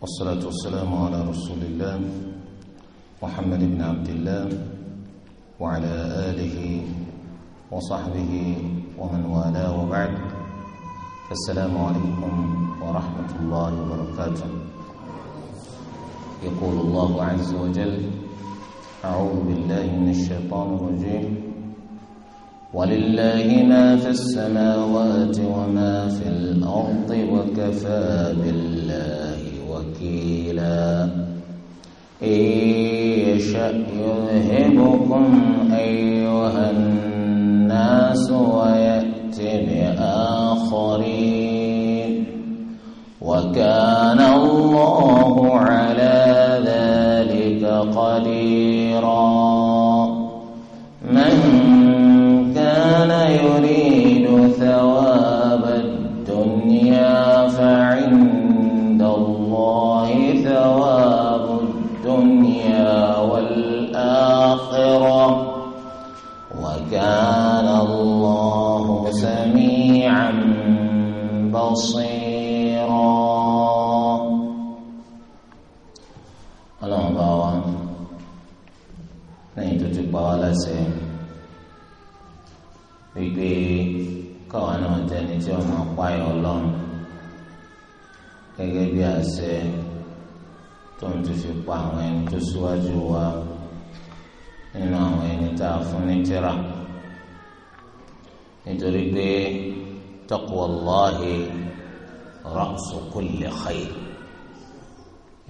والصلاة والسلام على رسول الله محمد بن عبد الله وعلى آله وصحبه ومن والاه وبعد السلام عليكم ورحمة الله وبركاته يقول الله عز وجل أعوذ بالله من الشيطان الرجيم ولله ما في السماوات وما في الأرض وكفى بالله وكيلا إن يشأ يذهبكم أيها الناس ويأت بآخرين وكان الله على ذلك قديرا وكان الله سميعا بصيرا اللهم بارك lẹ́yìn tó ti pa wá láṣẹ wípé káwa náà jẹni tí ọmọ apáyọ Ọlọ́run gẹ́gẹ́ bí àṣẹ tó ń ti fi pa àwọn ẹni tó síwájú wa nínú àwọn ẹni tá a fún ní tírà nítorí pé taqwallahi ra'su kulli khair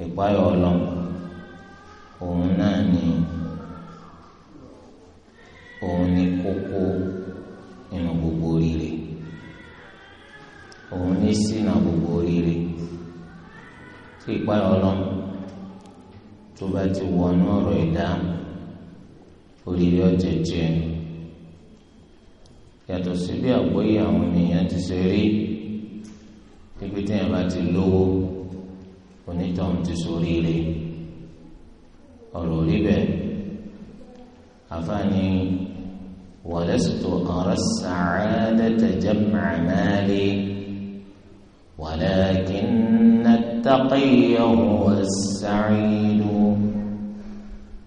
ìpáyọ̀ ọlọ́run òun náà ni òun ni kókó nínú gbogbo oríire òun ní sínú gbogbo oríire tí ìpáyọ̀ ọlọ́run tó bá ti wọnú ọ̀rọ̀ ìdá oríire ọ̀jẹ̀jẹ̀ ni yàtọ̀ sí bí àgbọ́yé àwọn ènìyàn ti ṣe rí pípé téèyàn bá ti lówó onítọ̀hún ti ṣoríire ọ̀rọ̀ rí bẹ́ẹ̀ àfààní wàlẹ́sìtò ọ̀rọ̀ sàádẹ́tẹ̀ jẹ́ màmáàlì wàlẹ́kìn nàtàkìyàwó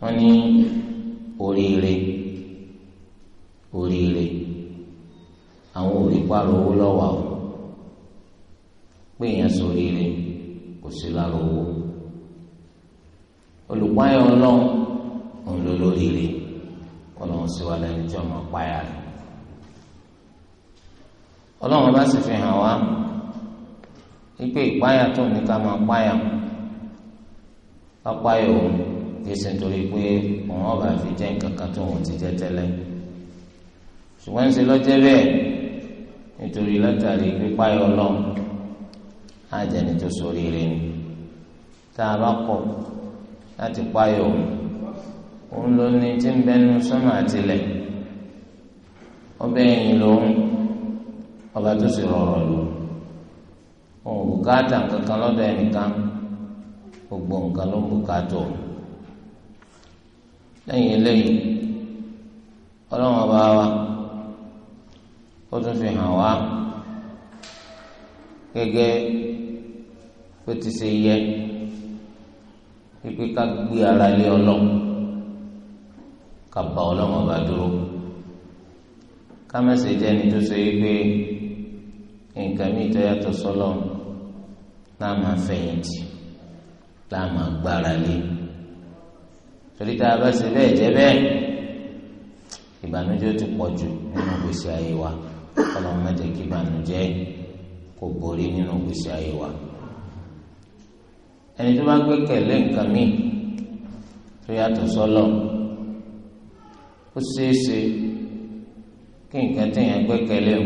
wọ́n ní oríire oríire. àwọn òrìpàrọ̀ owó lọ́wọ́ àwọn pé èèyàn sórí rẹ kò sí lára owó olùpáyọ̀ ọlọ́run òun ló lórí rẹ ọlọ́run sì wà lẹ́yìn tí ọmọ páyà ọlọ́run bá sì fi hàn wá wípé ìpáyà tó ní ká máa páyà pápáyà òun ọba fi jẹ́ nǹkan nítorí látàrí pípáyọ Ọlọ́run àjẹni tó sórí rẹ ni tá a bá kọ̀ láti páyọ òun òun ló ní tí ń bẹnu sọmọ àtìlẹ̀ ọbẹ yìí lòun ọba tó sì rọrọ lò òun bùkátà kankan lọ́dọ̀ ẹnìkan gbogbo nǹkan ló ń bùkátà eléyìí ó tún fi hàn wá gẹ́gẹ́ bó ti ṣe yẹ pípé ká gbé ara lé ọlọ́run ká bá ọlọ́run ọba dúró ká mẹ́sẹ̀ jẹ́ ni tó ṣe wípé nǹkan mi tó yàtọ̀ sọ́lọ́ náà máa fẹ̀yìntì láà máa gbára lé torí tá a bá ṣe bẹ́ẹ̀ jẹ́ bẹ́ẹ̀ ìbànújẹ́ ti pọ̀ jù nínú gbèsè ayé wa kọlọ mẹjẹ kí ìbànújẹ́ kò borí nínú gbèsè ayé wa ẹni tó bá gbé kẹlẹ nǹkan míì tó yàtọ̀ sọ́lọ̀ ó ṣeéṣe kí nǹkan téèyàn gbé kẹlẹ o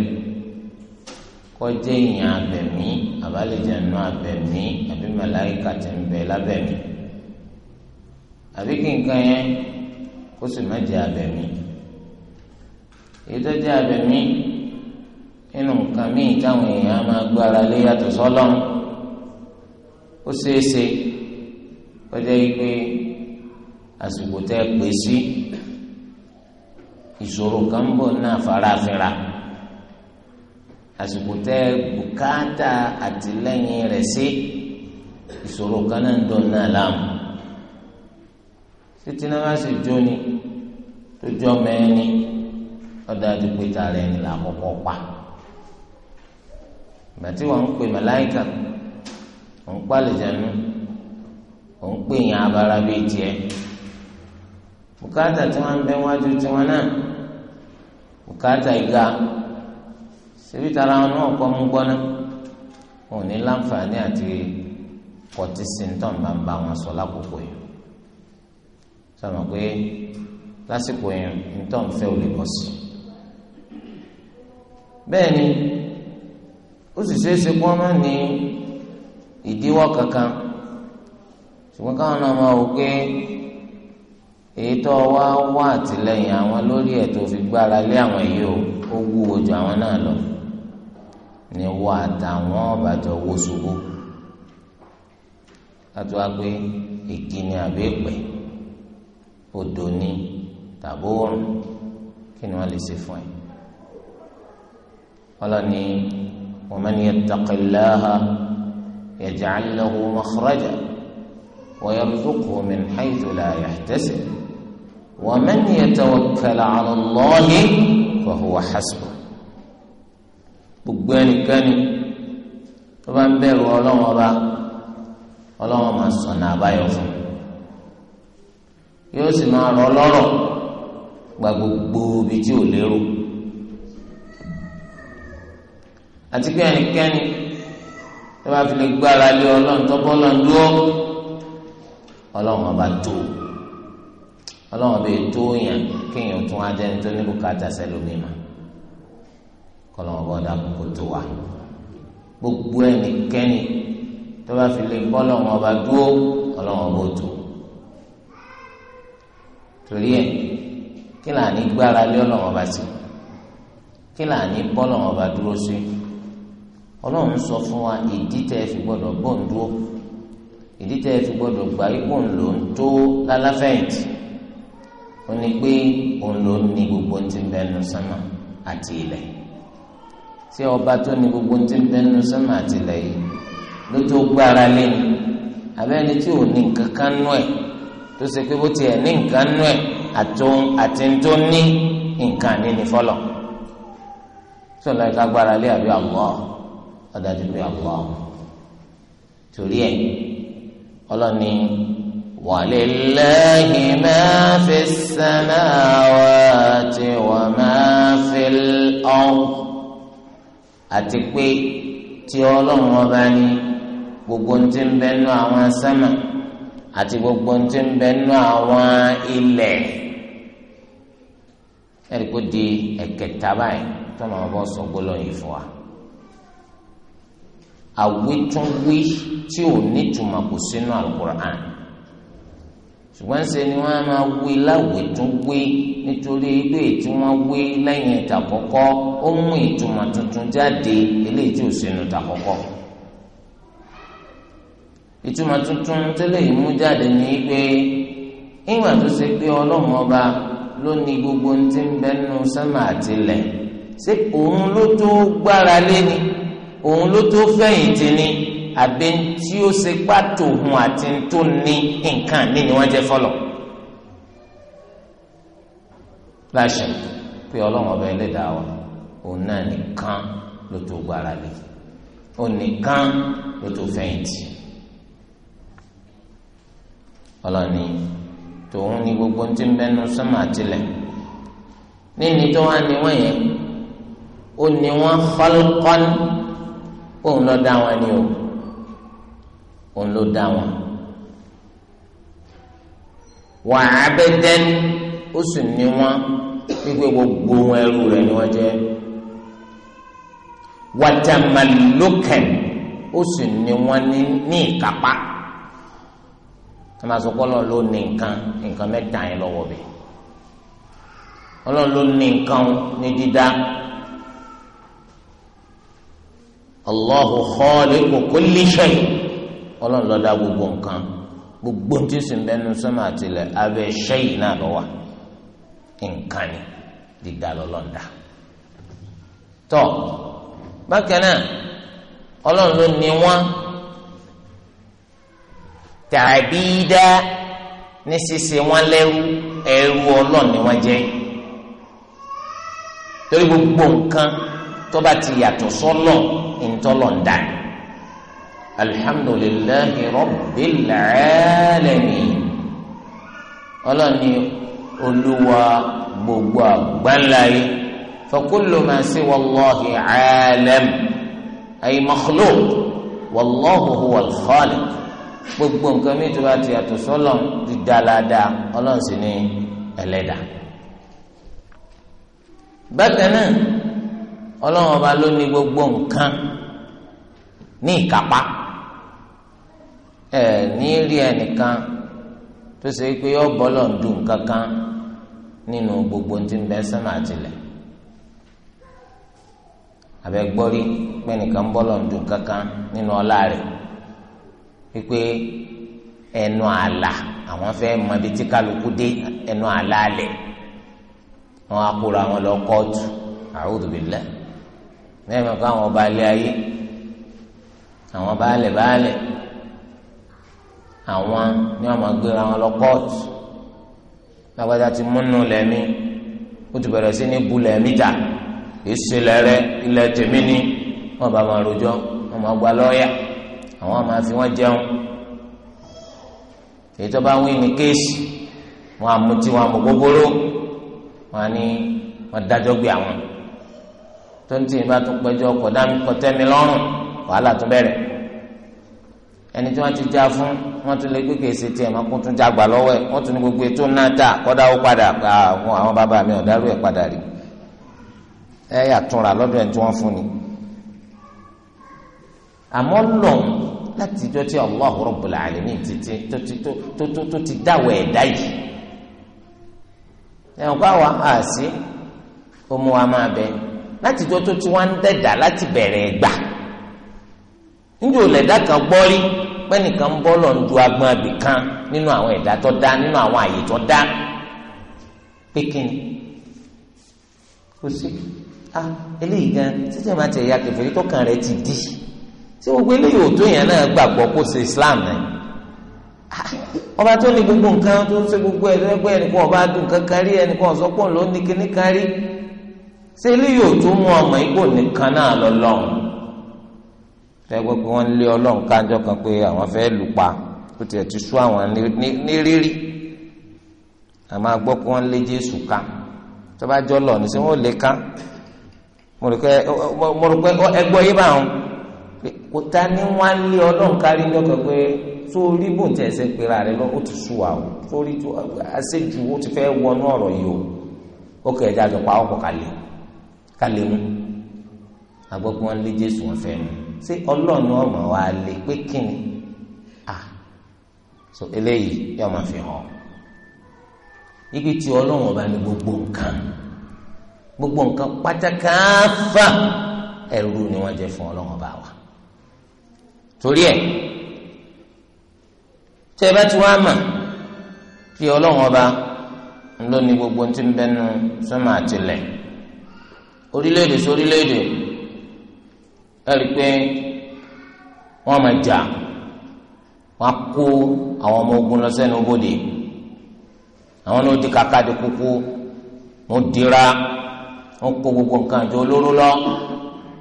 kọjá èèyàn abẹ̀mí àbálẹ̀jẹ̀nu abẹ̀mí àbí màláíkà tí ń bẹ lábẹ̀mí àbí kí nǹkan yẹn kó sì má jẹ abẹ̀mí èyí tó jẹ abẹ̀mí nínú nǹkan míì táwọn èèyàn máa gbára lé yàtọ̀ sọ́lọ́run ó ṣeé ṣe ó jẹ́ pé àsìkò tẹ́ pè sí ìṣòro kan ń bọ̀ náà farafinra àsìkò tẹ́ bùkátà àtìlẹ́yìn rẹ̀ sí ìṣòro kan náà ń dùn náà láàmú títí náà wá sí jóni tó jọ́ mẹ́ni ọ̀dà àdúgbò ìta rẹ̀ ni làkọ́kọ́ pa. ìgbà tí wọ́n ń pè màláìkà wọ́n ń pàlìjànú wọ́n ń pè yàn abara bíi tiẹ̀ bukata tí wọ́n ń bẹ wájú tiwọn náà bùkátà ìga tara wọn náà kọ́ mú gbọ́ná wọn ò ní láǹfààní àti kọtí síntọ́n wọn sọ lákòókò yìí pé lásìkò yìí ó sì ṣeé ṣe kó má ní ìdíwọ́ kankan ṣùgbọ́n káwọn náà máa wò pé èyí tó wá wá àtìlẹ́yìn àwọn lórí ẹ̀ tó fi gbára lé àwọn yìí o ó wúwo ju àwọn náà lọ ni wọ́n àtàwọn ọ̀bàjọ́ wó ṣubú láti wá pé ìkíni àbí ìpè odò ni tàbí òórùn kí ni wọ́n lè ṣe fún ẹ ọlọ́ni. ومن يتق الله يجعل له مخرجا ويرزقه من حيث لا يحتسب ومن يتوكل على الله فهو حسبه gbogbo ẹnikẹ́ni tó bá ń bẹ̀rù ọlọ́run ọba ọlọ́run máa sọ̀nà àbáyọ fún yóò sì máa rọ lọ́rọ̀ gba gbogbo ibi tí ò lérò. àti pé ẹnikẹ́ni tó bá fi lè gbára lé ọlọ́run tó bọ́ lọ́n dúró ọlọ́run ọba tó ọlọ́run ọba ètò yàn kéèyàn tún wá jẹ́ni tó ní bùkátà sẹ́lómi mà kọ́lọ́run ọba ọ̀dà kò tó wà gbogbo ẹnikẹ́ni tó bá fi lè bọ́ lọ́run ọba dúró ọlọ́run ọba tó torí ẹ kí là ní gbára lé ọlọ́run ọba sí kí là ní bọ́ lọ́run ọba dúró sí ọlọ́run sọ fún wa ìdí tẹ́ ẹ fi gbọ́dọ̀ bọ̀ ń dúró ìdí tẹ́ ẹ fi gbọ́dọ̀ gbà ipò ńlò ń tó lálàfẹ́ǹtì ó ní pé òun ló ní gbogbo ti ń bẹnu sánmà àti ilẹ̀ ṣé ọba tó ní gbogbo ti ń bẹnu sánmà àti ilẹ̀ yìí ló tó gbára lé ní abẹ́ni tí ò ní nǹkan kan nú ẹ̀ tó ṣe pé bó tiẹ̀ ní nǹkan nú ẹ̀ àtún àti tó ní nǹkan ní ní fọlọ́ sọlá ìka gbára lé àbí Allah ọdájú pé àpò torí ẹ ọlọ́ni wàlélẹ́yìn máa fi sẹ́nà wá tí wọ́n máa fi ọ̀hún àti pé tí ọlọ́run ọba ní gbogbo ń ti ń bẹ nú àwọn sẹ́mà àti gbogbo ń ti ń bẹ nú àwọn ilẹ̀ ẹ̀rí ẹ̀kẹta báyìí tó máa bọ́ sọ gbólóyìn fún wa. àwítúnwí tí ò nítumọ̀ kò sínú alukur'an ṣùgbọ́n ṣe ni wọ́n á máa wí láwítúnwí nítorí ilé tí wọ́n wí lẹ́yìn ìtàkọ́kọ́ ó mú ìtumọ̀ tuntun jáde eléyìí tí ò sínú ìtàkọ́kọ́ ìtumọ̀ tuntun mú jáde ní tó ṣe pé ọba ló ní gbogbo ń bẹ́nu ṣé òun ló tó gbára òun ló tó fẹ̀yìntì ni àbí tí ó ṣe pàtó hun àti tó ní nǹkan ní ni wọ́n jẹ́ fọlọ̀ láṣẹ pé ọlọ́run ọba ẹlẹ́dàá wa òun náà nìkan ló tó gbára lé òun nìkan ló tó fẹ̀yìntì ọlọ́ni tòun ni gbogbo ti ń bẹnu sọ́mà tilẹ̀ níní tó wá ní wọ́n yẹn ó ní wọ́n khalqan òun ló dá wọn ni o òun ló dá wọn wà á ó sì ní wọn wípé gbogbo wọn ẹrú rẹ̀ ni wọ́n jẹ́ wàtàmàlókàn ó sì ní wọn ní ìkápá ẹ máa ló ní nǹkan nǹkan mẹ́ta yẹn lọ́wọ́ bẹ̀ ọlọ́run ló ní nǹkan ní dídá. Allahu khaliqu kulli shay ọlọ́run ló gbogbo nǹkan gbogbo tí sì ń bẹnu sọ́mà àtìlẹ̀ abẹ́ shay náà lọ́wọ́ nǹkan ni dídá lọ́lọ́ọ̀dá tọ́ bákan náà ọlọ́run ló ní tàbí dá ní wọn ẹrú ni torí gbogbo nǹkan. tọ́ba ti yàtọ̀ sọ́lọ̀ ntọ́lọ̀ ń dà alhamdulillahi rabbil alamin ọlọ́ni olúwa gbogbo àgbáńláyé fakullu ma siwa Allahi alam ay makhluq wallahu huwa al-khaliq gbogbo nǹkan mi tó bá ti yàtọ̀ sọ́lọ̀ ti dáadáa ni ẹlẹ́dàá bákan náà. ọlọ́run ọba ló ní gbogbo nǹkan ní ìkápá ẹ ní rí ẹnìkan tó ṣe pé yọ bọ́lọ̀ ń dùn kankan gbogbo tí ń bẹ sẹ́nà àtìlẹ̀ àbẹ̀ pé nìkan bọ́lọ̀ ń dùn kankan nínú ọlá rẹ̀ wípé ẹnu àlà àwọn fẹ́ mọ ibi tí kálukú dé ẹnu alẹ̀ wọn á lẹ́yìn mọ̀ pé àwọn ọba ilé ayé àwọn baálẹ̀ baálẹ̀ àwọn ni wọn máa gbéra wọn lọ kóòtù lágbájá ti múnú lẹ́mí ó ti bẹ̀rẹ̀ sí ní bu lẹ́mí jà ìsìlẹ̀ rẹ ilẹ̀ tèmi ni wọn bá máa rojọ́ wọn máa gba lọ́ọ̀yà àwọn máa fi wọn jẹun èyí tó bá ń wí ní kéèsì wọn àmutí wọn àmúgbógbóró wọn ni wọn dájọ́ gbé àwọn tó ń tì í bá tún péjọ kọtẹ́mi lọ́rùn wàhálà tún bẹ̀rẹ̀ ẹni tí wọ́n ti já fún wọ́n tún lè gbé kèsì tiẹ̀ máa kún tún já gbà lọ́wọ́ ẹ̀ wọ́n tún ní gbogbo ètò náà tà kọ́dá ó padà àwọn àwọn bàbá mi ọ̀dàrú ẹ̀ padà rí ẹ yà túnra lọ́dọ̀ ẹ̀ tí wọ́n fún ni. àmọ́ lọ́n láti ìjọ tí Allah Rabbul Alamin títí tó ti dáwọ̀ ẹ̀dá yìí ẹ̀wọ̀n kọ́ àwa àṣì ó mú wa máa bẹ̀ẹ́ láti jọ tó ti wá ń dẹ̀dà láti bẹ̀rẹ̀ ẹgbà. níbi ò lẹ̀dá kan gbọ́ rí pẹ́nìkan ń bọ́ lọ ń agbọn kan nínú àwọn ẹ̀dà tó dá nínú àwọn àyè tó dá pékin kò sí eléyìí gan títí máa ya tó kàn ti dì? ṣé gbogbo eléyìí ò tó yẹn náà gbàgbọ́ kó ṣe Islam ọba tó ní gbogbo nǹkan tó ń ṣé ilé yóò tún mú ọmọ igbó nìkan náà lọ lọ́hùn fẹ́ gbogbo wọn lé ọlọ́run kájọ kan pé àwọn fẹ́ lù pa kó tiẹ̀ ti sú àwọn ní rírí àmọ́ agbọ́ pé wọ́n lé Jésù ká tó bá jọ lọ ní sẹ́ wọ́n lè ká mo rò pé ẹgbọ́ yìí bá wọn kò ta ní wọn lé ọlọ́run kárí lọ́kàn pé sórí bò ń tẹ̀ ẹsẹ̀ pera rẹ lọ ó ti sú wa o sórí àṣejù ó ti fẹ́ wọnú ọ̀rọ̀ yìí o ó kẹ̀ ẹ́ jáde pa ọkọ̀ kalẹ̀ o. kálẹ̀ mú àgbọ̀ pé lé jésù wọn fẹ́ ṣé ọmọ lè pé kíni à so eléyìí yóò máa fi hàn ibi tí ọlọ́run ọba ní gbogbo nǹkan gbogbo nǹkan pátákáfà ẹrú ni wọ́n jẹ fún ọlọ́run ọba wa torí orílẹ̀-èdè sí orílẹ̀-èdè ẹ rí i pé wọ́n máa jà wọ́n kó àwọn ọmọ ogun lọ sẹ́nu bodè àwọn náà di kàkà di kúkú wọ́n dira wọ́n kó gbogbo nǹkan jọ olóró lọ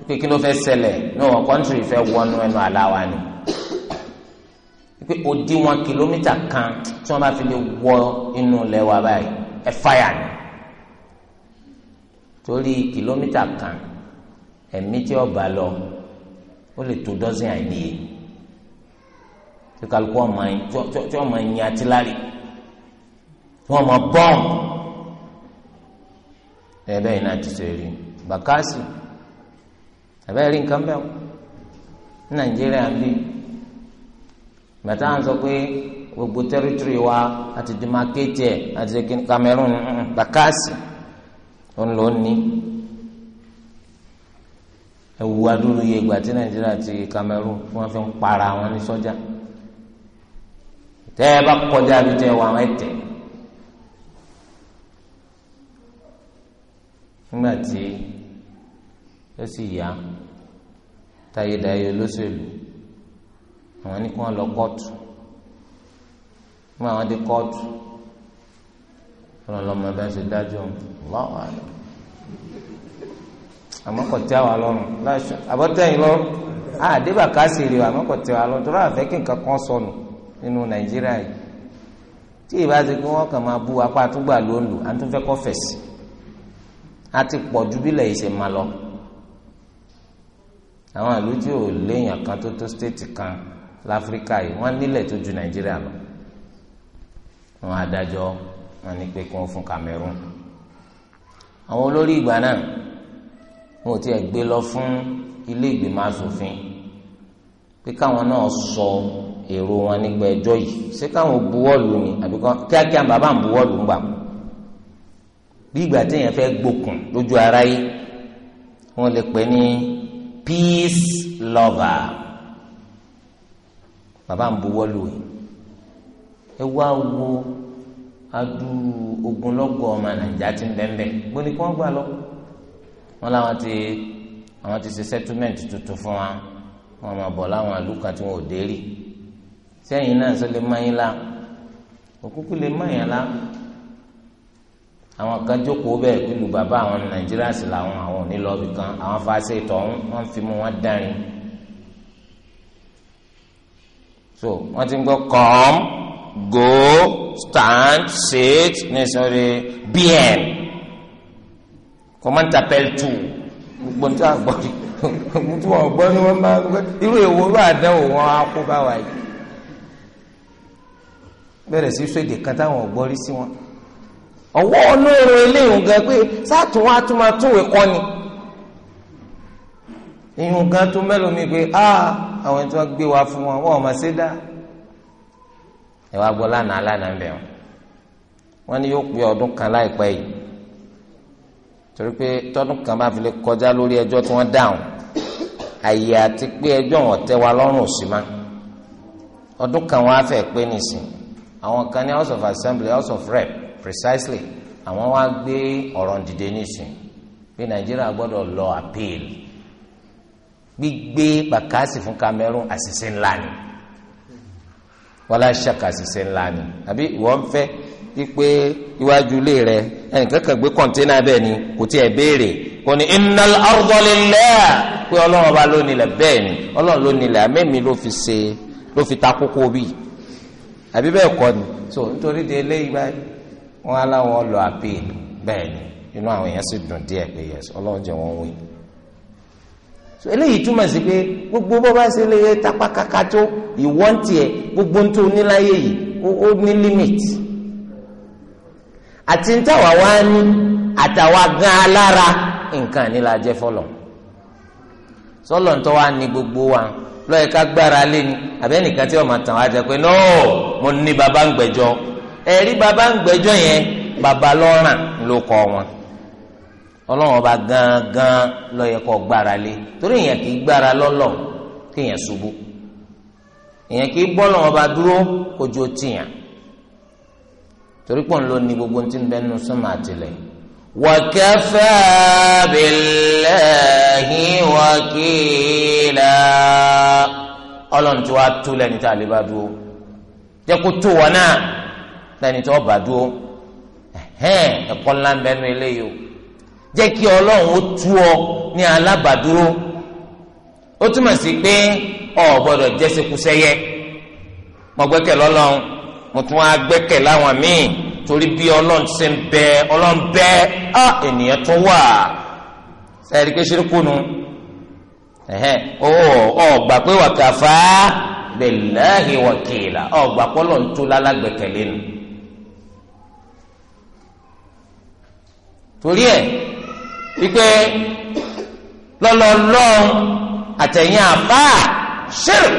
pé kí ló fẹ́ ṣẹlẹ̀ ní wọn kọ́ńtìrì fẹ́ wọnú ẹnu àlá wa ni pé òdiwọ̀n kìlómítà kan tí wọ́n bá fi lè wọ inú ilẹ̀ wa báyìí ni torí kìlómítà kan ẹ̀mí tí ó bá lọ ó lè tó dọ́sìn àìníye tí kálukú ọmọ tí ọmọ ẹ̀yìn àti lárí tí wọ́n mọ bọ́ọ̀mù ẹ bẹ́ẹ̀ náà ti sọ èrè bàkásì ẹ̀bẹ́ rí nǹkan bẹ́ẹ̀ ní nàìjíríà ń bí bàtà ń sọ pé gbogbo tẹ́rítírì wa àti dìmákéètì ẹ̀ àti Cameroon bàkásì ó ń lò ó ní ẹwù adúlù yìí ìgbà tí nàìjíríà ti Cameroon tí wọ́n fi ń para wọn ní sọ́jà tẹ́ ẹ bá kọjá bí tẹ́ wà wọ́n tẹ̀ nígbà tí ó sì yá táyédáyé olóṣèlú àwọn ní kí wọ́n lọ kóòtù nígbà wọ́n dé kóòtù ọlọmọ bá ṣe dájọ lọ́wọ́ àná àmọ́ kò tẹ́ wa lọ́rùn láṣọ àbọtẹyìn lọ́rùn àdébà ká sì rí wa àmọ́ kò tẹ́ wa lọ́rùn tó rà fẹ́ kí nǹkan kan sọnù nínú nàìjíríà yìí tí ìbá ti kí wọn kàn máa bú apá àtúgbà ló à ń tún fẹ́ kọ fẹsì á ti pọ̀ ju bílẹ̀ yìí ṣe máa lọ àwọn ìlú tí ò léèyàn kan tó tó stéètì kan láfíríkà yìí wọ́n nílẹ̀ tó ju nàìjíríà lọ wọn adájọ́ wọn ní pé kí wọn fún Cameroon àwọn olórí ìgbà náà wọn ò tiẹ̀ gbé lọ fún ilé ìgbìmọ̀ asòfin pé káwọn náà sọ èrò wọn nígbà ẹjọ́ yìí ṣé káwọn buwọ́lù ni àbí kan kíákíá bàbá ń buwọ́lù ń gbà bí ìgbà téèyàn fẹ́ gbókùn lójú aráyé wọn lè pè ní peace lover bàbá ń buwọ́lù yìí ẹ wá wo adu ogunlọ́gọ̀ ọmọ nàìjà ti ń bẹ́ńbẹ́ gbóni kí wọ́n gbà lọ. wọ́n láwọn ti àwọn ti ṣe settlement tuntun fún wa wọ́n máa bọ̀ láwọn àlùkà tí wọ́n ò dé rí sẹ́yìn náà sọ lè má yín la òkúkú lè má yín la àwọn kan jókòó bẹ́ẹ̀ pẹ̀lú bàbá àwọn nàìjíríà sì làwọn àwọn ò ní lọ́ọ̀bì kan àwọn fàáṣe ìtọ̀ wọn fi mú wọn dárin so wọ́n ti ń gbọ́ kọ́ọ́mù go stand sit ní sọ̀rọ̀ bien. Comment appel tu gbogbo ní ta gbọ́ tí wọ́n gbọ́ ni wọ́n máa gbọ́ irú èwo ló àdánwò wọn á kó bá wa yìí bẹ̀rẹ̀ sí sọ èdè kan táwọn ò gbọ́ rí sí wọn ọwọ́ ọlọ́run eléyìí gan pé sátún wá kọ́ ni ìyún gan tó mẹ́lòmíì pé ah àwọn tí wọ́n gbé wa fún wọn wọn ò máa ṣe dáa ẹ wá gbọ́ lánàá lánàá ń bẹ̀ wọ́n wọ́n ní yóò pé ọdún kan láìpẹ́ yìí torí pé tọ́dún kan bá fi lè kọjá lórí ẹjọ́ tí wọ́n dáhùn àyè àti pé ẹjọ́ wọn tẹ́ wa lọ́rùn òsì má ọdún kan wọn á fẹ́ pé nìsín àwọn kan ní house of assembly house of rep precisely àwọn wá gbé ọ̀rọ̀ dìde nìsín pé nàìjíríà gbọ́dọ̀ lọ appeal gbígbé bàkásì fún Cameroon àṣìṣe ńlá ni wọlé aṣaka ṣiṣẹ́ ńlá ni àbí ìwọ ń fẹ́ wípé iwájú ilé rẹ ẹnìkan kan gbé kọ̀ǹténà bẹ́ẹ̀ ni kò tiẹ̀ béèrè kò ní innal arda lillah pé ọlọ́run ọba ló nílẹ̀ bẹ́ẹ̀ ni ọlọ́run ló nílẹ̀ amẹ́mi ló fi ṣe ló fi ta kókó bíi àbí bẹ́ẹ̀ kọ́ ni so nítorí de eléyìí báyìí wọ́n á láwọn lọ àpè bẹ́ẹ̀ ni inú àwọn èèyàn sì dùn díẹ̀ pé yẹn ọlọ́run jẹ́ wọn wí so eléyìí túmọ̀ sí pé gbogbo bó bá ṣe lè tapá kaka tó ìwọ́n tiẹ̀ gbogbo ń tó níláyé yìí ó ní limit àti ntàwa wá ní àtàwa gan alára nǹkan nílá jẹ́ fọlọ́ sọlọ ntọ́ wa ní gbogbo wa lọ́yẹ̀ ká gbára lé ni àbẹ́nìkan tí wọ́n máa tàn wá jẹ pé nọ́ọ̀ mo ní baba ń gbẹ́jọ́ ẹ̀rí baba ń gbẹ́jọ́ yẹn baba lọ́ràn ló kọ́ wọn ọlọ́run ọba gangan ló yẹ kó gbára lé torí èèyàn kì í gbára lọ́lọ́ kéèyàn ṣubú èèyàn kì í bọ́ ọlọ́run ọba dúró kójú ó tìyàn torí pọ̀ ń lò ní gbogbo tí ń bẹ nínú sọ́mà àtìlẹ̀ wakafa billahi wakila ọlọ́run tí wàá tú lẹ́ni tí a bá dúró jẹ́ kó tó wọn náà lẹ́ni tí wọ́n bá dúró ẹ̀kọ́ ńlá ń bẹ eléyìí o jẹ́ kí ọlọ́run ó tú ọ ní alábàdúró ó túmọ̀ sí pé ọ gbọ́dọ̀ jẹ́sẹ̀kúsẹ́yẹ mo gbẹ́kẹ̀ lọ́lọ́run mo tún wá gbẹ́kẹ̀ láwọn míì torí bí ọlọ́run ṣe ń bẹ ọlọ́run bẹ á ènìyàn tún wà sẹ́yìn pé ṣírkù nu ọ ọ gbà pé wàkàfà billahi wakila ọ gbà pé ọlọ́run tó lálágbẹ̀kẹ̀lé nu torí ẹ̀ wípé lọ́lọ́lọ́hún àtẹ̀yìn àfáà ṣírk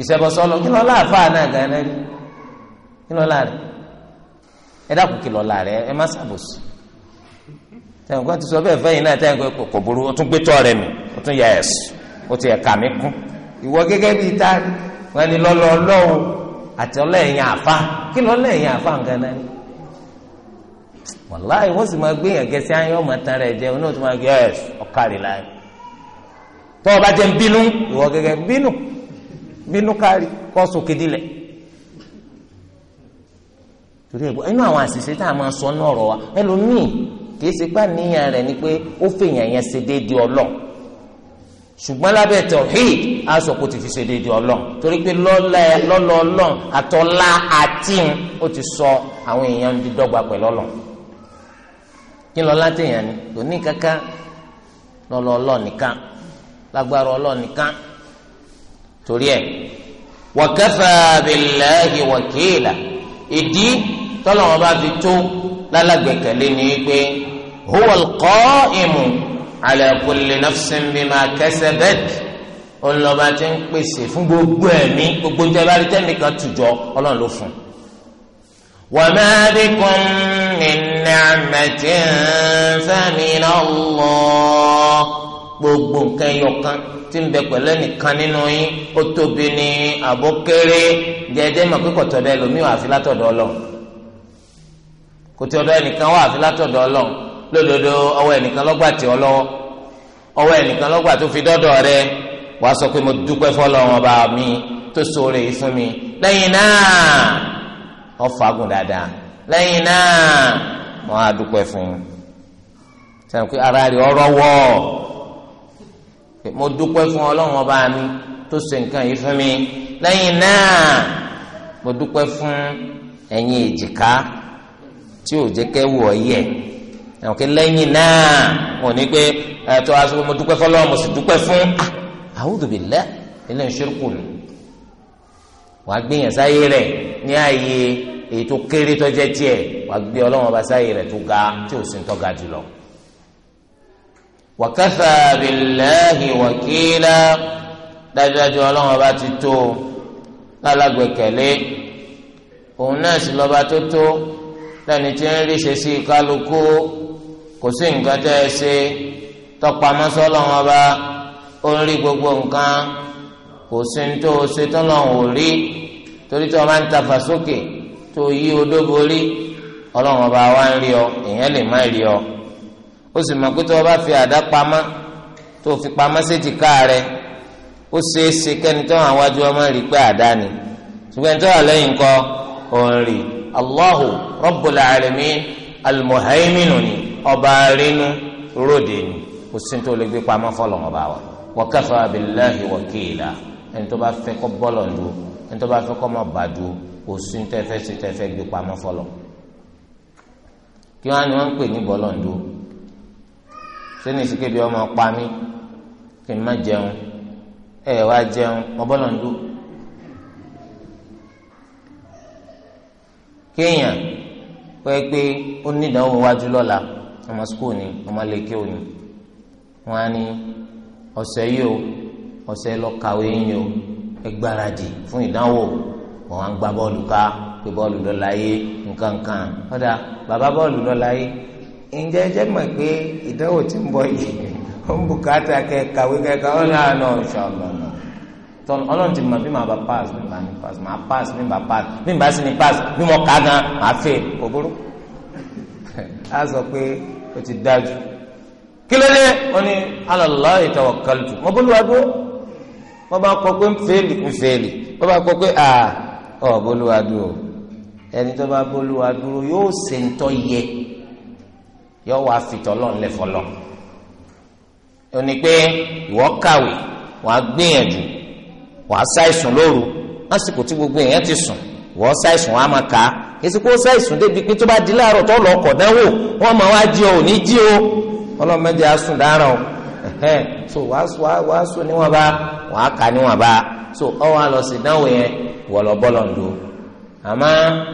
ìṣẹ́bọsọ́lọ́ kí lọ́lá àfáà náà gánà rí kí lọ́lá rẹ̀ ẹ dákun kí lọ́lá rẹ̀ ẹ má ṣàbòsí tẹ̀wọ̀n kan sọ bẹ́ẹ̀ fẹ́yìn náà tẹ̀wọ̀n kan kò burú o tún gbé tọ́ rẹ̀ mi o tún yẹ ẹ̀sùn o ti ẹ̀ka mi kún ìwọ gẹ́gẹ́ bíi ta wọn ni lọ́lọ́lọ́hún àtẹ̀lẹ́yìn àfa kí lọ́lẹ́yìn àfa nǹkan náà ni wàláyé wọ́n sì máa gbé yàn gẹ́sẹ́ ayé ọmọ tán rẹ̀ jẹ́ oní òtún máa gbé ẹ̀ ọ̀kàrí láyé tọ́ ọba jẹ́ bínú ìwọ gẹ́gẹ́ bínú bínú kárí kọ́ sókè dílẹ̀ torí ẹ̀ bọ́ inú àwọn àṣìṣe tá a máa sọ ní ọ̀rọ̀ wa ẹlòmíì kìí ṣe pá níyàn rẹ̀ ni pé ó fèèyàn yẹn ṣe déédéé ọlọ́ ṣùgbọ́n lábẹ́ tọ̀híd á sọ pé ó ti fi ṣe déédéé ọlọ́ torí pé lọ́lọ́ ọlọ́ àtọ́lá àtìm ó ti sọ àwọn èèyàn dídọ́gba pẹ̀lú ọlọ́ọ̀ kí lọ látẹ̀yàn ni kò ní kankan lọ́lọ́ ọlọ́ọ̀nìkan lágbára ọlọ́ọ̀nìkan torí ẹ̀ wa kafa billahi wakila ìdí tọ́lọ́wọ́n bá fi tó lálàgbẹ̀kẹ̀lé ni pé huwa alqa'imu ala kulli nafsin bima kasabat ọlọ́ba ti ń pèsè fún gbogbo ẹ̀mí gbogbo ń jẹ́ tùjọ ọlọ́run ló fún un. wa ma ni'mati famin Allah gbogbo nǹkan ẹyọkan tí ń bẹ pẹ̀lú ẹnìkan nínú yín ó tóbi ní àbókéré jẹjẹ mọ̀ pé kọ̀tọ̀ dẹ lómi wà á fi látọ̀dọ̀ Ọlọ́run kòtò ọ̀dọ̀ ẹnìkan wà á fi látọ̀dọ̀ Ọlọ́run lódodo ọwọ́ ẹnìkan lọ́gbà tí ọ lọ́wọ́ ọwọ́ ẹnìkan lọ́gbà tó fi dọ́dọ̀ rẹ wàá sọ pé mo dúpẹ́ fọlọ́run ọba mi tó ṣoore yìí fún mi lẹ́yìn náà ọ̀fọ̀ àgùn dáadáa lẹ́yìn náà wọn á dúpẹ́ fún yín sẹ́yìn pé ara rẹ̀ ọ̀rọ̀ wọ̀ mo dúpẹ́ fún ọlọ́run ọba mi tó ṣe nǹkan yìí fún mi lẹ́yìn náà mo dúpẹ́ fún ẹ̀yin èjìká tí ò jẹ́ kẹ́ wù ọ́ yẹ̀ àwọn kí lẹ́yìn náà wọn ní pé ẹ̀tọ́ aṣọ mo dúpẹ́ fọlọ́ mo sì dúpẹ́ fún ah, a'udhu billah ilé ìṣirkù ni wàá gbìyànjú ayé rẹ̀ ní ààyè èyí kéré tó jẹ́ tiẹ̀ wà gbé ọlọ́wọ́n bá sáyé rẹ̀ tó ga tí ò sì ń tọ́ga jùlọ. wàkàfà billahi wàkìlá dájúdájú ọlọ́wọ́n bá ti tó lálágbẹ̀kẹ̀lé òun náà sì lọ́ba tó tó lẹ́ni tí ń rí ṣe sí kálukú kò sí nǹkan tẹ́ ẹ ṣe tọpamọ́sọ́ ọlọ́wọ́n bá ó ń rí gbogbo nǹkan kò sí ní tó ṣe tọ́lọ́wọ́n ò rí torí máa ń tafà sókè tó yí odó borí ọlọ́run ọba wa ń rí ọ èèyàn lè má rí ọ ó sì mọ̀ pé tó o bá fi àdá pamọ́ tó o fi pamọ́ sétí ká rẹ ó ṣeé ṣe kẹ́ni tó àwọn iwájú ọmọ rí pé àdá ni ṣùgbọ́n tó wà lẹ́yìn kọ́ òun rí Allahu Rabbul Alamin Al-Muhaimin ni ọba rínú ròde ni kò sí tó lè gbé pamọ́ fọlọ́run ọba wa wa kafa billahi ẹni tó bá fẹ́ kọ́ bọ́ọ̀lù ẹni tó bá fẹ́ kọ́ mọ̀ bàdú kò sí tẹ́fẹ́ sí tẹ́fẹ́ gbé pamọ́ fọlọ́run kí wọn ni wọn ń pè ní bọlọǹdó sẹni ìsìkébi ọmọ pa mí kí n má jẹun ẹ wá jẹun mọ bọlọǹdó kéèyàn pé pé ó ní ìdánwò wájú lọ́la ọmọ skul ni ọmọ lèkè òní wọn á ní ọ̀sẹ̀ yìí o ọ̀sẹ̀ lọ kàwé o ẹ gbáradì fún ìdánwò wọn á gbá bọ́ọ̀lù ká pé bọ́ọ̀lù lọ́la yé nǹkan kan ọ̀dà bàbá bọ́ọ̀lù lọ́la yé ǹjẹ́ jẹ́ mọ̀ pé ìdánwò ti ń bọ̀ yìí ó ń bùkátà kẹ kàwé kẹ kàwé náà nọ ṣọlọ́nà tọ́lọ́ ọlọ́run ti mọ̀ bí màá bá pass bí màá ní pass màá pass bí màá pass bí màá sì ní pass bí mo kà gan màá fè òbúrú. a sọ pé o ti dájú kí ló dé wọn ni ala Allahi tawakkaltu mo bó lùwà dúró wọn bá kọ pé ń fèèlì ń fèèlì wọn bá kọ pé à ọ bó lùwà dúró ẹni tó bá bólúwa dúró yóò ṣe ń tọ́ yẹ yóò wá fìtọ́ lọ́n lẹ́fọ́ lọ́n ó ní pé ìwọ kàwé wàá gbìyànjú wàá ṣàìsùn lóru lásìkò tí gbogbo èèyàn ti sùn ìwọ ṣàìsùn wàá máa kà á èsì débi pé tó bá di láàárọ̀ tó lọ ọkọ̀ dánwò wọ́n máa wá jí o ò ní jí o ọlọ́mọdé asùn dáràn o so wàá sùn níwọ̀n bá wàá kà níwọ̀n bá so ọ wàá lọ sí dánwò yẹn wọ̀ lọ bọ́ lọ́ndún àmọ́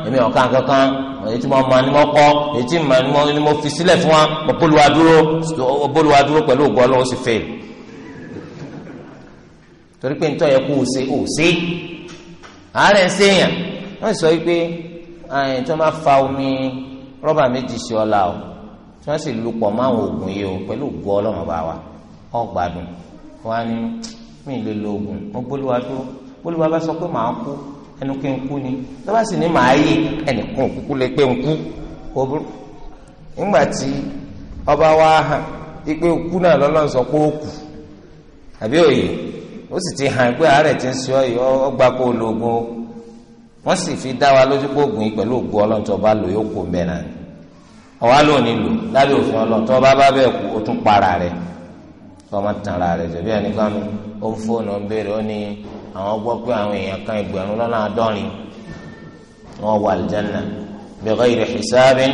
èmi ọ̀kan kankan ètí mo mọ ni mo kọ́ ètí mo ni mo fi sílẹ̀ fún wa bọ́lúwa dúró bọ́lúwa dúró pẹ̀lú ògbọ́ ọlọ́wọ́ sì fèèlì torí pé nítorí yẹ kó o ṣe o ṣe àárẹ̀ ń ṣèyàn wọ́n sọ wípé àyìn tí wọ́n bá fa omi rọ́bà méjì sí ọ̀la o tí wọ́n sì lu pọ̀ mọ́ àwọn oògùn yìí o pẹ̀lú ògbọ́ ọlọ́wọ́ bá wa ọ̀gbádùn fún wa ni mí lè lo oògùn mo bọ́lúwa dúró bọ́lúwa bá sọ pé màá kú ẹnu kí n kú ni lọ́wọ́ sì màá yí ẹnìkan òkúkú lè pé n kú kó nígbà tí ọba wa hàn ipe òkú náà lọ́lọ́run sọ pé ó kù àbí òye ó sì ti hàn pé àárẹ̀ ti ń sọ yìí ọgbà kó lo oògùn o wọ́n sì fi dá wa lójú pé oògùn yìí pẹ̀lú oògùn ọlọ́run tó bá lò yóò kó mbẹ́ náà ọ̀wá ló ní lò lábẹ́ òfin ọlọ́run tó bá bá bẹ́ẹ̀ kú ó para rẹ̀ tó ọmọ àwọn gbọ́ pé àwọn èèyàn kan ẹgbẹ̀rún lọ́nà àádọ́rin wọn wà àlùjánnà bi ghayri hisabin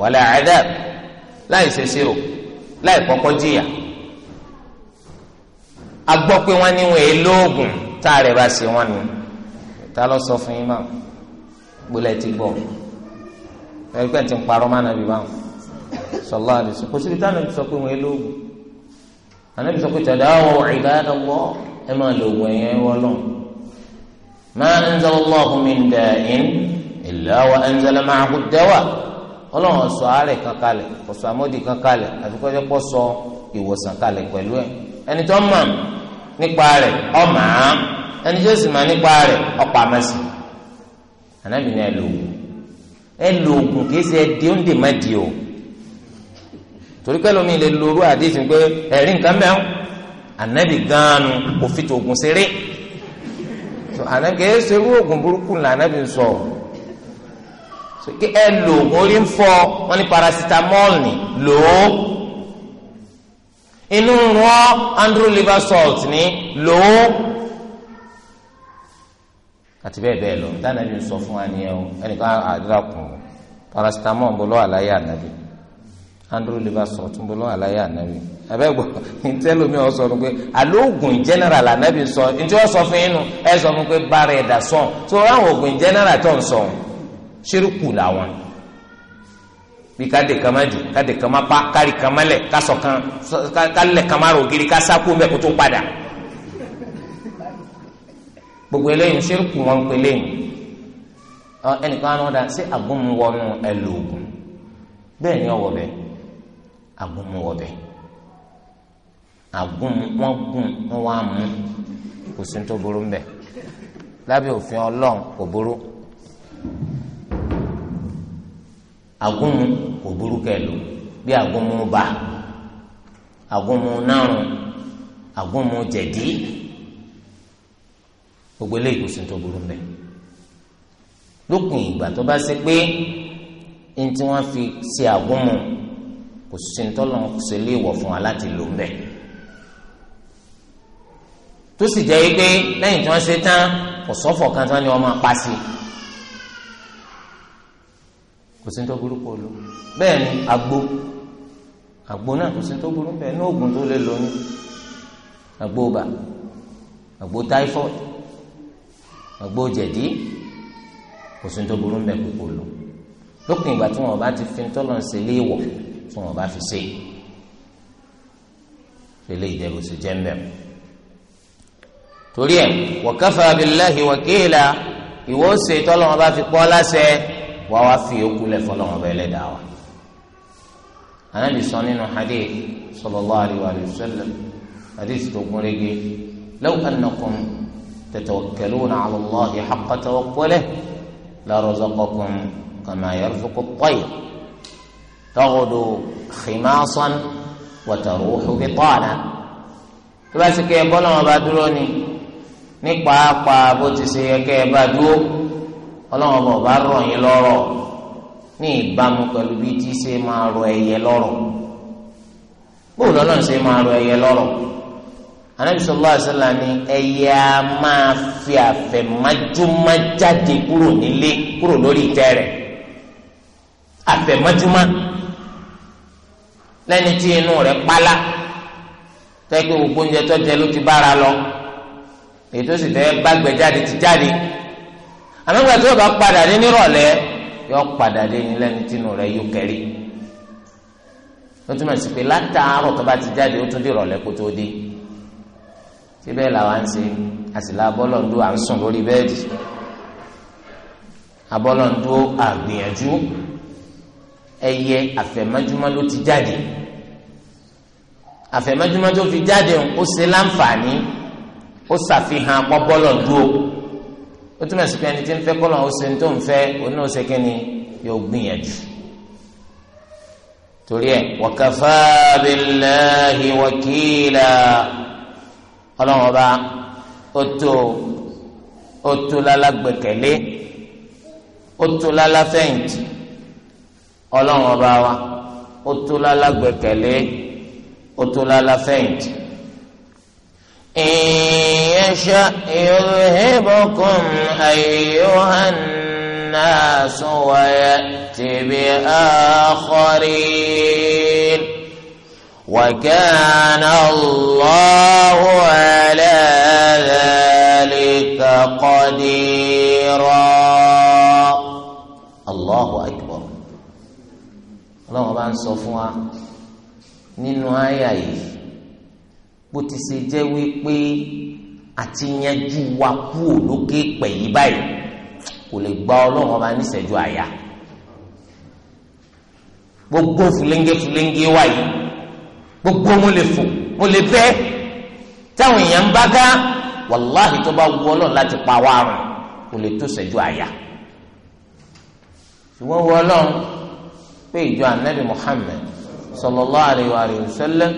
wala adab láì ṣe ṣírò láì kọ́kọ́ jìyà a gbọ́ pé wọ́n ní wọn èlò oògùn tá a rẹ̀ bá ṣe wọ́n ni ta ló sọ fún yín máa gbọ́lẹ̀ ti gbọ́ ẹgbẹ́ ti ń parọ́ mọ́ ànábì báwọn sallallahu alaihi kò síbi táwọn ti sọ pé wọn èlò oògùn anabi sọ pé tadawaw ibadallah ẹ máa lo oògùn ẹ̀yẹ wọlọ́ ma anzalallahu min da'in illa wa anzala ma'ahu dawa ọlọ́run sọ àárẹ̀ kankalẹ̀ ọ̀sọ̀ àmọ́dì kankalẹ̀ àfikọ́jọ́ pọ̀ sọ ìwòsàn kalẹ̀ pẹ̀lú ẹ̀ ẹni tó mọ̀ nípa rẹ̀ ọmọ àá ẹni tó sì mọ̀ nípa rẹ̀ ọ̀pọ̀ àmọ́sí anabi ni ẹ lo ẹ lo oògùn kì torí pé lómi lè lo orú àdìsí pé ẹ̀rí nǹkan mẹ́wọ́n ànábì ganu kò fi tòògùn ṣeré ànábì kìí ṣe oògùn burúkú là ànábì ń sọ kí ẹ lo oògùn orí ń fọ wọn ní paracetamol ni lò ó inú ń rọ andrew liver salt ni lò ó àti bẹ́ẹ̀ bẹ́ẹ̀ lọ dáná bí n sọ fún wa nìyẹn o ẹnìkan àdúrà kùn paracetamol ń bọ̀ lọ́wọ́ àlàyé ànábì andrew libaso túnbọ̀ lọ́wọ́ àlàyé ànábì abẹ́gbọ́ ntẹ́lómi ọ̀ sọ pé alóògùn general ànábì sọ ntí wọ́n sọ fún yín nu ẹ sọ fún pé bára ẹ̀dá sọ̀n tó ráwọn ògùn general tó ń sọ ṣírùkù làwọn bí káde kan má jù káde kan má pa kárì kan má lẹ̀ kásọ̀ kan kálẹ̀ kan má rò gírí kásákú bẹ́ẹ̀ kó tó padà gbogbo eléyìí ṣírùkù wọn pè léyìn ẹnìkan á náà dá wọnú ẹlòògùn bẹ́ẹ̀ ni ọ̀wọ̀ bẹ́ẹ̀ agúnmu wọbẹ agúnmu wọn gún wọn wá mú kò sí tó burú mbẹ lábẹ́ òfin Ọlọ́run kò burú agúnmu kò burú kẹlò bí agúnmu bá agúnmu nárùn agúnmu jẹ̀dí gbogbo eléyìí kò sí tó burú mbẹ lópin ìgbà tó bá ṣe pé ní wọn fi ṣe agúnmu kò sí ntọ́lọ́ ṣe lé wọ̀ fún wa láti lò ń bẹ̀ tó sì jẹ́ pé lẹ́yìn tí wọ́n ṣe tán kò sọ́fọ̀ kan tán ni wọ́n máa pa sí kò sí tó burú pọ̀ lò bẹ́ẹ̀ ni agbo agbo náà kò sí tó burú bẹ́ẹ̀ ní oògùn tó lè lò agbo bá agbo typhoid agbo jẹ̀dí kò sí tó burú bẹ́ẹ̀ púpọ̀ lò lópin ìgbà tí wọn bá ti fi ń tọ́lọ́ ṣe lé wọ̀ fún tí wọn bá fi ṣe fẹlẹ ìdẹrù sí jẹmbẹm torí ẹ wọkẹfà abiláhi wọkéèlà ìwọ ṣe tọlọmọ bá fi pọ láṣẹ wà wá fi okú lẹ fọlọmọ bá ẹlẹdàá wa anabi sọ nínú hadith sallallahu alayhi wa sallam hadith tó gún régé law annakum tatawakkaluna ala allahi haqqa tawakkalihi la razaqakum kama yarzuqu at-tayr taghdu khimasan wa taruhu bitana tó bá sì kẹ́ ẹ bọ́lá wọn bá dúró ni ní pàápàá bó ti ṣe yẹ kẹ́ ẹ bá dúró ọlọ́wọ́n bọ̀ bá rọ̀ yín lọ́rọ̀ ní ìbámu pẹ̀lú bí tí ṣe máa rọ ẹyẹ lọ́rọ̀ bóòlù ọlọ́run ṣe máa rọ ẹyẹ lọ́rọ̀ anabi sallallahu alaihi ni ẹyẹ a máa fi àfẹ̀májúmá jáde kúrò nílé kúrò lórí ìtẹ́ rẹ̀ àfẹ̀májúmá lẹ́ni tí inú rẹ̀ pálá tẹ́gbẹ́ gbogbo oúnjẹ tó jẹ ló ti bára lọ èyí tó sì fẹ́ gbàgbẹ́ jáde ti jáde àmọ́gbà tí yóò bá padà dé nírọ̀lẹ́ yóò padà dé ní lẹ́ni tí inú rẹ̀ yóò kẹ́rì ó túmọ̀ sí pé látàárọ̀ tó bá ti jáde ó tún dé ìrọ̀lẹ́ kó tó dé síbẹ̀ làwa ń ṣe àsìlá abọ́lọ́ndó à ń sùn lórí bẹ́ẹ̀dì abọ́lọ́ndó àgbìyànjú ẹyẹ àfẹ̀mọ́júmọ́ ló ti jáde àfẹ̀mọ́júmọ́ tó fi jáde ó ṣe láǹfààní ó ṣàfihàn pọ́bọ́lọ̀ dúró ó túmọ̀ sí pé ẹni tí ń fẹ́ kọ́lọ̀ ó ṣe tó ń fẹ́ oní yóò gbìyànjú torí ẹ wa kafā billāhi ọlọ́run ọba ó tó ó tó lálágbẹ̀kẹ̀lé ó tó láláfẹ̀yìntì ọlọ́run ọba wa ó tó lálá gbẹ́kẹ̀lé ó tó lálá fẹ̀yìntì. ìyẹ́nṣẹ́ ìrìhìbọ̀kùn àyíyóhàn náà súnwáyà tìbí àkọ́rí. وكان الله على ذلك قديرا الله ọlọ́run bá ń sọ fún wa nínú àyà yìí bó ti ṣe jẹ́ wípé àti yanjú wa kúrò lókè pẹ̀ yí báyìí kò lè gba ọlọ́run ọba níṣẹ́jú àyà gbogbo fúlẹ́ńgẹ́ fúlẹ́ńgẹ́ wà yìí gbogbo mo lè fò mo lè bẹ́ táwọn èèyàn ń bá ká wàláhì tó bá wù ọlọ́run láti pa wá rùn kò lè tó ṣẹ́jú àyà ṣùgbọ́n wù ọlọ́run. pé ìjọ anabi muhammed sallallahu alayhi wa sallam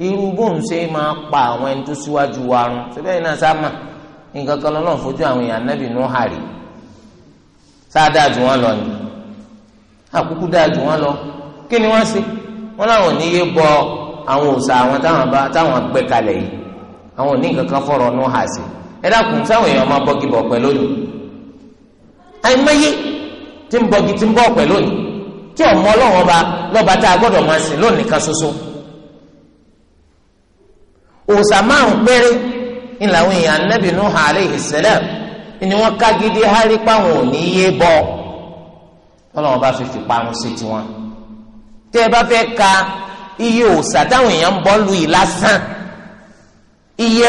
irú bóun ṣe máa pa àwọn ẹni tó síwájú wa run síbẹ̀ yìí sáàmà nǹkan kan lọ́nà fojú àwọn èèyàn anabi nù ni àkúkú dáa jù wọ́n lọ ni wọ́n ṣe wọ́n láwọn ò ní yé bọ àwọn àwọn táwọn bá táwọn kalẹ̀ yìí àwọn ò ní nǹkan kan fọ̀rọ̀ tí ọmọ ọlọ́run ọba lọ́ba tá a gbọ́dọ̀ máa sìn lónìí kan ṣoṣo òòsà márùn péré ni èèyàn anábì ni wọ́n ká gidi hárí páwọn ò ní yé bọ́ parun sí tiwọn tí ẹ bá fẹ́ ka iye òòsà táwọn èèyàn ń bọ́ iye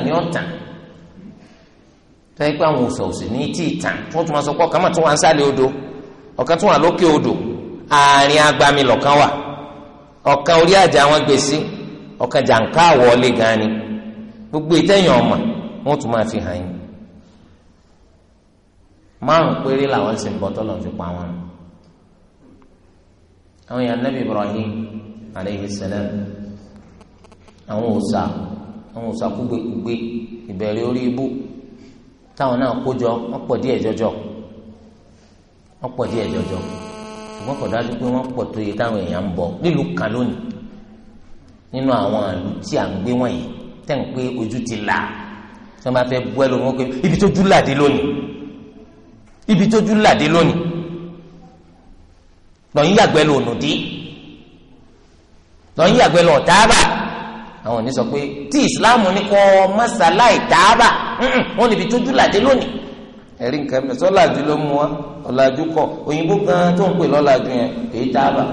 ẹbọ sẹ́yìn pé àwọn òòsàn òsì ní tí ìtàn tí wọ́n tún máa sọ pé ọ̀kan máa tún wà ń sálẹ̀ odò ọ̀kan tún wà lókè odò àárín agbami lọ̀kan wà ọ̀kan orí àjà wọn gbé sí ọ̀kan jàǹká àwọ̀ọ́lé gan ni gbogbo ìtẹ̀yìn ọmọ wọn tún máa fi hàn yín márùn péré làwọn sì ń bọ́ tọ́lọ̀ fi pa wọn. àwọn èèyàn Nabi Ibrahim aleyhi salam àwọn òòsà àwọn òòsà kúgbèkúgbè ìbẹ̀rẹ̀ orí ibú táwọn náà kójọ wọ́n pọ̀ díẹ̀ jọjọ wọ́n pọ̀ díẹ̀ jọjọ ṣùgbọ́n kò dájú pé wọ́n pọ̀ tó yẹ táwọn èèyàn ń bọ̀ nílùú kan lónìí nínú àwọn àlù tí à ń gbé wọ̀nyí tẹ̀ ń pé ojú ti là tí wọ́n bá fẹ́ bú ẹ lómi wọ́n pé ibi tójú làdé lónìí ibi tójú làdé lónìí lọ́yìn yàgbẹ́ lò nùdí lọ́yìn yàgbẹ́ lò táàbà àwọn ò ní sọ pé tí ìsìláàmù ní kọ́ mọ́sálà ìtààbà wọn níbi tójú làdé lónìí ẹ̀rí nǹkan mẹ́sàn ọ̀làjú ló mú wa ọ̀làjú kọ òyìnbó gan tó ń pè lọ́làjú yẹn èyí tá a bà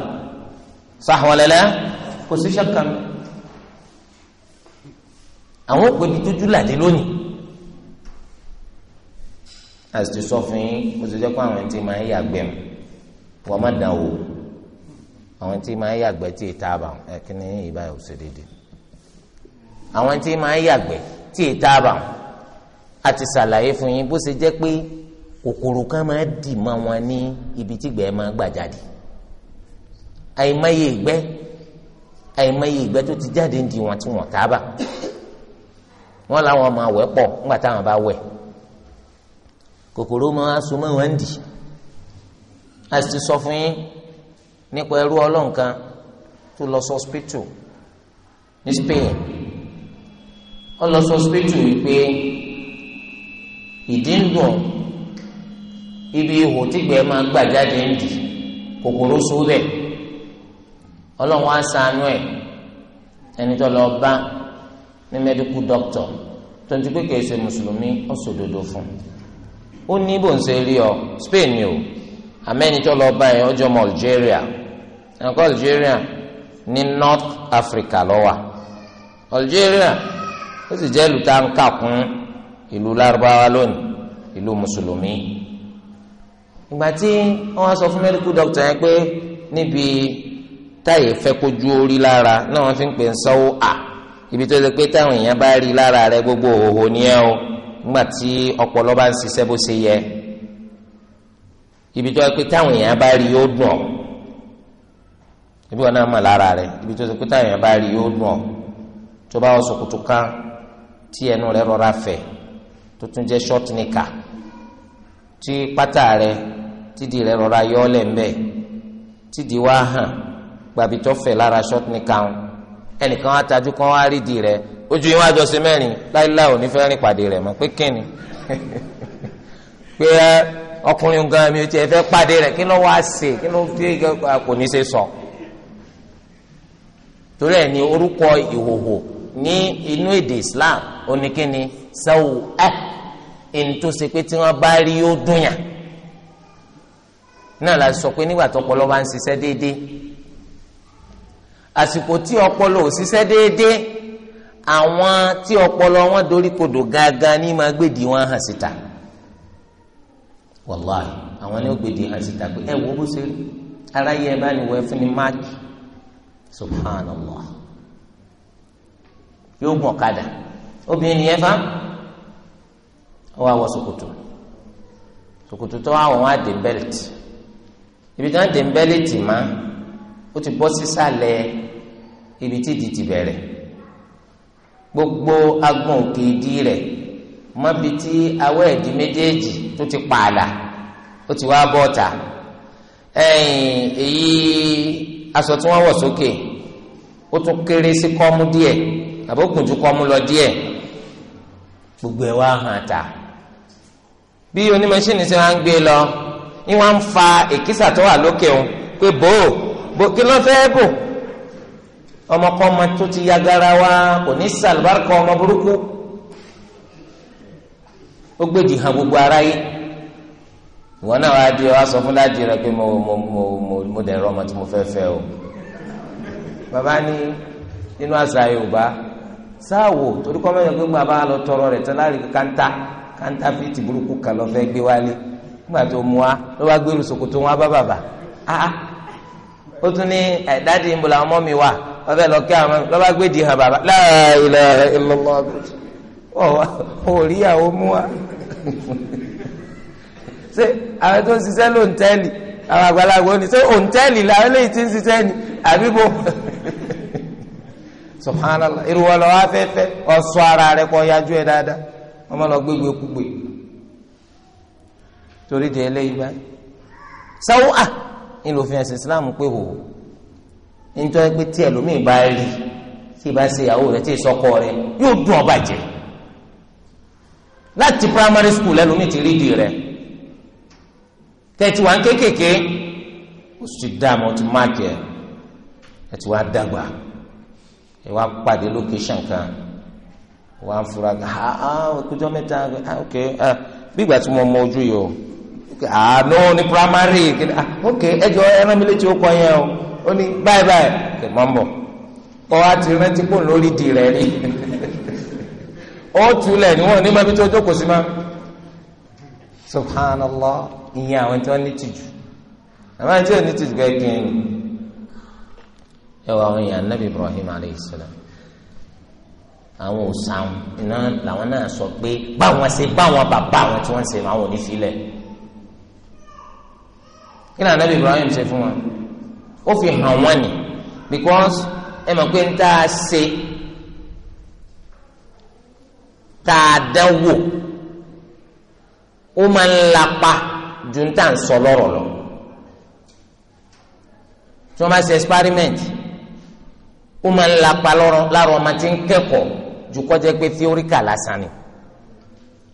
sáwọn lẹ́lẹ́ kò sí sẹ́kàn àwọn òpè ibi tójú làdé lónìí àti ti sọ fún yín mo ti jẹ́ pé àwọn ti máa ń yàgbẹ́ mi wọ́n má dàn wò àwọn tí máa ń yàgbẹ́ tí èta àbà ẹ̀kíní ìbáyọ̀ ṣe déédéé àwọn tí máa ń yàgbẹ́ tí èta àbà a ti ṣàlàyé fún yín bó ṣe jẹ́ pé kòkòrò kan máa dì mọ́ wọn ní ibi tígbẹ́ máa gbà jáde àìmọye ìgbẹ́ àìmọye ìgbẹ́ tó ti jáde ń di wọn tí wọ́n tábà wọ́n làwọn máa wẹ̀ pọ̀ nígbà táwọn bá wẹ̀ kòkòrò máa súnmọ́ wọn dì a ti sọ fún yín nípa ẹrú ọlọ́run kan tó lọ sọ hospital ní Spain ó lọ sọ hospital yìí pé. ìdí ń dùn ibi ihò tígbẹ́ máa gbà jáde ń dì kòkòrò sóò ọlọ́run á ẹni tó lọ bá ní medical doctor tó ń ti pé kìí ṣe mùsùlùmí ó fún ọ Spain ni o àmẹ́ni tó lọ bá ẹ ọjọ́ ọmọ Algeria Algeria ní North Africa lọ́wọ́ Algeria ó sì jẹ́ ìlú lárúbáwá lónìí ìlú mùsùlùmí ìgbà tí wọ́n sọ fún mẹdíkù dókítà yẹn pé níbi táyé fẹ́ kojú orí lára náà wọ́n fi ń pè ń sanwó à ibi tó ṣe pé táwọn èèyàn bá rí lára rẹ̀ gbogbo òhòhò ni ẹ o nígbà tí ọpọlọ bá ń ṣiṣẹ́ bó ṣe yẹ ibi tó ṣe pé táwọn èèyàn bá rí yóò dùn ọ ibi wọn náà mọ lára rẹ̀ ibi tó ṣe pé táwọn èèyàn bá rí yóò dùn ọ tó bá wọ ṣòkòtò kan tí ẹnu rẹ̀ rọra fẹ̀ tó tún jẹ́ short nika tí pátá rẹ̀ tídì rẹ̀ rọra yọ ọ́ lẹ́ńbẹ́ tídì wá hàn gbàbí tó fẹ̀ lára short nika ń ẹnìkan wá tajú kan wá rí di rẹ̀ ojú yín wá jọ sí mẹ́rin láíláì òní fẹ́ rìn pàdé rẹ̀ mọ́ pé kíni pé ọkùnrin gan mi ò tiẹ̀ fẹ́ pàdé rẹ̀ kí ló wá ṣe kí ló fi kò ní ṣe sọ torí ẹ̀ ní orúkọ ìhòhò ní inú èdè Islam oníkíni sẹ́wọ́ ẹ̀ ẹni tó ṣe pé tí wọ́n bá rí ó dùnyà náà la sọ pé nígbà tó ọpọlọ bá ń ṣiṣẹ́ déédéé àsìkò tí ọpọlọ ò ṣiṣẹ́ déédéé àwọn tí ọpọlọ wọn dorí kodò gangan ní máa gbèdì wọn hàn síta wàláì àwọn ni ó gbèdì hàn síta pé ẹ wo bó ṣe rí ara yẹ bá ní wẹ fún ni máàkì subhanallah yóò gbọ̀n kadà obìnrin yẹn fáwọn ó wá wọ ṣòkòtò ṣòkòtò tó wá wọ wọn á dé bẹ́lẹ̀tì ibi tí wọ́n dé bẹ́lẹ̀tì má ó ti bọ́ sísàlẹ̀ ibi tí ìdí ti bẹ̀rẹ̀ gbogbo agbọn òkè ìdí rẹ̀ mọ́bi tí awọ́ ẹ̀dí méjèèjì tó ti pààlà ó ti wá bọ́ ọ̀tà ẹ̀yìn èyí aṣọ tí wọ́n wọ̀ sókè ó tún kéré sí kọ́mú díẹ̀ àbókùnjú kọ́mú lọ díẹ̀ gbogbo ẹ̀ wá hàn ta bí onímọ̀ṣínì ṣe máa ń gbé lọ ni wọ́n ń fa èkísà tó wà lókè òun pé bò ó bò kí ló fẹ́ bò ọmọkọ́mọ tó ti ya gara wa kò ní sàlùbáríkọ ọmọ burúkú ó gbèjì hàn gbogbo aráyé ìwọ náà wàá di ọ wá sọ fún dáàdi rẹ pé mo mo mo mo dẹ̀ rọ ọmọ tí mo fẹ́ fẹ́ o bàbá ní nínú àṣà Yorùbá sáà wò torí kọ́ mẹ́rin pé bàbá lọ tọrọ rẹ̀ tẹ́lá rí kankan ta kántáfìtì burúkú kan lọ fẹ́ gbé wálé nígbà tó mú wa ló wá gbèrú ṣòkòtò wọn bá bàbà áá ah, ah. ó tún ní ẹ̀dáàdì eh, ń bọ̀ làwọn ọmọ mi wà wọ́n fẹ́ lọ kí àwọn ọmọ mi lọ́ bá gbé di hàn bàbá la ilaha illallah ò ríyàwó mú wa ṣé àwọn tó ń ṣiṣẹ́ ló ń tẹ́lì àwọn àgbàlagbà ó ní ṣé òǹtẹ́lì làwọn eléyìí ti ń ṣiṣẹ́ ni àbí bò subhanallah irú wọn lọ wá fẹ́fẹ́ ọ̀ṣọ́ ara rẹ̀ kọ́ yájú ẹ̀ dáadáa wọ́n máa lọ gbégbé kúgbè torí di eléyìí báyìí sáwọ́ à ìlòfin ẹ̀sìn Islam pé hò nítorí pé tí ẹlòmíì bá rí tí ìbá ṣe ìyàwó rẹ tí ìsọkọ rẹ yóò dùn ọ bàjẹ́ láti primary school ẹlòmíì ti rí di rẹ tẹ̀tí wà ń kékèké ó sì dá àmọ́ ti máàkì ẹ̀ ẹ̀ ti wá dàgbà ẹ̀ wá pàdé location kan wọn fura ha ha ọkọjọ mẹ́ta ah, ok ẹ ah, bígbà tí mo mọ ojú yìí o ah no ni primary ah, ok ẹjọ ẹran mi létí okọ yẹn o ó ní báyìí báyìí kò mọ bọ kọ wá ti rántí pò lórí di rẹ ni ó tulẹ̀ níwọ̀n ní mọ́bí tó jókòó sí ma subhanallah ìyẹn àwọn tí wọ́n ní tìjú àwọn tí wọ́n ní tìjú kẹ́kẹ́ ẹ wọ àwọn èèyàn nabi Ibrahim aleyhisselam àwọn òsàn iná làwọn náà sọ pé báwọn ṣe báwọn bàbá àwọn tí wọ́n ṣe àwọn ò ní filẹ̀ kí ni anabi ibrahim ṣe fún wa ó fi hàn wọ́n ni because ẹ mọ̀ pé ń tá a ṣe tá a dánwò ó máa ń lapa ju ń tà ń sọ lọ́rọ̀ lọ tí wọ́n bá ṣe experiment ó máa ń lapa lọ́rọ̀ lára ọmọ tí ń kẹ́kọ̀ọ́ ju kọjá pé fíoríkà lásán ni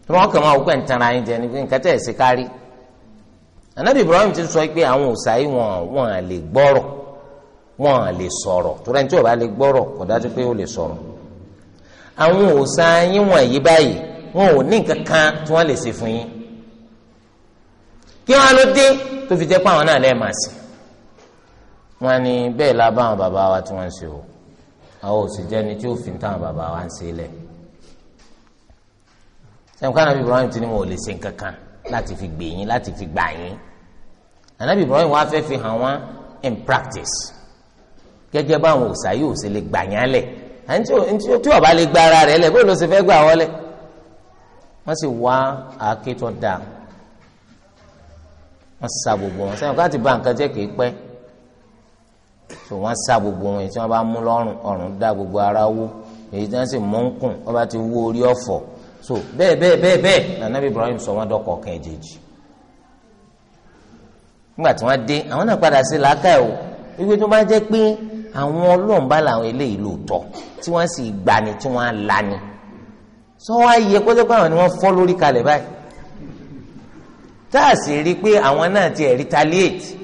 tí wọn kàn máa wò pé ntara yín jẹ ni pé nǹkan tẹ ẹ sí kárí anabi ibrahim ti sọ pé àwọn òsàyí wọn wọn lè gbọ́rọ̀ wọn lè sọ̀rọ̀ torí ẹni tí ò bá lè gbọ́rọ̀ kò dájú pé ó lè sọ̀rọ̀ àwọn òsàyí wọn yìí báyìí wọn ò ní nǹkan kan tí wọn lè ṣe fún yín kí wọn ló dé tó fi jẹ pé àwọn náà lè máa sìn wọn ni bẹ́ẹ̀ la bàbá wa tí wọn ń ṣe o àwọn òsì jẹ́ni tí ó fi táwọn bàbá wa ń ṣe lẹ̀ sẹ́yìn kánábì Ibrahim ti ní wọn ò lè ṣe nǹkan láti fi gbè láti fi gbà yín ànábì Ibrahim wá fẹ́ fi hàn wọ́n in practice gẹ́gẹ́ báwọn òsà yìí ò sì lè gbà yín lẹ̀ tí ọba lè gba ara rẹ̀ lẹ̀ bó ló ṣe fẹ́ gbà wọ́n lẹ̀ wọ́n sì wá àáké tó wọ́n sa gbogbo wọn sẹ́yìn ká ti ba nǹkan jẹ́ kì pẹ́ tó wọ́n sá gbogbo wọn tí wọ́n bá mú lọ́rùn ọ̀rùn dá gbogbo ara wó èyí tí wọ́n sì mú ń kùn wọ́n bá ti wó orí ọ̀fọ̀ so bẹ́ẹ̀ bẹ́ẹ̀ bẹ́ẹ̀ bẹ́ẹ̀ nànàbí Ibrahim sọ wọ́n dọ́kọ̀ ọ̀kan ẹ̀jẹ̀jì nígbà tí wọ́n dé àwọn náà padà sí làákàyè o wípé tó bá jẹ́ pé àwọn ọlọ́run bá làwọn eléyìí lóòótọ́ tí wọ́n sì gbani tí wọ́n á lani sọ wá yẹ kótó pé àwọn ni wọ́n fọ́ lórí kalẹ̀ báyìí tá a sì rí i pé àwọn náà ti ẹ̀ retaliate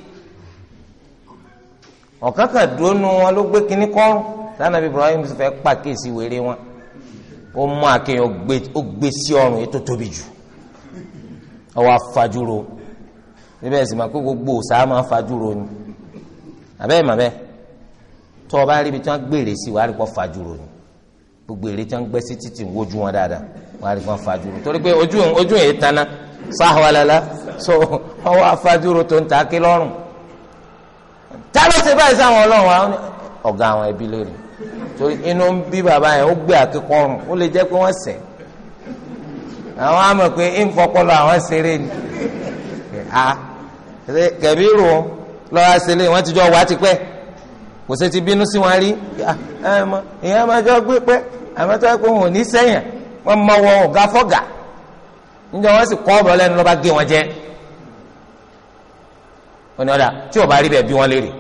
ọ̀kan kan dúró nu wọn ló gbé kínní kọ́rùn sanabi Ibrahim fẹ́ pàkíyèsí wèrè wọn ó mú akéèyàn ó gbé sí ọrùn yìí tó tóbi jù ọwọ́ afajúro bíbẹ̀ sì máa kó gbogbo òsà máa fajúro ni àbẹ́ẹ̀ màbẹ́ tó o bá rí ibi tí wọ́n gbèrè sí wàá rí kó fajúro ni gbogbo èrè tí wọ́n gbẹ́ sí títì ń wojú wọn dáadáa wàá rí kó fajúro torí pé ojú ojú yẹn so ọwọ́ afajúro tó ń ta ké lọ́rùn. ta ló ṣe báyìí sáwọn ọlọ́run àwọn ọ̀gá àwọn ẹbí lónìí torí inú ń bí bàbá yẹn ó gbé àkíkọ́rùn ó lè jẹ́ pé wọ́n sẹ̀ àwọn àmọ̀ pé ń fọpọlọ àwọn ṣeré ni a kẹ̀bí rò ó lọ́wọ́ ṣeré wọ́n ti jọ wá tipẹ́ kò sí ti bínú sí wọn rí ìyá máa jọ gbé pẹ́ àmọ́ tó yẹ kó wọn ò ní sẹ́yìn wọ́n mọ wọn ọ̀gá fọ́gà níjọ wọ́n sì kọ́ ọ̀bọ̀ lẹ́nu lọ́ba gé wọn jẹ́ onídàá tí ó bá rí bẹ́ẹ̀ bí wọ́n léèrè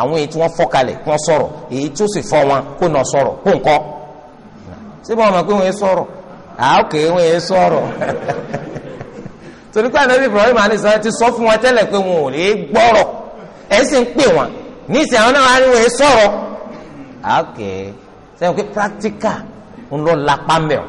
àwọn èyí tí wọ́n fọ́ kí wọ́n sọ̀rọ̀ èyí tí ó sì fọ́ wọn kó nà sọ̀rọ̀ kó nkọ́ síbẹ̀ wọn mọ̀ pé wọ́n yẹ sọ̀rọ̀ àókè wọ́n yẹ sọ̀rọ̀ torí pé ànábì Ibrahim alayisalaam ti sọ fún wọn tẹ́lẹ̀ pé wọn ò lè gbọ́rọ̀ ẹ̀ pè wọn ní ìsìn àwọn náà wọ́n yẹ sọ̀rọ̀ àókè sẹ́yìn pé practical ń lọ lápá mẹ́ọ̀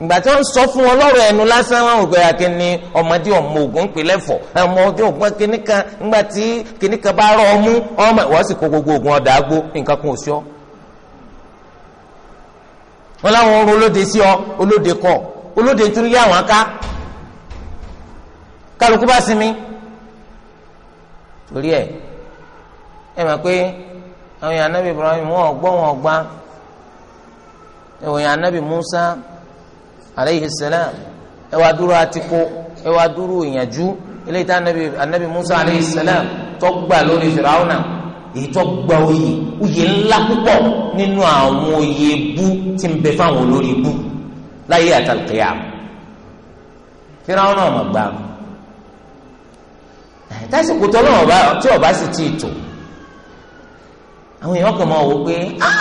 ìgbà tí wọ́n sọ fún wọn lọ́rọ̀ ẹnu lásán wọn gbé ya kíni ọmọdé ọmọ ògùn pèlè fọ ọmọdé ògùn kíní kan ńgbà tí kíní kan bá rọ ọmú ọmọ ìwọ sì kó gbogbo ògùn ọdà àgbo nǹkan kan ò sí ọ. wọn láwọn ń rolóde sí ọ olóde kọ olóde tún yé àwọn ká kálukú bá sinmi torí ẹ ẹ mọ̀ pé àwọn yàrá nàbì Ibrahim wọn ọgbọ́n wọn ọgbà ẹ̀wọ̀n yàrá nàbì Musa aleyhi salam ẹ wá dúró àtikó ẹ wá dúró ìyànjú eléyìí tá anabi musa aleyhi salam tó gbà lórí firawuna èyí tó gba oyè oyè ńlá púpọ̀ nínú àwọn oyè bú tí ń bẹ fáwọn olórí bú láyé àtàlùkìyà firawuna ọmọ gbà tásìkò tó lọ́wọ́ tí ọba sì ti tò àwọn èèyàn kan máa wò pé ah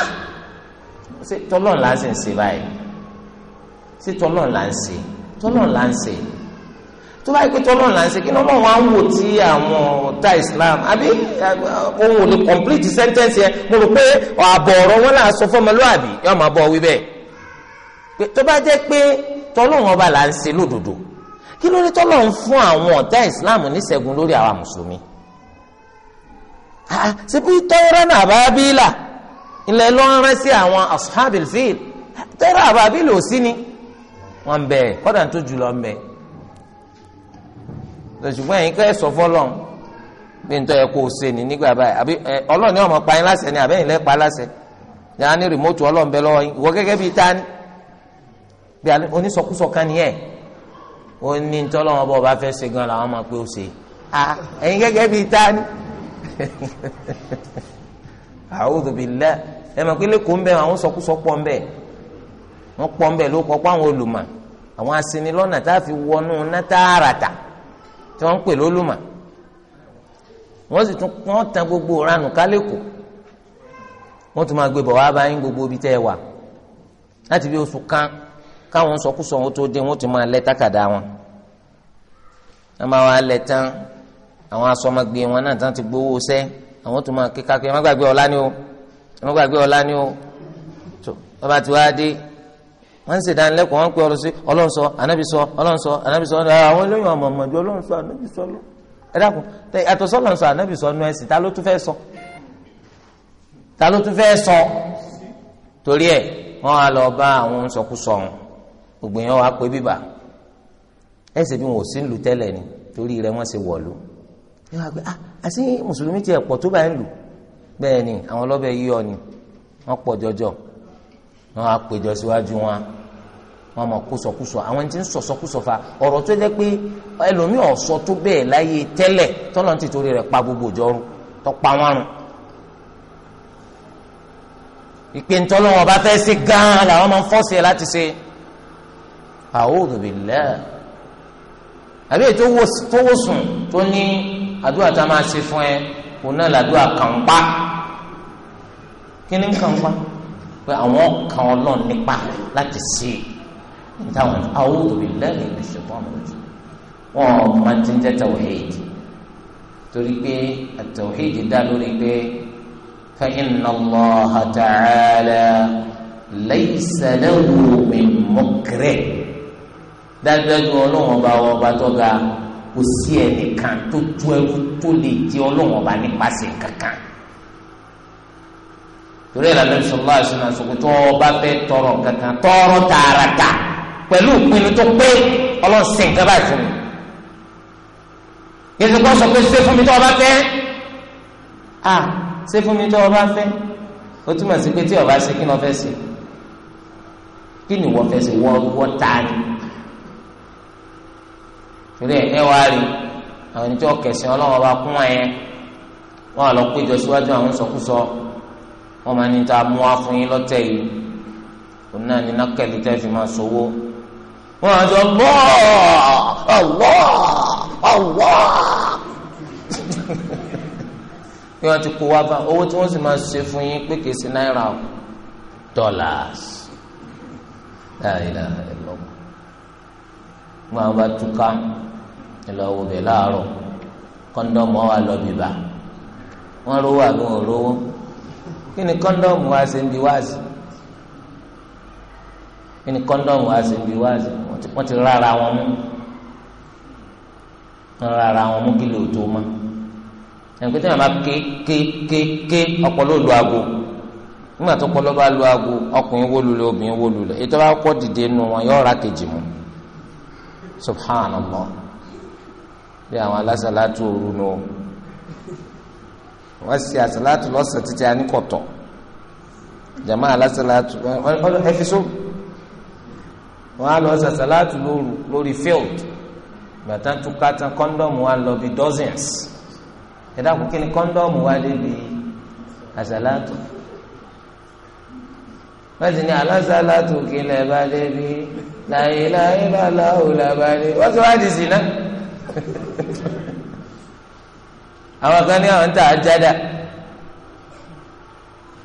tọ́lọ́ọ̀lá sì ń ṣe báyìí sí tọ́lọ̀ là ń ṣe tọ́lọ̀ là ń ṣe tó bá yẹ pé tọ́lọ̀ là ń ṣe kí ni ọlọ́run á ń wò tí àwọn ọ̀tá Islam àbí òun eh, ò lè complete sentence yẹn mo rò pé àbọ̀ ọ̀rọ̀ wọn là ń sọ fún ọmọlúwàbí yóò máa bọ̀ wí bẹ́ẹ̀ tó bá jẹ́ pé tọ́lọ̀ wọn bá là ń ṣe lódodo kí ló ní tọ́lọ̀ ń fún àwọn ọ̀tá Islam níṣẹ́gun lórí àwa mùsùlùmí ah, ṣe bí tọ́ra náà bá bí là ilẹ̀ lọ́rán sí àwọn ashabil fil tẹ́rà àbábí lò sí ni wọn bẹ kódà tó jùlọ ń bẹ ṣùgbọ́n ẹ̀yin kẹ́ ẹ sọ fọlọ́n pé ntọ́ ẹ kó o ṣe ní nígbà báyìí àbí ọlọ́run ni ọmọ pa yín láṣẹ ni àbẹ́yìn lẹ́ pa láṣẹ ni a ní rìmọ́tù ọlọ́run bẹ lọ́wọ́ yín ìwọ gẹ́gẹ́ bíi ta ni bí onísọkúsọ kan ni ẹ̀ ó ní ntọ́lọ́wọ́n bọ́ ọba fẹ́ ṣe gan làwọn máa pé ó ṣe ẹ̀yin gẹ́gẹ́ bíi ta ni a'udhu billah ẹ̀ mọ̀ pé lẹ́kọ̀ọ́ ń bẹ àwọn sọkúsọ pọ̀ ń bẹ́ẹ̀ wọ́n pọ̀ ń bẹ̀ ló kọ́ pé àwọn olùmọ̀ àwọn asinilọ́nà tá a fi wọnú ná tààràtà tí wọ́n ń pè lólùmọ̀ wọ́n sì tún wọ́n tan gbogbo ranù kálẹ̀kọ̀ wọ́n tún máa gbé bọ̀ wá bá yín gbogbo ibi tẹ́ ẹ wà láti bí oṣù kan káwọn sọkúsọ wọn tó dé wọ́n tún máa lẹ́ tákàdá wọn wọ́n máa wá lẹ̀ tán àwọn asọmọgbé wọn náà tán ti gbowó sẹ́ àwọn tún máa kíkà pé ẹ má gbàgbé ọ̀la ni o ẹ má gbàgbé ọ̀la ni o tó bàbá tí wàá dé wọ́n ń ṣèdánilẹ́kọ̀ọ́ wọ́n ń pe ọ̀rọ̀ sí ọlọ́run sọ anábì sọ ọlọ́run sọ anábì sọ àwọn olóyún ọmọ ọmọdé ọlọ́run sọ anábì sọ lọ ẹ dákun ẹ̀tọ́ sọ́lọ́run sọ anábì sọ nu ẹ̀sìn ta ló tún fẹ́ sọ ta ló tún fẹ́ sọ torí ẹ̀ wọ́n á lọ bá àwọn sọkúsọ ọ̀hún ògbìn yẹn pé bíbà ẹ̀sìn bí wọn ò sí lu tẹ́lẹ̀ ni torí rẹ̀ wọ́n ṣe wọ̀lú ẹ wá pé ah àti mùsùlùmí ti ẹ̀pọ̀ tó bá ń lù bẹ́ẹ̀ ni àwọn ọlọ́bẹ̀ yí ọ ni wọ́n pọ̀ jọjọ wọ́n á péjọ síwájú wọn wọn mọ̀ kó sọkúsọ àwọn tí ń sọ fa ọ̀rọ̀ tó jẹ́ pé ẹlòmíì ọ̀sọ tó bẹ́ẹ̀ láyé tẹ́lẹ̀ tọ́lọ́ ti torí rẹ̀ pa gbogbo ìjọrú tó pa wọn rùn. ìpè ntọ́lọ́ wọn bá fẹ́ ṣe gan-an làwọn máa ń fọ́ọ̀sì ẹ̀ láti ṣe. a'udhu billah àbí èyí tó wò tó ní àdúrà tá a máa ṣe fún ẹ kò náà làdúrà kàn ń pa kí ni kàn pa pé àwọn kan ọlọ́run nípa láti ṣe é táwọn a'udhu billahi minash shaitani rajim wọn máa ti ń jẹ́ tawhid torí pé at-tawhid dá lórí pé fa inna Allaha ta'ala laysa lahu min mukrih dájúdájú ọlọ́run ọba ọba tó ga kò sí ẹnìkan tó tú ẹrú tó lè jẹ ọlọ́run ọba nípasẹ̀ kankan torí ẹ̀ lànà ìṣọ̀lá àṣìṣe náà ọba fẹ́ tọrọ kankan tọrọ tààràtà pẹ̀lú ìpinnu tó pé ọlọ́run sì ń kábàá fún mi. yẹtù kan sọ pé ṣe fún mi tó o bá fẹ́ à ṣe fún mi tó o bá fẹ́ o túmọ̀ sí pé tí o bá ṣe kí ni o fẹ́ ṣe kí ni wọ́n fẹ́ ṣe wọ́n wọ́n ta ni. torí ẹ ẹ wá rí àwọn ẹni tí wọ́n kẹ̀sìn ọlọ́run bá kún ẹ̀ wọ́n á lọ péjọ síwájú àwọn sọkúsọ wọ́n máa ní ta mú wá fún yín lọ́tẹ̀ yìí òun náà ní nákẹ́lì tẹ́ fi máa sọ owó wọ́n á sọ Allah Allah Allah bí wọ́n ti kó wá bá owó tí wọ́n sì máa ṣe fún yín pé kìí ṣe náírà o dollars láìláà ẹ lọ gbọ́n àwọn bá túká ẹ lọ wò bẹ́ẹ̀ láàárọ̀ kọ́ńdọ́ọ̀mù wa lọ bìbà wọ́n rówó àbí wọ́n rówó kí ni kọ́ńdọ́ọ̀mù wa ṣe ń di wáàsí kí ni kọ́ńdọ̀mù wá sí ibi wá sí wọ́n ti rárá wọn mú wọ́n rárá wọn mú kí lè tó mọ́ ẹnìkan tí wọ́n máa ké ké ké ké ọpọlọ lu aago nígbà tó pọlọ bá lu aago ọkùnrin wó lulẹ̀ obìnrin wó lulẹ̀ ètò bá kọ́ dìde nu wọn yọ ọ̀rá kejì mu subhanallah bí àwọn alásàlátù òru nù wọ́n sì àsàlátù lọ́sàn títí a jama alásàlátù ẹ fi so wọn á lọ sàṣàlátù lóru lórí field gbàtà túkàtà kọ́ńdọ̀mù wa lọ bí dozens ẹ̀dá kò kí ni kọ́ńdọ̀mù wa lè bi àṣàlátù wọ́n ti ní alásàlátù kí lè bá lè bi láyéláyé láláwò làbá lè wọ́n ti wá di sí náà àwọn kan ní àwọn ń tà á jáda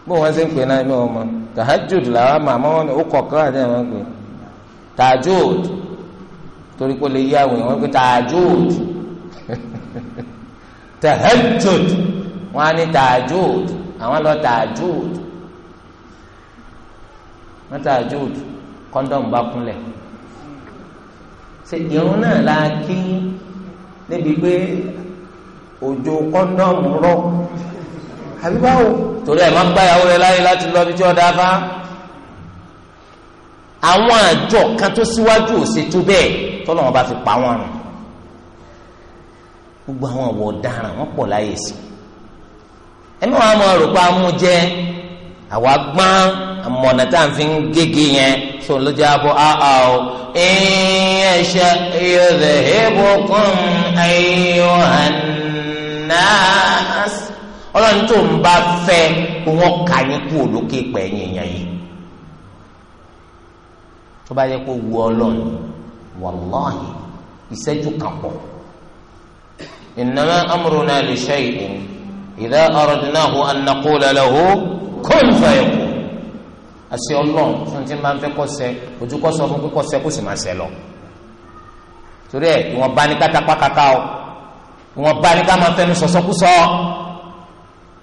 bó wọ́n ṣe ń pè náà ní ọmọ tahajjud làwọn àmọ́ àwọn ọkọ̀ kan àti àwọn ń pè é tajud torí kò lè yí àwọn èèyàn pé tajud tahajud wọn á ní tajud àwọn lọ tajud wọn tajud kọ́ńdọ̀mù bá kúnlẹ̀ ṣe irun náà la kí níbi pé òjò kọ́ńdọ̀mù rọ àbí báwo torí ẹ̀ máa ń gbáyàwó rẹ láyé láti lọ ibi tí ọ̀dà bá àwọn àjọ kan tó síwájú ò ṣètò bẹ́ẹ̀ tọ́lọ́ wọn bá fi pa wọn rùn gbogbo àwọn ọ̀wọ̀ ọ̀daràn wọn pọ̀ láyè sí ẹnu àwọn ọmọ rò pé amújẹ àwa gbọ́n àmọ̀nà tá à ń fi ń gègé yẹn sọ ló jẹ́ abọ́ àá o ìyẹn ṣe ìyẹ̀dẹ̀ ìbùkún ayọ̀hánnáàs ọlọ́run tó ń bá fẹ́ wọn kà yín kú òdòkè pẹ̀yìn yẹn yìí tó bá yẹ kó wu ọlọ́run wàláhì ìṣẹ́jú kan pọ̀ innama amruna li shay'in idha aradnahu an naqula lahu kun fayakun àṣẹ ọlọ́run fún ti máa ń fẹ́ kọ́sẹ́ ojú kọ́sọ fún kíkọ́sẹ́ kó sì máa ṣẹ lọ torí ẹ ìwọ̀n bá ní kátàpá kàkà o ìwọ̀n bá ní ká máa fẹnu sọ̀sọ́kúsọ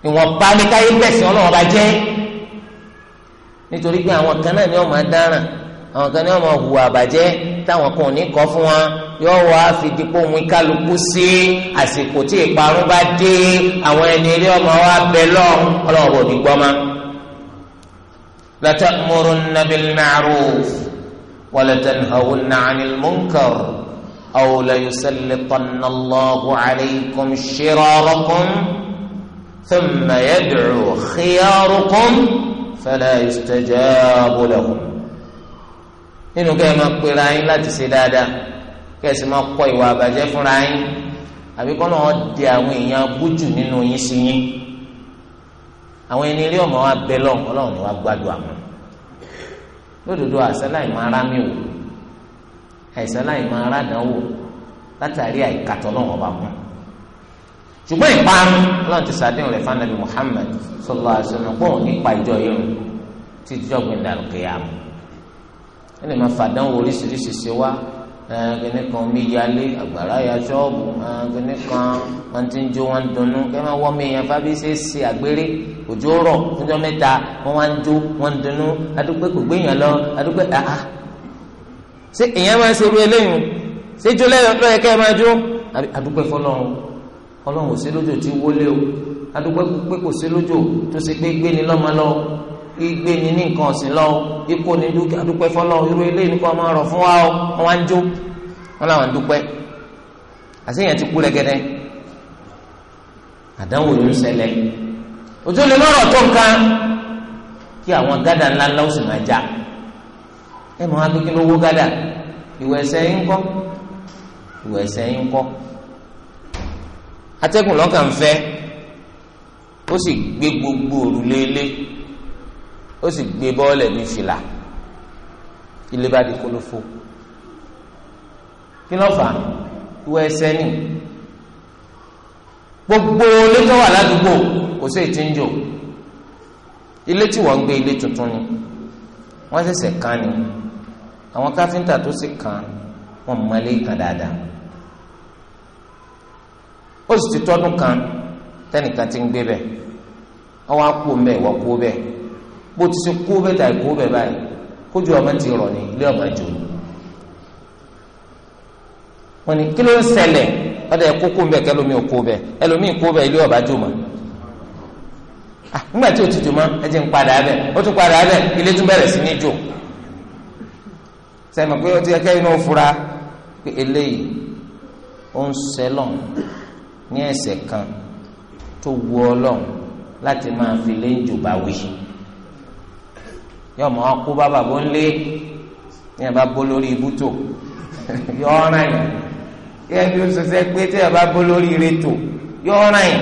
ìwọ̀n bá ní ká yé gbẹ̀sìn ọlọ́run bá jẹ́ nítorí pé àwọn kan náà ni wọ́n àwọn kan ní wọn máa hùwà àbàjẹ́ táwọn kan ò ní kọ́ fún wọn yóò wá fìdípò mú kálukú sí àsìkò tí ìparun bá dé àwọn ẹni ilé ọmọ wa bẹ lọ ọlọ́wọ́ òní gbọ́ ma. لتأمرن بالمعروف ولتنهون عن المنكر أو ليسلطن الله عليكم شراركم ثم يدعو خياركم فلا يستجاب لهم nínú kẹ́ ẹ máa pera yín láti ṣe dáadáa kẹ́ ẹ sì máa kọ ìwà àbàjẹ́ fúnra yín àbí kọ́ náà di àwọn èèyàn bójú nínú yín sí yín àwọn ẹni rí ọmọ wa bẹ lọ Ọlọ́run ni wàá gbádùn àwọn lódodo àṣẹláì máa rá mi wò àṣẹláì máa rá dán wò látàrí àìkàtọ lọ́wọ́ bá wọn ṣùgbọ́n ìparun Ọlọ́run ti sàdéhùn rẹ̀ fún anabi Muhammad sallallahu alaihi wasallam pọ̀ nípa ìjọ yìí rùn títí jọ́gbìn dàrú kéèyàn wọ́n lè máa fàdánwò oríṣiríṣi ṣe wá kíní kan mi yalé àgbàrá ya ṣọ́ọ̀bù kíní kan wọ́n ti ń jó wọ́n ń dunnú kí wọ́n wọ́ mi yẹn fábí ṣe ṣe àgbéré òjò rọ̀ fúnjọ́ mẹ́ta wọ́n wá ń jó wọ́n ń dunnú adúpẹ́ kò gbéyàn lọ adúpẹ́ àá ṣé èèyàn máa ṣe irú eléyìí ṣé jó lọ́yẹ kẹ́ ẹ máa jó adúpẹ́ fọlọ́run ọlọ́run ò sí lójó tí wọlé o adúpẹ́ pé kò sí lójó tó ṣe gbé ni lọ́mọ lọ́wọ́ gbígbé ni ní nǹkan ọ̀sìn lọ́wọ́ ikú ni dúkìá dúpẹ́ fọlọ́ irú ilé ní kó máa rọ̀ fún wa ọ́ wọ́n wá ń jó wọ́n làwọn ń dúpẹ́ àṣeyàn ti kú rẹ́gẹ́dẹ́ àdánwò ló ń ṣẹlẹ̀ òjò lè lọ́rọ̀ tó nǹkan kí àwọn gádà ńlá ńlá ó sì máa já ẹ mọ̀ akékin lówó gádà ìwẹ̀ ẹsẹ̀ yín kọ́ ìwẹ̀ ẹsẹ̀ yín kọ́ atẹ́gùn lọ́kàn fẹ́ ó sì gbé gbogbo òrùlé ilé ó sì gbé bọ́ọ̀lẹ̀ bíi fìlà ilé bá di kólófó kí ló fà á wọ ẹsẹ̀ ni gbogbo lẹ́tọ́ wà ládùúgbò kò sí ètí ń jò ilé tí wọ́n ń gbé ilé tuntun ni wọ́n ṣẹ̀ṣẹ̀ kan ni àwọn káfíńtà tó sì kan wọ́n mọlé kan dáadáa ó sì ti tọ́dún kan tẹ́nìkan ti ń gbé bẹ́ẹ̀ ọwọ́ á kú mbẹ́ ìwọ́ kú bẹ́ẹ̀ bó ti ṣe kú bẹ́ẹ̀ tàì kú bẹ́ẹ̀ báyìí kójú ọmọ ti rọ̀ ní ilé ọmọ jò wọn ni kí ló ń ṣẹlẹ̀ ọ̀dà ẹ̀kú kú bẹ́ẹ̀ kẹlómi ò kú bẹ́ẹ̀ ẹlòmí kú bẹ́ẹ̀ ilé ọba jò mọ́ nígbà tí òtútù mọ́ ẹ ti ń padà bẹ́ẹ̀ ó tún padà bẹ́ẹ̀ ilé tún bẹ̀rẹ̀ sí ní jò sẹ́mi pé ó ti ẹ̀kẹ́ inú fura pé eléyìí ó ń sẹ́lọ̀ ní ẹ̀ṣẹ̀ kan tó wu ọlọ́run láti máa fi lé ń wí yọ mọ ọkú bá bàbá ń lé ní ẹ bá bó lórí ibùtò yọ ọ̀ràn yìí yẹ bí o ṣẹ̀ṣẹ̀ pé tí ẹ bá bó lórí ìrètò yọ ọ̀ràn yìí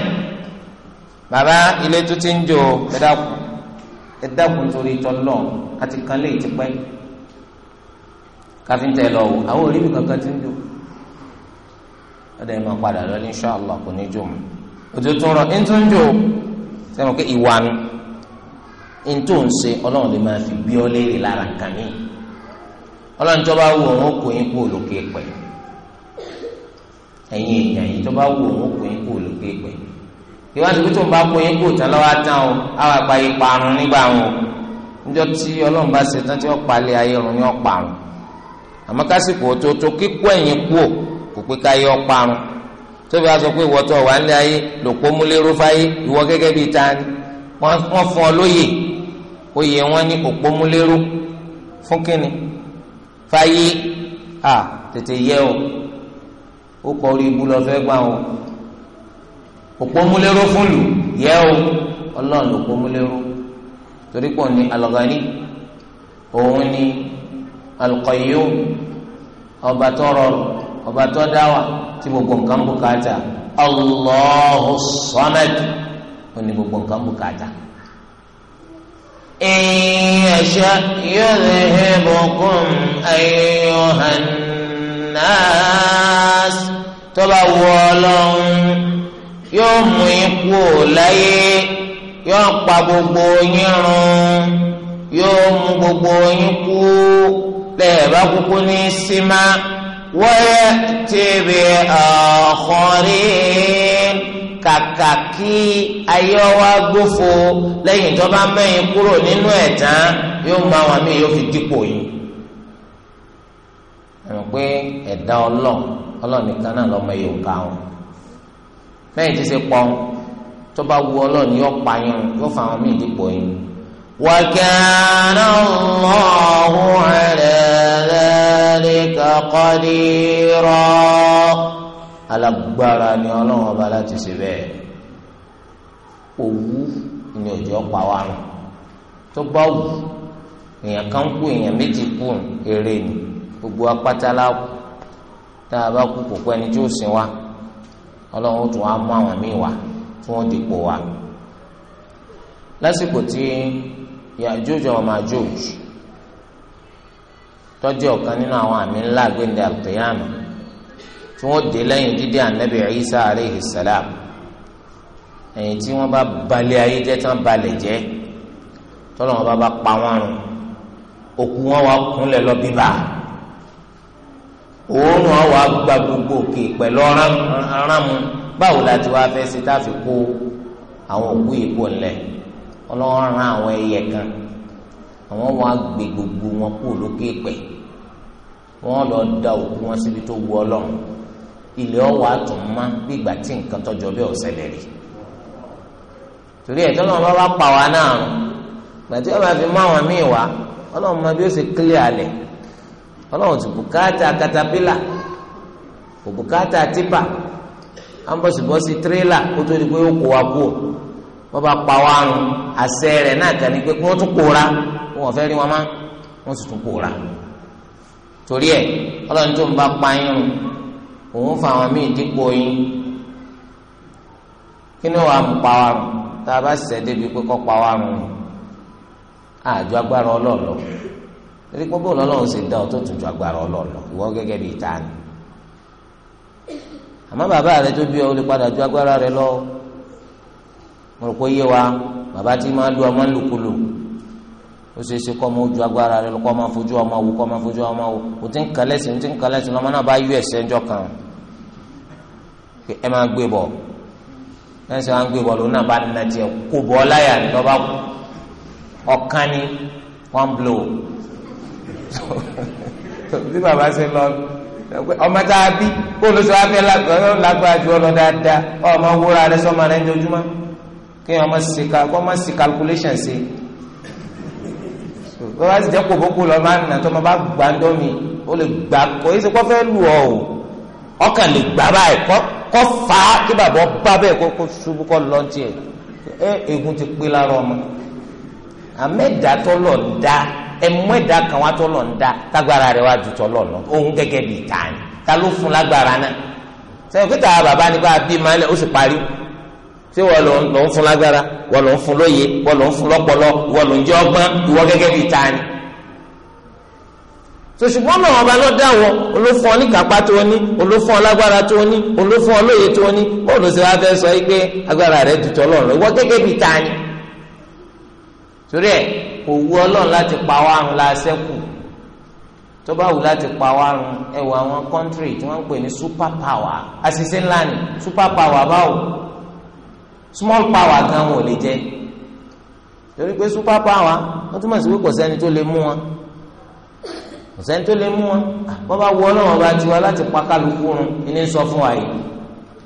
bàbá ilé tó ti ń jò ẹ dákun ẹ dákun torí tọlọ àti kan lè ti pẹ káfíńtà ẹ lọ wò àwọn oríbi kankan ti ń jò ọdẹ ẹ máa padà lọ ní insha Allah kò ní jò mọ òtútù rọ ẹ ń jò sẹ́wọ̀n pé ìwà nù. ntò ń ṣe ọlọ́run lè máa fi bí ọ léèrè lára nǹkan mi ọlọ́run tó bá wù ọ̀hún kò yín kú òlòkè pẹ̀ ẹ̀yin èèyàn yìí tó bá wù kò yín ìwádìí tó ń bá kó yín lọ́wọ́ tán o àwọn àgbà yìí parun nígbà wọn tí ọlọ́run bá ṣe tán tí wọ́n palẹ̀ ayé ọ̀run yóò parun àmọ́ kásìkò ẹ̀yìn kò pé ká yọ wọ́n fún ọ lóyè oyè wọn ní òpómúlérú fún kínní fáyé à tètè yẹ o ó kọ orí ibu lọ fẹ́ gbà o òpómúlérú fún lù yẹ o ọlọ́run òpómúlérú torí pọ̀ ní alghani òun ní alqayyum ọba tó rọrùn ọba tó dáwà tí gbogbo nǹkan bùkátà Allahu samad ó ní gbogbo nǹkan bùkátà. إن يشأ يذهبكم أيها الناس tó bá wù Ọlọ́run yóò mú ikú láyé yóò pa gbogbo yín yóò mú gbogbo yín kú bẹ́ẹ̀ bá kúkú ní símá wọ́yẹ̀ tẹ̀bẹ̀ àkọ́rí kàkà kí ayé wa gbófo lẹ́yìn tó bá mẹ́yìn kúrò nínú ẹ̀ tán yóò mú àwọn míì yóò fi dípò yìí. àmọ́ pé ẹ̀dá ọlọ́ọ̀ ọlọ́ọ̀ nìkan náà lọ́mọ yóò ká wọn. lẹ́yìn tí ṣe pọ́n tó bá wu ọlọ́ọ̀ yóò pa yín yóò fa àwọn míì dípò yín. wa kana Allahu ala dhalika alágbára ni ọlọ́run ọba láti ṣe bẹ́ẹ̀ òwú ni òjò pa wá rùn tó bá wù èèyàn kan kú èèyàn méjì kú eré ni gbogbo apáta tá a bá kú kò pẹ́ ni tí ó sin wa ọlọ́run ó tún wá mú àwọn tí wọ́n wa lásìkò tí tọ́jú ọ̀kan nínú àwọn àmì ńlá tí wọ́n dé lẹ́yìn dídé ànábì Isa aleyhi salam ẹ̀yìn tí wọ́n bá balẹ̀ ayé jẹ́ tán balẹ̀ jẹ́ tọ́lọ́ wọn bá bá pa wọn rùn òkú wọn wà kúnlẹ̀ lọ bíbá òórùn wọn wà gba gbogbo òkè pẹ̀lú ọ̀rànmù báwo la ti wá fẹ́ ṣe tá a kó àwọn òkú yìí kó ńlẹ̀ ọlọ́wọ́n ran àwọn ẹyẹ kan àwọn wọn gbé gbogbo wọn kó lókè pẹ̀ wọ́n lọ da òkú wọn síbi tó wù Ọlọ́run ilẹ̀ ọwọ́ àtún mọ́ bí ìgbà tí nǹkan tọ́jọ bí ọ̀sẹ̀ lè rí torí ẹ̀ tọ́lọ́mọ bá wá pa wá náà rùn gbàtí ọba fi mọ àwọn míì wá ọlọ́run mọ bí ó ṣe kílẹ̀ alẹ̀ ọlọ́run ti bùkátà katapila kò bùkátà tipa ambọ̀sibọ́sì tirẹ́là kó tó di pé ó kó wa kú wọ́n bá pa wá rùn àṣẹ rẹ̀ náà kàn ní pé kí wọ́n tún kóra wọ́n fẹ́ rí wọn má wọ́n sì tún kóra torí ẹ̀ ọlọ́run tó ń bá pa yín rùn òun fa àwọn míì dípò yín kí ni wàá mú pa wa rùn tá a bá ṣẹ̀ débi pé kọ́ pa wa rùn àjọ agbára ọlọ́ọ̀lọ́ torí pé bóòlù ọlọ́run ṣe dá ọ tó tún ju agbára ọlọ́ọ̀lọ́ ìwọ gẹ́gẹ́ bíi ta ni àmọ́ bàbá rẹ tó bí ọ lè padà ju agbára rẹ lọ mo rò pé yé wa bàbá tí máa lu ọmọ ńlùkulù ó ṣe é ṣe kọ́ ọmọ ojú agbára rẹ lọ kọ́ ọmọ fojú ọmọ wò kọ́ ọmọ fojú ọmọ wò ó ti ń kalẹ̀ ó ti ń kalẹ̀ lọ́mọ náà bá yú ẹ̀sẹ̀ ńjọ kan pé ẹ máa gbé bọ̀ náà sọ wọn gbé bọ̀ lónà bá nà tiẹ̀ kó bọ̀ láyà ní lọ́ba kù ọ̀kan ni one blow bí bàbá ṣe lọ ọmọ tá a bí kó ló sọ wá fẹ́ lágbára ju ọlọ dáadáa ọmọ wúra rẹ sọmọ rẹ jojúmọ́ kí ọmọ sì ká kó ọmọ sì calculation ṣe bàbá sì jẹ́ kó bókú lọ́ọ́ máa nà tó ọmọ bá gbàndọ́ mi ó lè gbà kó yìí ṣe kó fẹ́ lù ọ́ o ọkàn lè gbà báyìí kọ́ kọ́ fà á kí bàbá bá bẹ́ẹ̀ kó kó ṣubú kọ́ lọ́n tiẹ̀ ẹ egun ti pé lára ọmọ àmẹ́dá tọ́lọ̀ ń dá ẹmú ẹ̀dá kan wá tọ́lọ̀ ń dá tágbára rẹ̀ wá ju tọ́lọ̀ lọ òun gẹ́gẹ́ bíi tani ta ló fún lágbára náà sẹ́yìn pété àwọn bàbá nípa bíi máa lẹ̀ ó sì parí tí wọ́n lọ lọ́ fún lágbára wọ́n lọ́ fún lóye wọ́n lọ́ fún lọ́pọlọ wọ́n lọ́ jẹ́ ọgbọ́n ìwọ gẹ́gẹ́ bíi tani sòṣùgbọ́n náà ọba náà dá wọn olófún ọ ní kápá tó ní olófún ọ lágbára tó ní olófún ọ lóye tó ní bóòlù sí wa fẹ́ sọ yìí pé agbára rẹ̀ dùtọ̀ lọ́rùn ìwọ gẹ́gẹ́ bíi ta ni. torí ẹ kò wù ọlọ́run láti pa wá àrùn la ṣẹ́kù tó bá wù láti pa wá ẹ wọ àwọn kọ́ńtírì tí wọ́n ń pè ní super power àṣìṣe ńlá ni super power báwo small power gan wọn ò lè jẹ torí pé super power wọ́n túmọ̀ sí pé kò sẹ́ni tó lè mú wọn ọ̀sẹ̀ tó lè mú wọn wọ́n ah, bá wọ ọlọ́run ọba tiwa láti pa kálukú run ní sọ fún wa yìí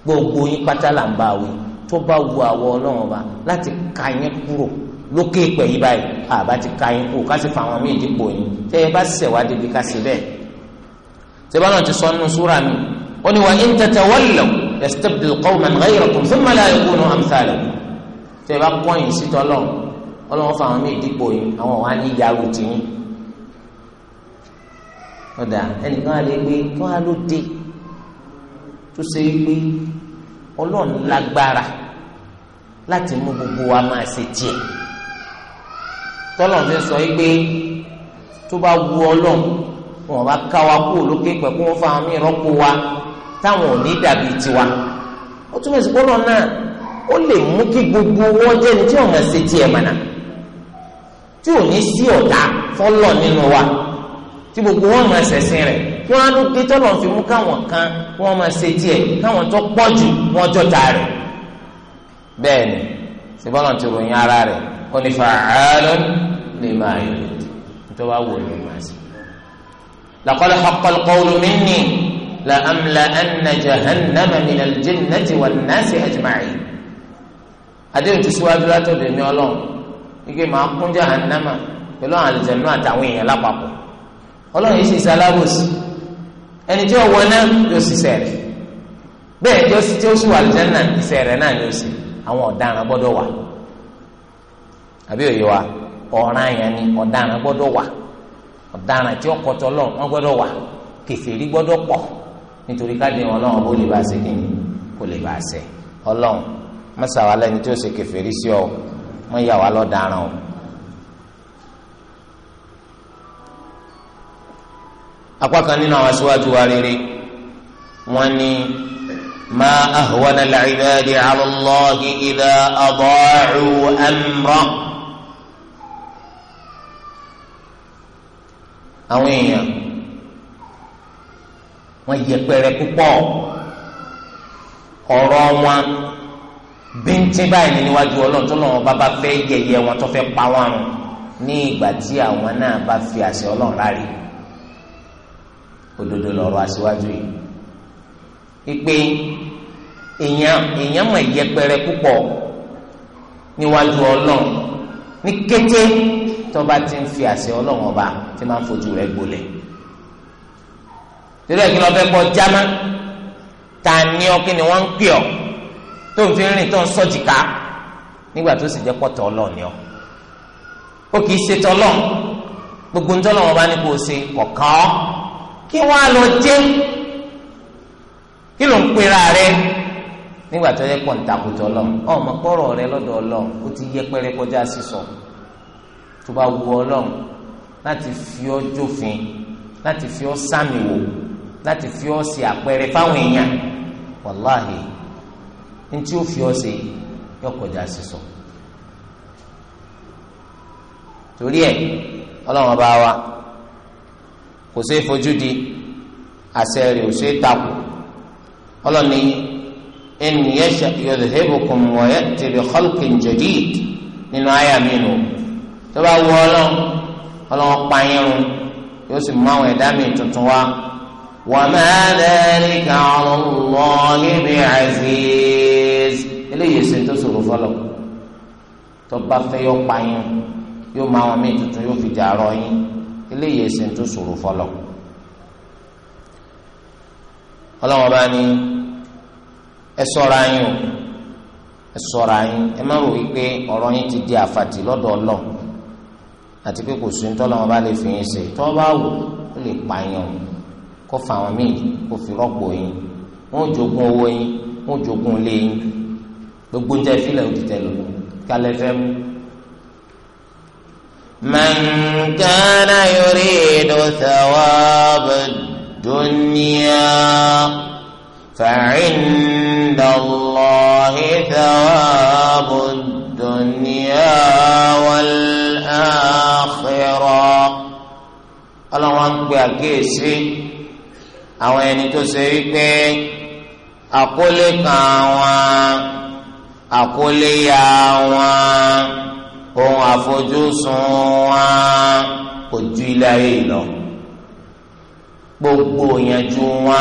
gbogbo yín pátá là ń bá wí tó bá wu àwọ ọlọ́run ọba láti ka yín kúrò lókè pẹ̀ yí báyìí àbá ti ka yín kú ká sì fa àwọn míì dípò yín tẹ́ ẹ bá ṣẹ̀wá débi ká sì bẹ́ẹ̀ sẹ́bá náà ti sọ nínú súra mi ó ní wa in tatawallaw yastabdil qawman ghayrakum thumma ọ̀dà ẹnìkan á lè gbé kí a á ló dé tó ṣe é gbé ọlọ́run lágbára láti mú gbogbo wa máa ṣe tiẹ̀ tọ́lọ́run fi sọ yìí pé tó bá wu ọlọ́run wọn bá ká wa kú lókè pẹ̀ kó wọ́n fa àwọn míì rọ́pò wa táwọn ò ní dàbí tiwa ó túmọ̀ sí pọ́lọ́ náà ó lè mú kí gbogbo wọn jẹ́ni tí ọ̀nà ṣe tiẹ̀ mọ̀nà tí ò ní sí ọ̀tá fọ́lọ́ nínú wa tí gbogbo wọn máa ṣẹ̀sìn rẹ̀ kí wọ́n á ló dé tọ́lọ̀ fi mú káwọn kan kí wọ́n máa ṣe tiẹ̀ káwọn tó pọ̀ jù wọ́n jọta rẹ̀ bẹ́ẹ̀ ni síbọ́lọ̀ ti ròyìn ara rẹ̀ ó ní fàálùn lè máa yọ tó bá wò ní máa ṣe. laqad haqqal qawlu minni la amla'anna jahannama minal jinnati wan nasi ajma'in. adéhùn ti síwájú látọ̀dọ̀ mi ọlọ́run ike máa kún jahannama pẹ̀lú àwọn àlùjànnú àtàwọn èèyàn lápapọ̀ ọlọ́run yìí ṣe ṣe alábòsí ẹni tí ó wọ náà yóò ṣiṣẹ́ rẹ̀ bẹ́ẹ̀ tí ó sì tí ó sì wà lẹ́nà iṣẹ́ náà yóò ṣe àwọn ọ̀daràn gbọ́dọ̀ wà àbí òye wa ọ̀ràn yẹn ni ọ̀daràn gbọ́dọ̀ wà ọ̀daràn tí ó kọtọ lọ wọn gbọ́dọ̀ wà kèfèrí gbọ́dọ̀ pọ̀ nítorí káde wọn náà ó lè bá ṣe kí ni kò lè bá ṣe ọlọ́run mọ́sàwálẹ́ni tí ó ṣe kèfèrí sí ọ wọ́n yà wá lọ́daràn o. apá kan nínú àwọn aṣáájú wa rere wọ́n ní ma ahwana al-ibadi ala Allahi idha ada'u amra àwọn èèyàn wọ́n yẹpẹrẹ púpọ̀ ọ̀rọ̀ wọn bíntín báyìí níwájú ọlọ́run tó lọ́wọ́ bá bá fẹ́ yẹyẹ wọn tó fẹ́ pa wọn ní ìgbà tí àwọn náà bá fi àṣẹ ọlọ́run láre òdodo lọ̀rọ̀ aṣíwájú yìí ìpè èèyàn èèyàn mọ̀ ìyẹpẹrẹ púpọ̀ níwájú ọlọ́run ní kété tọ́ba ti ń fi àṣẹ ọlọ́run ọba tí máa ń fojú rẹ̀ gbolẹ̀ torí ẹ̀kí lọ́ọ́ fẹ́ gbọ́ jámá ta ni ọ kí ni wọ́n ń pè ọ́ tó ń fi rìn tó ń sọ́jìká nígbà tó sì jẹ́ pọ̀tọ́ ọlọ́ọ̀ni ọ ó kì í ṣe tọ́lọ́ọ̀ gbogbo ń tọ́lọ́ọ̀ wọn ní kó ṣe kọ̀ọ̀kan ọ́. kí wọ́n á lọ jẹ́ kí ló ń pera rẹ nígbà tó yẹ kàn takùtọ̀ lọ ọmọ pọ́rọ̀ rẹ lọ́dọ̀ Ọlọ́run ó ti yẹ pẹ́rẹ́ kọjá sísọ tó bá wu Ọlọ́run láti fi ọ́ jófin láti fi ọ́ sàmì wò láti fi ọ́ ṣe àpẹẹrẹ fáwọn èèyàn wàláhì ntí ó fi ọ́ ṣe yọ kọjá sísọ torí ẹ Ọlọ́run bá wa. kò sí fojú di àṣẹ rẹ̀ ò sí takò ọlọ́ni in yasha yudhhibukum wa ya'ti bi khalqin jadid nínú àyà mi nù tó bá wù ọlọ́n ọlọ́n pààyàn yóò sì mú àwọn ẹ̀dá mi tuntun wá wa ma dhalika 'ala Allahi bi'aziz eléyìí ṣe tó ṣòro fọlọ́ tó bá fẹ́ yọ pààyàn yóò mú àwọn mi tuntun yóò fi jà yín eléyìí ẹsìn tó ṣòro fọlọ ọlọ́wọ́n bá ní ẹ sọ́ra yín o ẹ sọ́ra yín ẹ má rò wípé ọ̀rọ̀ yín ti di àfàtì lọ́dọ̀ ọlọ́ àti pé kò sí ní tọ́lọ́wọ́n bá lè fi yín ṣe tọ́ bá wò ó lè pa yín o kó fa àwọn míì kó fi rọ́pò yín wọ́n jogún owó yín wọ́n jogún ilé yín gbogbo ń tẹ́ fílẹ̀ òdìtẹ́ lòlù kálẹ̀ fẹ́ mú. من كان يريد ثواب الدنيا فعند الله ثواب الدنيا والآخرة ọlọ́run ń pe àkíyèsí àwọn ẹni tó ṣe wípé àkólé kan wọn àkólé ya wọn ohun àfojúsùn wa kò ju ilé ayé lọ gbogbo ìyànjú wa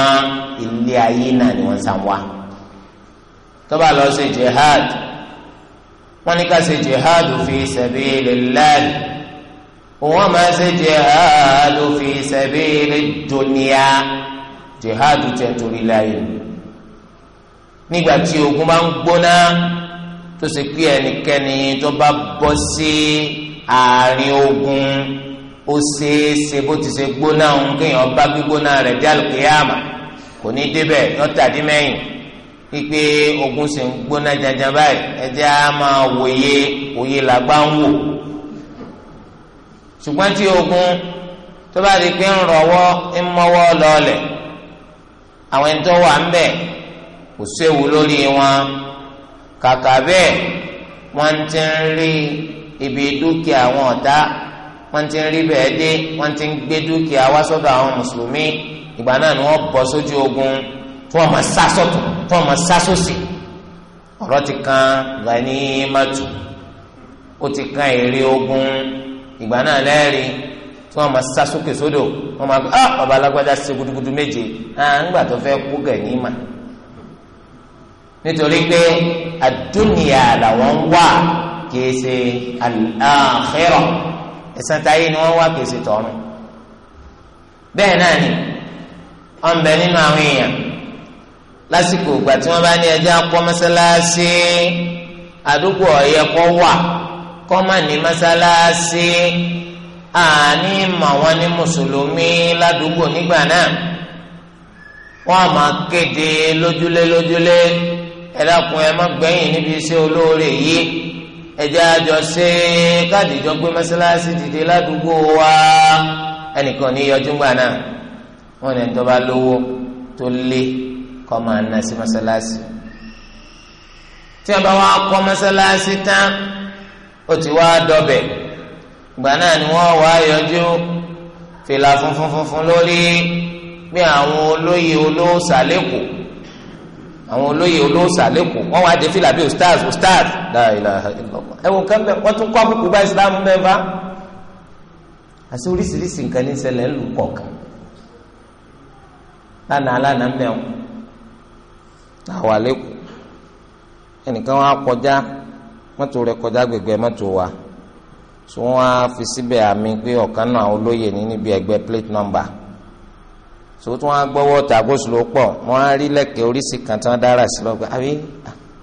ilé ayé náà ni wọ́n sá wa tó bá lọ ṣe jihad wọ́n ní ká ṣe jihad fi sabilillah wọ́n máa ṣe jihad fi sabilid dunya jihad tẹ̀ torí láyé nígbà tí ogun máa ń gbóná tó ṣe pé ẹnikẹ́ni tó bá bọ́ sí àárín ogun ó ṣeéṣe bó ti ṣe gbóná òun kéèyàn bá gbígbóná rẹ̀ dé àlùkìyàmà kò ní débẹ̀ yọ́tàdí mẹ́yìn pípé ogun sì ń gbóná janjan báyìí ẹjẹ́ á máa wòye òye làgbá ń wò ṣùgbọ́n tí ogun tó bá di pé ń rọwọ́ ń mọ́wọ́ lọ́ọ̀lẹ̀ àwọn ẹni tó wà ń bẹ̀ kò séwu lórí wọn kàkà bẹ́ẹ̀ wọ́n ti ń rí ibi dúkìá àwọn ọ̀tá wọ́n ti ń rí bẹ́ẹ̀ dé wọ́n ti ń gbé dúkìá wá sọ́dọ̀ àwọn mùsùlùmí ìgbà náà ni wọ́n bọ́ sójú ogun fún ọmọ sásọ̀tù fún ọmọ sásòsì ọ̀rọ̀ ti kan ghanimatu ó ti kan èrè ogun ìgbà náà lẹ́rìí tí wọ́n máa sá sókè sódò wọ́n máa gbé ah baba alágbádá ṣe gudugudu méje ah ńgbà tó fẹ́ kú ghanima nítorí pé àdúnìyà làwọn wà kìí ṣe àlàáhẹ́rọ̀ ẹ̀san táyé ni wọ́n wà kìí ṣe tọ̀run bẹ́ẹ̀ náà ni wọ́n bẹ nínú àwọn èèyàn lásìkò ìgbà tí wọ́n bá ní ẹjẹ́ akọ́ mọ́sálásí àdúgbò ọ̀yẹ́ kọ́ wà kọ́ má ní mọ́sálásí àní mà wọ́n ní mùsùlùmí ládùúgbò nígbà náà wọ́n á kéde lójúlé lójúlé. lójúlé ẹ dákun ẹ má gbẹ̀yìn níbi iṣẹ́ olóore yìí ẹ jẹ́ àjọ ṣe káàdì ìjọ gbé mọ́ṣáláṣí dìde ládùúgbò wa ẹnìkan ní yọjú gbà náà wọn ní ìjọba lówó tó lé kọ́ máa ná sí mọ́ṣáláṣí tí a bá wá kọ́ mọ́ṣáláṣí tán ó ti wá dọbẹ̀ gbà náà ni wọ́n wá yọjú fìlà funfun funfun lórí bí àwọn olóyè olóòsàlẹ́kọ̀ọ́ àwọn olóyè olóòsà lẹ́kọ̀ọ́ wọ́n wá dé fìlà bíi ustaz ustaz la ilaha illallah ẹ̀wọ̀n kan bẹ́ẹ̀ wọ́n tún kọ́ àbùkù bá islam bẹ́ẹ̀ bá àti oríṣiríṣi nǹkan ní ṣẹlẹ̀ ńlù kọ̀ọ̀kan lánàá lánàá ń bẹ̀rù àwọn àlékù ẹnìkan wọn á kọjá mọ́tò rẹ̀ kọjá gbègbè mọ́tò wa tí wọ́n á fi síbẹ̀ àmì pé ọ̀kan náà olóyè ní níbi ẹgbẹ́ plate number so tí wọn gbọwọ ta kó sùn ló pọ wọn á rí lẹ̀kẹ̀ oríṣi kan tí wọn dára sí lọgbà àbí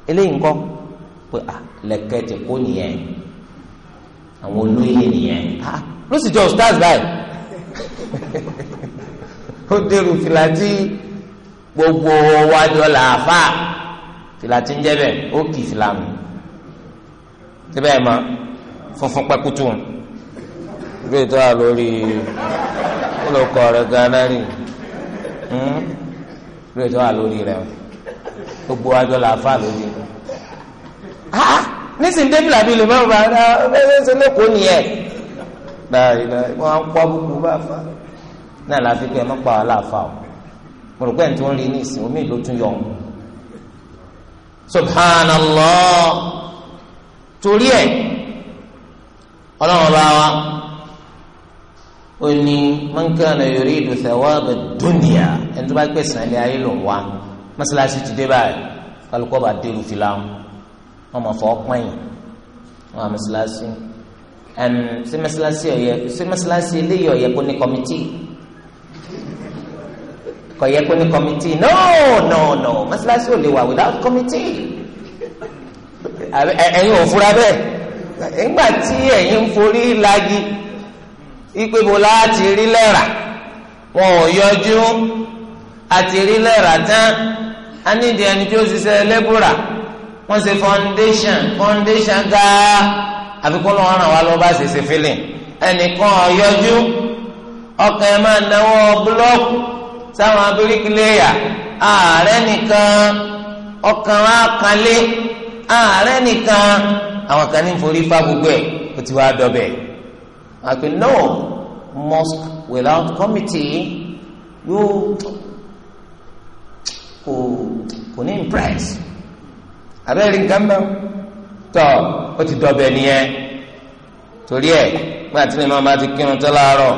eléyìí ńkọ́ pé à lẹ̀kẹ̀ tẹ kó nìyẹn àwọn olóyè nìyẹn à ló sì jọ stars báyìí ó dérú filati gbogbo wájọ làáfà filati ń jẹ bẹ́ẹ̀ ó kì í filamu síbẹ̀ mọ funfun pẹ́kútù ìgbé tó a lórí ó lọ kọ́ ọ̀rẹ́ gánà nìyí. Hm? lórí ètò wà lórí rẹ gbogbo adó la fa lórí rẹ ha nísìn débi làbí lè máa ń ra ẹ ṣe lẹkọọ nìyẹn báyìí báyìí wọn á pọ gbogbo bá fa náà láfi pé ẹ má pa wàhálà fa o mo rò pé ẹni tó ń rí ní ìsìn omi ìlú tún yọ ọ subhanallah torí ẹ ọlọ́run bá wa ó ní mankana do thawaba dunya ẹni tó bá gbé sàn lé ayé ló ń wá mọ́sálásí ti dé báyìí kálukọ́ bá dérú fi láwọn wọn máa fọ ọpọ́n yìí wọn á mọ́sálásí ṣé mọ́sálásí ọ̀yẹ ṣé mọ́sálásí eléyìí ọ̀yẹ kó ní kọ́mítì kò yẹ kó ní kọ́mítì no no no mọ́sálásí ò lè wà without kọ́mítì ẹ̀yin ò fura bẹ́ẹ̀ nígbà tí ẹ̀yin ń forí lagi ipe bo láti rí lẹ́rà wọn ò yọjú àti rí lẹ́rà tán a nídìí ẹni tí ó ṣiṣẹ́ lẹ́bùrà wọ́n ṣe foundation foundation gáá àfikún lọ́wọ́ ràn wá lọ́wọ́ bá ṣe ṣe fílìn ẹnìkan ò yọjú ọkàn ẹ̀ máa náwó búlọ́ọ̀kù sáwọn abirikiléyà ààrẹ nìkan ọkàn wa kanlé ààrẹ nìkan àwọn kan ní forí fá gbogbo ẹ̀ ó ti wá dọ̀bẹ̀ àpè no mosque without committee yóò kò kò ní impress abẹ́rẹ́ nǹkan mọ́ tọ́ ó ti dọ̀bẹ̀ nìyẹn torí ẹ̀ gbà tí màmá bá ti kírun tó láàárọ̀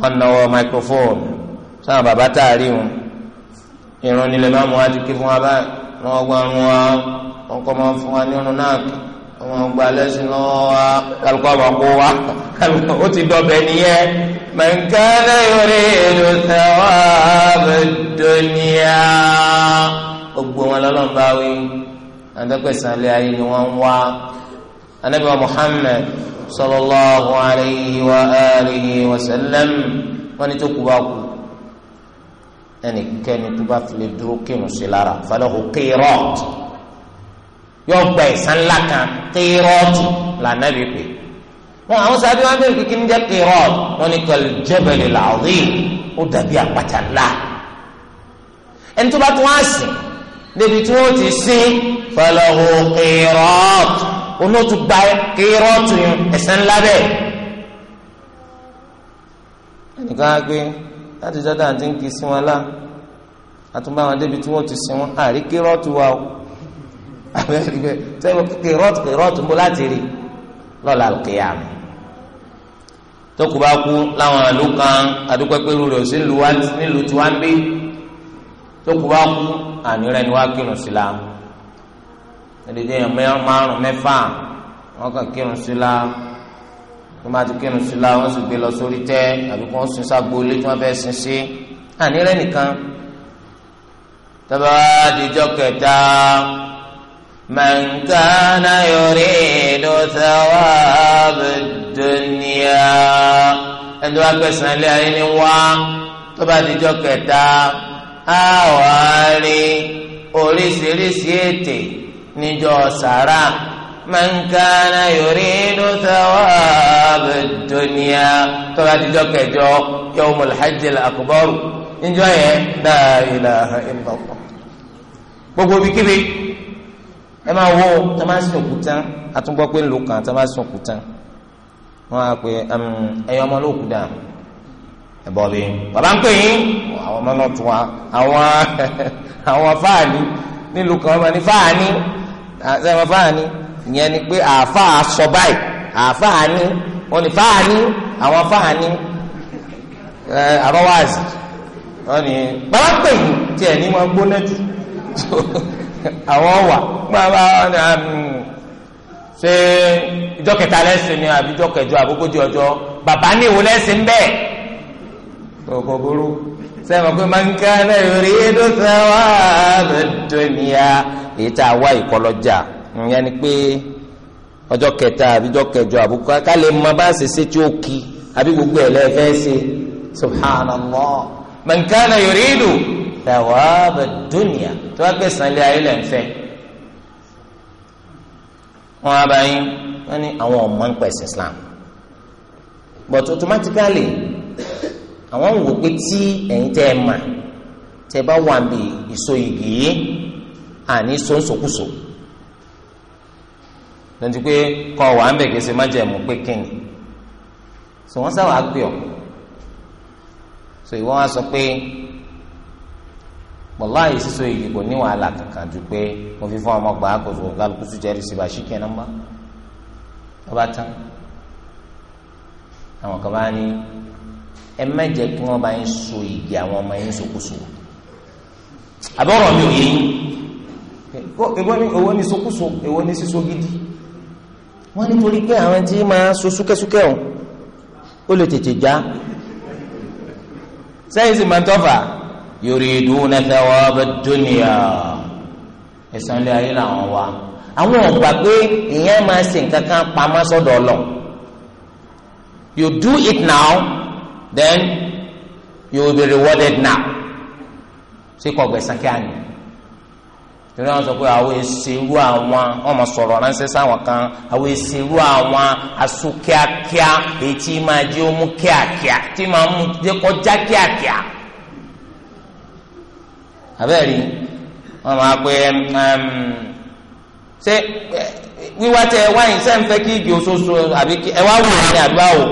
wọn náwó microphone sáwọn bàbá tá a rí wọn irun nílẹ̀ máa mú wa ti kí fún wa báyìí wọn gbọ́n wọn wọn kọ́ máa fún wa ní ọ̀nà náà kí wọn gba lẹ́sìn lọ́wọ́ wa kálukọ́ bá kó wa kálukọ́ ó ti dọ̀bẹ̀ nìyẹn mẹ̀ńkánná yorì ìlú tẹ̀wá abẹ́dọ́níà gbogbo wọn lọ́lọ́n bá wí àdọ́pẹ̀sánlé ayé ni wọ́n ń wá anabi muhammed sallallahu alayhi wa alihi wa sallam wọn ni tó kú bá kú ẹnikẹ́ni tó bá file dúró kírun sí lára falahu qirat yọ gba ẹ̀san ńlá kan kírọ́ọ̀tù lànàbí pé wọn àwọn sábẹ́ wọn bẹ̀rẹ̀ kíkí ń jẹ́ kírọ́ọ̀tù wọn ni kal jabal al-azim ó dàbí àpáta ńlá ẹni tó bá tún á sìn débi tí wọn ti sìn falahu kírọ́ọ̀tù onótú gba kírọ́ọ̀tù ẹ̀san ńlá bẹ́ẹ̀ ẹnìkan gbé láti jọ́dá àti ń kí sí wọn lá àtúnbáwọn débi tí wọn ti sìn wọn àríkírọ́ọ̀tù wa o àbẹ́rẹ́ bẹ́ẹ̀ sẹ́wọ́n kìrọ́ọ̀tù kìrọ́ọ̀tù ń bọ́ láti rí lọ́la kìyàm tókù bá kú láwọn àlù kan adúpẹ́pẹ́rú rẹ̀ sí nílùú tí wọ́n ń bí tókù bá kú ànírẹ́ ni wọ́n á kírun sí la ẹ̀dẹ̀dẹ̀ yẹn márùn mẹ́fà wọ́n kàn kírun sí la wọ́n máa ti kírun sí la wọ́n sì gbé lọ sórí tẹ́ àbí kí wọ́n sin ságbó ilé tí wọ́n fẹ́ sin sí ànírẹ́ nìkan tọ́ba dijọ́ kẹta. من كان يريد ثواب الدنيا ẹni wá gbẹ̀sán lé ayé ni wá tó bá ti jọ kẹta á wá rí oríṣiríṣi ètè níjọ sàrà man kana yuridu thawab ad-dunya tó bá ti jọ kẹjọ yawmul hajjil akbar níjọ yẹn la ilaha illallah gbogbo bíkíbi ẹ máa wo tá a máa sin òkú tán a tún gbọ́ pé tá a máa sin òkú tán á pe um, ẹ̀yin ọmọ ló kú dà ẹ bí bàbá ń pè yín àwọn ọmọ náà tún wa àwọn àwọn fáàní nílùú kan ọmọ ní fáàní àtẹ̀wọ̀n fáàní ìyẹn ni pé àáfàá sọ báyìí àáfàá ní wọn ni fáàní àwọn fáàní ẹ àbáwáàzì wọn ni bàbá ń pè yín tí ẹ̀ ní wọn gbóná jù. àwọn wà gbàgbà ọ̀nà um, ṣe ìjọ kẹta lẹ́sìn ni àbí ìjọ kẹjọ àbókòjì ọjọ́ bàbá ní ìwò lẹ́sìn bẹ́ẹ̀ gbogbo burú sẹ́wọ̀n pé máa ń ká náà rí dókítà wà lónìyà èyí tá a wá ìkọlọ́jà ìyẹn ni pé ọjọ́ kẹta àbí ìjọ kẹjọ ká lè mọ bá ṣe ṣe tí ó kí àbí gbogbo ẹ̀ lẹ́ẹ̀fẹ́ ṣe subhanallah tàwáàbà dúnìá tó wá pè sàn lé ayé lẹ̀ ń fẹ́ wọn á bá yín wọn ní àwọn ọmọ ń pẹ̀sì Islam but automatically àwọn ń wò pé tí ẹ̀yin tẹ́ ẹ mà tẹ́ bá wà bí ìsoyìgì yìí àní sọ́nsọ́kùsọ lọ́dún pé kọ́ wà ń bẹ̀ kí ẹ ṣe má jẹ́ mú pé kíni sọ wọ́n sáwà á pè sọ ìwọ́n á sọ pé wàláyé sísọ èyí kò ní wàhálà kankan ju pé mo fi fún ọmọ gbà á kò sọ kálukú sí jẹrìí síba sí kẹ́ẹ̀ nọ́mbà ọba tán àwọn kan bá ní ẹ mẹ́jẹ kí wọ́n bá ń so igi àwọn ọmọ yẹn sokoso àbọ̀rọ̀ mi ò yé yín èwo ni sokoso èwo ni sísọ gidi wọ́n nítorí pé àwọn tí máa so súkẹ́súkẹ́ ọ̀hún ó lè tètè já sẹ́yìn sì máa ń tọ́fà yuriduna thawaba dunya ẹ̀san ilé ayé làwọn wá àwọn ò gbà pé ìyẹn máa ṣe nǹkan kan pamọ́ sọ́dọ̀ ọlọ you do it now then you will be rewarded now ṣé kò gbẹ̀san kí á torí wọn sọ pé àwọn èsèrú àwọn ọmọ sọ̀rọ̀ ránṣẹ́ sáwọn kan àwọn èsèrú àwọn asún èyí tí máa jẹ́ ó kíákíá tí máa mú jẹ́ kọjá kíákíá. Abeere wọn máa pe ṣé wíwá tẹ wáyìn sẹ́ ń fẹ́ kí igi oṣooṣù àbí ẹ wá wò ní àdúrà o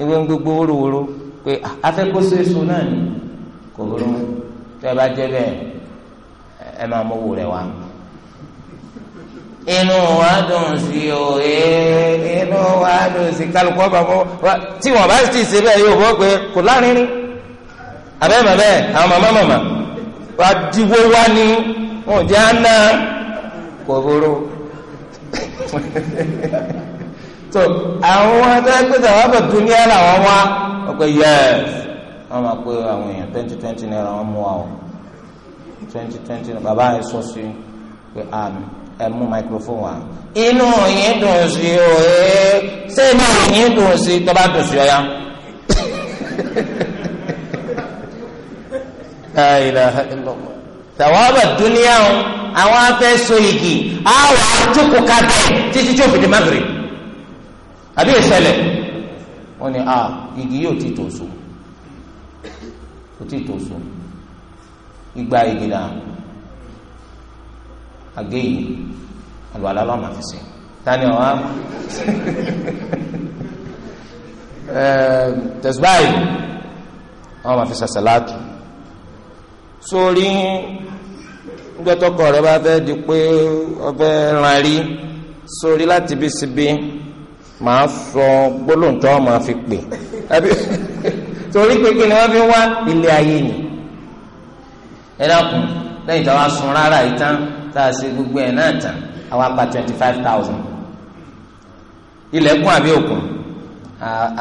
ewé ń gbogbo wóróworó pé afẹ́kóso èso náà ni kò burú tẹ́ ẹ bá jẹ́ bẹ́ẹ̀ ẹ máa mọ owó rẹ̀ wá inú wa dùn sí o ee inú wa dùn sí kálukọ bàbá wa tí wọn bá ti ṣe bẹ́ẹ̀ yóò bọ pé kò láàrin ní abẹ́ màmá àwọn màmá màmá adiwo wá ní wọn ò jẹ́ so àwọn akẹ́kọ̀ọ́ àwọn àbẹ̀tù ní ẹ̀rọ àwọn wá wọ́n pe yẹ́s wọ́n máa pe àwọn èèyàn twenty twenty naira wọ́n mú wa o twenty twenty bàbá yẹn sọ sí pé àmì ẹ mú microphone wa inú yín dùn sí o eh. ṣé inú yín dùn sí tó bá dùn sí ọ la ilaha illallah tàwábà dúníà o àwọn afẹ́ so igi àwọn àtúkù kábẹ́ títí tó fi di magre àbí ìṣẹ̀lẹ̀ wọ́n ní a ah, igi yóò ti tó so kò tí tó so igba igi náà àgé yìí àlùwàlá lọ́mà fi sè tani ọ̀ hàn tẹ̀síbáyì wọ́n máa fi sàṣàlátù sórí gbẹtọkọ rẹ bá fẹ́ di pé ọfẹ ràn rí sórí láti bí síbi màá sọ gbólóǹtọ́ màá fi pè àbí torí pé kí ni wọ́n fi wá ilé ayé ni ẹ dákun lẹ́yìn táwa sun rárá yìí tán tá a ṣe gbogbo ẹ̀ náà tán àwa pa twenty five thousand ilẹ̀kùn àbí òkun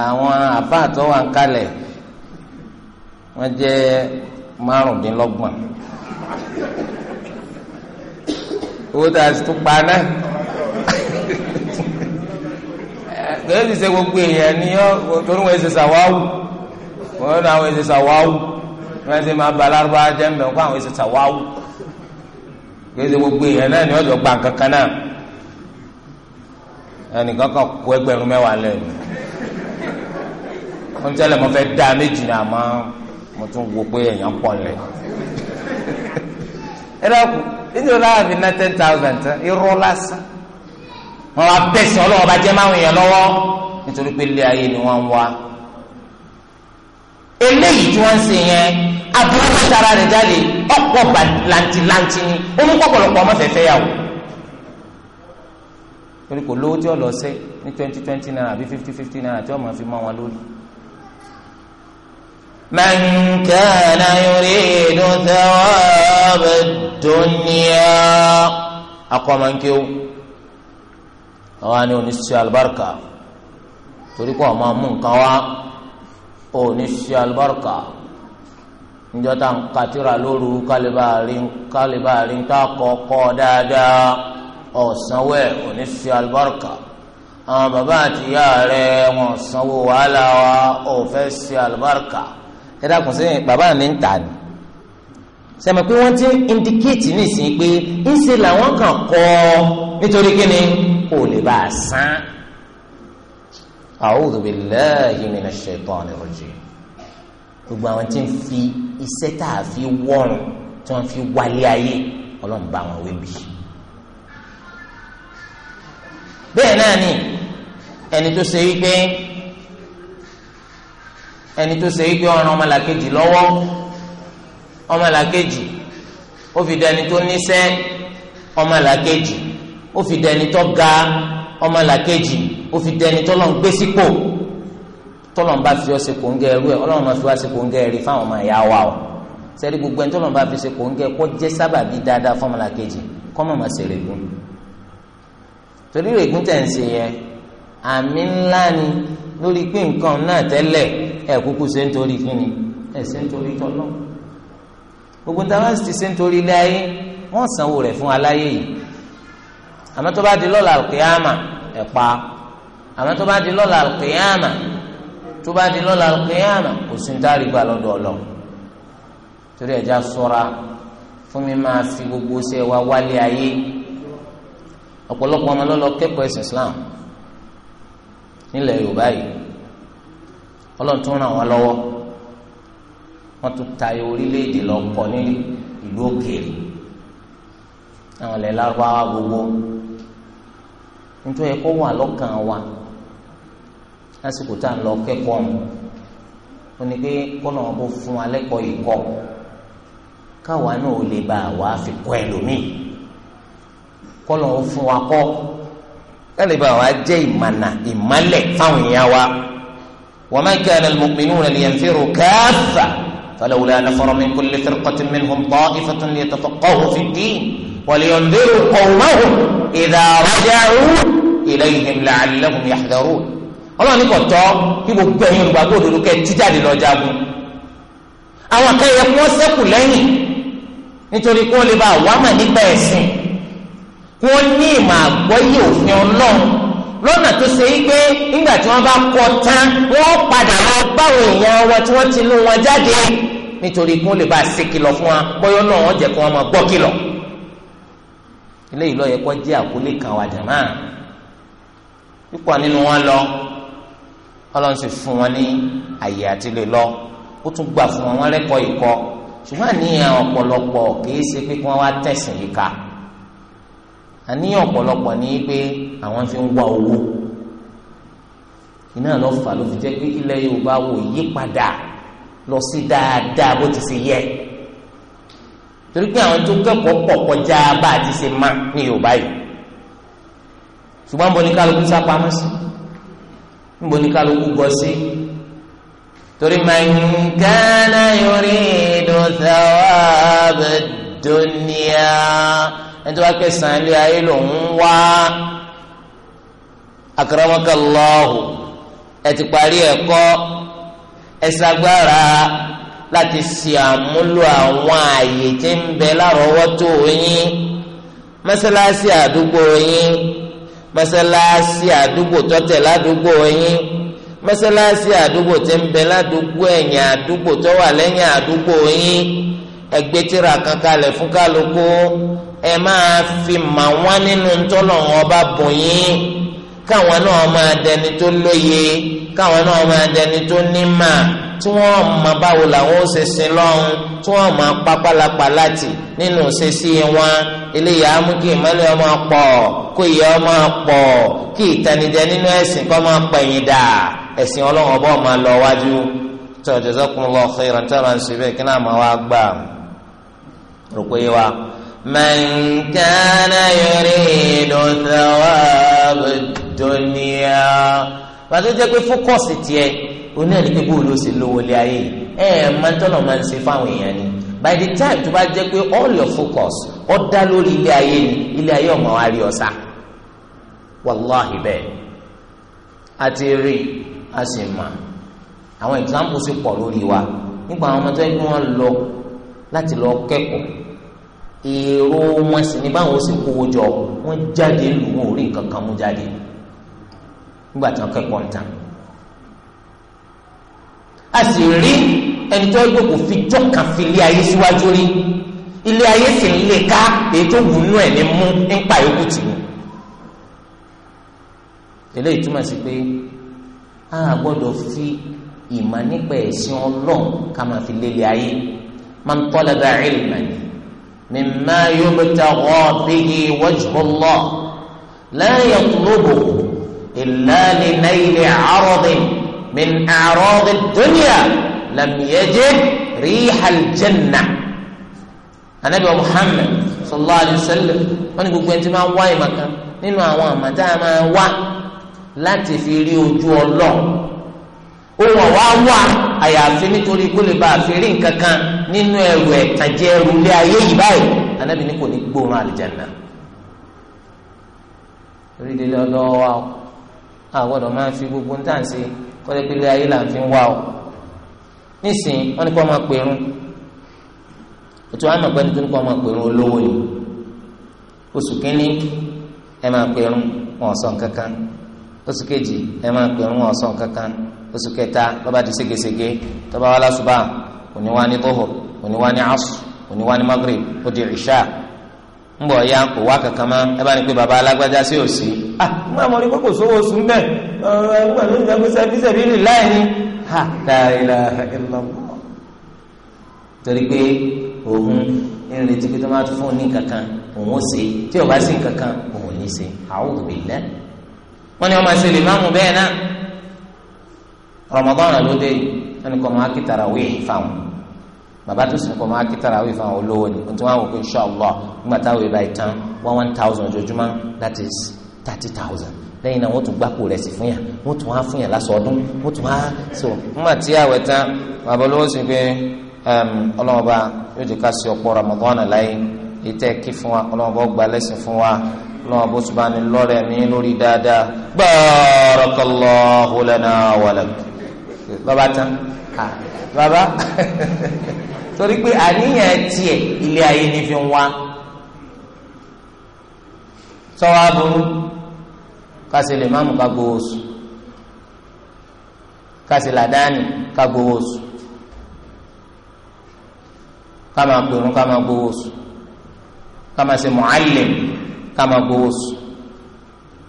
àwọn àbá àtọ́wà ń kalẹ̀ wọ́n jẹ́ márùndínlọ́gbọ̀n owó tá a tún pa náà kìí ti ṣe gbogbo èèyàn ni yọ torí wọn ṣe ṣàwáwù wọn náà wọn ṣe ṣàwáwù wọn ṣe máa ba alárúbá jẹ mbẹ wọn kọ àwọn ṣe ṣàwáwù kìí ṣe gbogbo èèyàn náà ni wọn jọ gbà kankan náà ẹnìkan kan kó ẹgbẹ̀rún mẹ́wàá lẹ́nu wọn tẹ́lẹ̀ fẹ́ dá méjì náà máa mo tún wo pé èèyàn pọ̀ lẹ̀ ẹ dàkú nítorí láàbì ná ten thousand tán irọ́ lásán wọn wá bẹ̀sẹ̀ ọlọ́wọ́ bá jẹ́ máwùn yẹn lọ́wọ́ nítorí pé ilé ayé ni wọ́n ń wá eléyìí tí wọ́n ń ṣe yẹn aburú látara rẹ̀ jáde ọ̀pọ̀ làǹtìlàǹtì ni ó mú pọ̀pọ̀lọpọ̀ ọmọ fẹ́fẹ́ yà wò torí kò lówó tí ó lọ sẹ́ ní twenty twenty naira àbí fifty fifty naira tí ọmọ fi mọ́ wọn lórí من كان يريد ثواب الدنيا أقوى من كيو أواني ونسي البركة تريكو ما منكوا ونسي البركة njọ ta katira lóru kálíbà ríńtà kọkọ dáadáa ọ̀sánwó ẹ̀ oníṣì alùbáríkà àwọn bàbá àti ìyá rẹ̀ wọn sanwó wàhálà wa ọ̀fẹ́ sí alùbáríkà ẹ dákun sẹ́yìn bàbá mi ń tà ní sẹ́mi pé wọ́n ti ń indicate nísìnyí pé ńṣe làwọn kan kọ́ nítorí kí ni kò lè bá a sán a'udhu billahi minash shaitani rajim gbogbo àwọn tí ń fi iṣẹ́ tá a fi wọ́rùn tí wọ́n fi wálé ayé ọlọ́run bá wọn wé bí. bẹ́ẹ̀ náà ni ẹni tó ṣe wípé ẹni tó ṣe wípé ọ̀ràn ọmọlàkejì lọ́wọ́ ọmọlàkejì ó fi dẹni tó níṣẹ́ ọmọlàkejì ó fi dẹni tó ga ọmọlàkejì ó fi dẹni tó lọ́n gbé sípò tọ́lọ́n bá fi ọ́ ṣe kòńgẹ́ ẹrú ẹ̀ ọlọ́run máa fi wá ṣe kòńgẹ́ ẹ̀rí fáwọn ọmọ ìyá wa o sẹ́rí gbogbo ẹni tọ́lọ́n bá fi ṣe kòńgẹ́ kó jẹ́ sábàbí dáadáa fọ́mọlàkejì kọ́ mọ̀ máa ṣe rẹ̀gùn torí rẹ̀gùn tẹ̀ ń ṣe yẹn àmì ńlá ni lórí pé nǹkan náà tẹ́lẹ̀ ẹ kúkú ṣe ń torí kíni ẹ ṣe ń torí tọ́lọ́ gbogbo táwọn sì ti ṣe ń torí ilé ayé wọ́n sanwó rẹ̀ fún aláyé yìí àmọ́ tó bá di lọ́la alùkìyàmà ẹ̀ pa àmọ́ tó bá di lọ́la alùkìyàmà tó bá di lọ́la alùkìyàmà kò sí ń dárí gbà lọ́dọ̀ ọlọ́ torí ẹ̀já sọ́ra fún mi máa fi gbogbo ṣe wa wálé ayé ọ̀pọ̀lọpọ̀ ọmọ lọ́lọ́ kẹ́kọ̀ọ́ ẹ̀sìn Islam nílẹ̀ Yorùbá yìí ọlọ́run tún ràn wọ́n lọ́wọ́ wọ́n tún tayọ orílẹ̀-èdè lọ kọ́ ní ìlú òkèèrè àwọn ilẹ̀ lárúbáwá gbogbo nítorí ẹ̀kọ́ wà lọ́kàn wa lásìkò tá à ń lọ kẹ́kọ̀ọ́ mu ó ní pé kọ́nà wọn kó fún wa lẹ́kọ̀ọ́ ìkọ́ káwa náà ò lè bá wa fi kọ́ ẹlòmíì kọ́nà wọn fún wa kọ́ ká lè bá wa jẹ́ ìmànà ìmálẹ̀ fáwọn èèyàn wa. وما كان المؤمنون لينفروا كافة فلولا نفر من كل فرقة منهم طائفة ليتفقهوا في الدين ولينذروا قومهم إذا رجعوا إليهم لعلهم يحذرون ọlọ́run ní kò tọ́ kí gbogbo ẹ̀yin olùgbàgbọ́ òdodo kẹ́ tú jáde lọ jagun àwọn akẹ́yẹ kí wọ́n sẹ́kù lẹ́yìn nítorí kí wọ́n lè bá wàmà nípa ẹ̀sìn kí wọ́n ní ìmọ̀ àgbọ́yé òfin ọlọ́run lọ́nà tó ṣe é pé nígbà tí wọ́n bá kọ tán wọ́n padà lọ báwọn èèyàn wọn tí wọ́n ti lù wọn jáde nítorí kí wọ́n lè bá a ṣe kìlọ̀ fún wa bọ́yọ́ náà wọ́n jẹ́ kí wọ́n máa gbọ́ kìlọ̀ eléyìí ló yẹ jẹ́ àkólé kan wa jàmá púpọ̀ nínú wọn lọ ọlọ́run sì fún wọn ní àyè àti lè lọ ó tún gbà fún wọn wọn rẹ́kọ̀ọ́ ìkọ ṣùgbọ́n àníyàn ọ̀pọ̀lọpọ̀ kì í ṣe pé kí wọ́n wá tẹ̀sìn yìí ká àníyàn ọ̀pọ̀lọpọ̀ ní pé àwọn fi ń wá owó iná lọ fà ló fi jẹ́ pé ilẹ̀ Yorùbá wò yípadà lọ sí dáadáa bó ti ṣe yẹ torí pé àwọn tó kẹ́kọ̀ọ́ pọ̀ kọjá bá a ti ṣe má ní Yorùbá yìí ṣùgbọ́n bọ́ ní kálukú sápamọ́ sí níbo ní kálukú gọ sí torí man kana yuridu thawab ẹni tó bá pẹ́ san ilé ayé lòún wá akramakallahu ẹ ti parí ẹ̀kọ́ ẹ ṣagbára láti ṣe àmúlò àwọn ààyè tí ń bẹ lárọ̀ọ́wọ́tó yín mọ́sálásí àdúgbò yín mọ́sálásí àdúgbò tọ́tẹ̀ ládùúgbò yín mọ́sálásí àdúgbò tí ń bẹ ládùúgbò ẹ̀yìn àdúgbò tó lẹ́yìn àdúgbò yín ẹ gbé tírà fún kálukú ẹ máa fi mà wọ́n nínú tọ́lọ̀ ọba bùn yín káwọn náà máa dẹni tó lóye káwọn náà máa dẹni tó nímà tí wọ́n máa báwo làwọn ó ṣe sin lọ́hùn tí wọ́n máa pa pálapàla tì nínú ṣẹ́sí wọn eléyà á mú kí ìmọ̀lẹ́ ọmọ pọ̀ kó ìyá ọmọ pọ̀ kí ìtanijẹ nínú ẹ̀sìn kọ́ máa pẹ̀yìn dà ẹ̀sìn ọlọ́run ọba máa lọ wájú tó jazakumullahu khairan tí a máa ń ṣe bẹ́ẹ̀ kí náà máa wá gbà rò pé من كان يريد ثواب الدنيا pàtó jẹ́ pé fókọ̀sì tiẹ̀ oní ẹni pé bóòlù ó sì lówó lé ayé ẹ ẹ máa ń tọ́nà máa ń ṣe fáwọn èèyàn ni by the time tó bá jẹ́ pé all your focus ó dá lórí ilé ayé ni ilé ayé ọmọ wa rí ọ̀sà wàláhì bẹ́ẹ̀ a ti rí a sì mà àwọn example sì pọ̀ lórí wa nígbà àwọn ọmọ tó yẹ kí lọ láti lọ kẹ́kọ̀ọ́ èrò wọn sì ní báwọn sì kówó jọ wọn jáde lù wọn ò rí nǹkan kan mú jáde nígbà tí wọn kẹ́kọ̀ọ́ nǹkan a sì rí ẹni tó gbé kò fi jọkàn fi ilé ayé síwájú rí ilé ayé sì ń lè ká èyí tó wù nú ẹ ní mú ń pa yòókù tì mí eléyìí túmọ̀ sí pé a gbọ́dọ̀ fi ìmọ̀ nípa ẹ̀sìn ọlọ́run ká máa fi lélẹ̀ ayé man talaba ilman مما يبتغى به وجه الله لا يطلبه إلا لنيل عرض من أعراض الدنيا لم يجد ريح الجنة anabi wa muhammed sallallahu alayhi wa sallam wọn ni gbogbo ẹni tí máa ń wá ìmọ̀ kan nínú àwọn àmàtà máa wá láti fi rí ojú ọlọ́ọ̀ ohun ọ̀wá wà àyàfi nítorí kó lè ba àfẹ́rí nǹkan kan nínú ẹrù ẹ̀tànjẹ ẹrù ilé ayé yìí báyìí anábì ní kò ní gbóòórùn àlìjáná orí ilé ọlọ́wọ́ wa o àgbọ̀dọ̀ máa fi gbogbo ń tàn sí kọ́lé pé ilé ayé là ń fi wá o nísìnyí wọ́n ní kó máa pèrún ètò àmọ̀ pé nítorí kó máa pèrún olówó ni oṣù kínní ẹ máa pèrún wọn ọ̀sán kankan oṣù kejì ẹ máa pèrún wọn ọ̀sán kankan oṣù kẹta lọ́ba di ségesège tọ́ba wa lásùbà òní wa tóhùr òní ni asù magrib ìṣá ya kò wá kankan mọ́ ẹ bá ní pé baba alágbájá sí òsì. ah nígbà sówó oṣù ń ẹ nígbà tó ń bí láì ní. ha dáìlà torí pé òun pé tó máa tún fún un ní kankan òun ó ṣe tí ò bá sí kankan òun ò ní ṣe àwọn òbí wọ́n ní wọ́n máa ṣe lè Ramadan ló dé ẹni kọ́ máa kí tarawih fáwọn bàbá tó sì ń kọ́ máa kí tarawih fáwọn olówó ni ohun tí wọ́n á wò nígbà táwọn ìbá ìtàn one one thousand ojoojúmọ́ that is thirty thousand lẹ́yìn náà wọ́n tún gbáko rẹ̀ sí fún yà wọ́n tún á fún yà lásán wọ́n tún á so nígbà tí àwẹ̀ tán bàbá olówó sì pé um, ọlọ́mọba yóò jẹ́ ká sí ọ̀pọ̀ Ramadan láyé ìtẹ́ kí fún wa اللهم ó gba lẹ́sìn fún wa lọ́wọ́ bó tún bá lọ́ba tán à bàbá torí pé àníyàn tiẹ̀ ilé ayé ni fi ń wá sọ́wọ́ aburú kásì lè máàmù ká gbowó sùn kásì làdáni ká gbowó sùn ká máa pèrún ká máa gbowó sùn ká máa ṣe mọ̀álẹ̀ ká máa gbowó sùn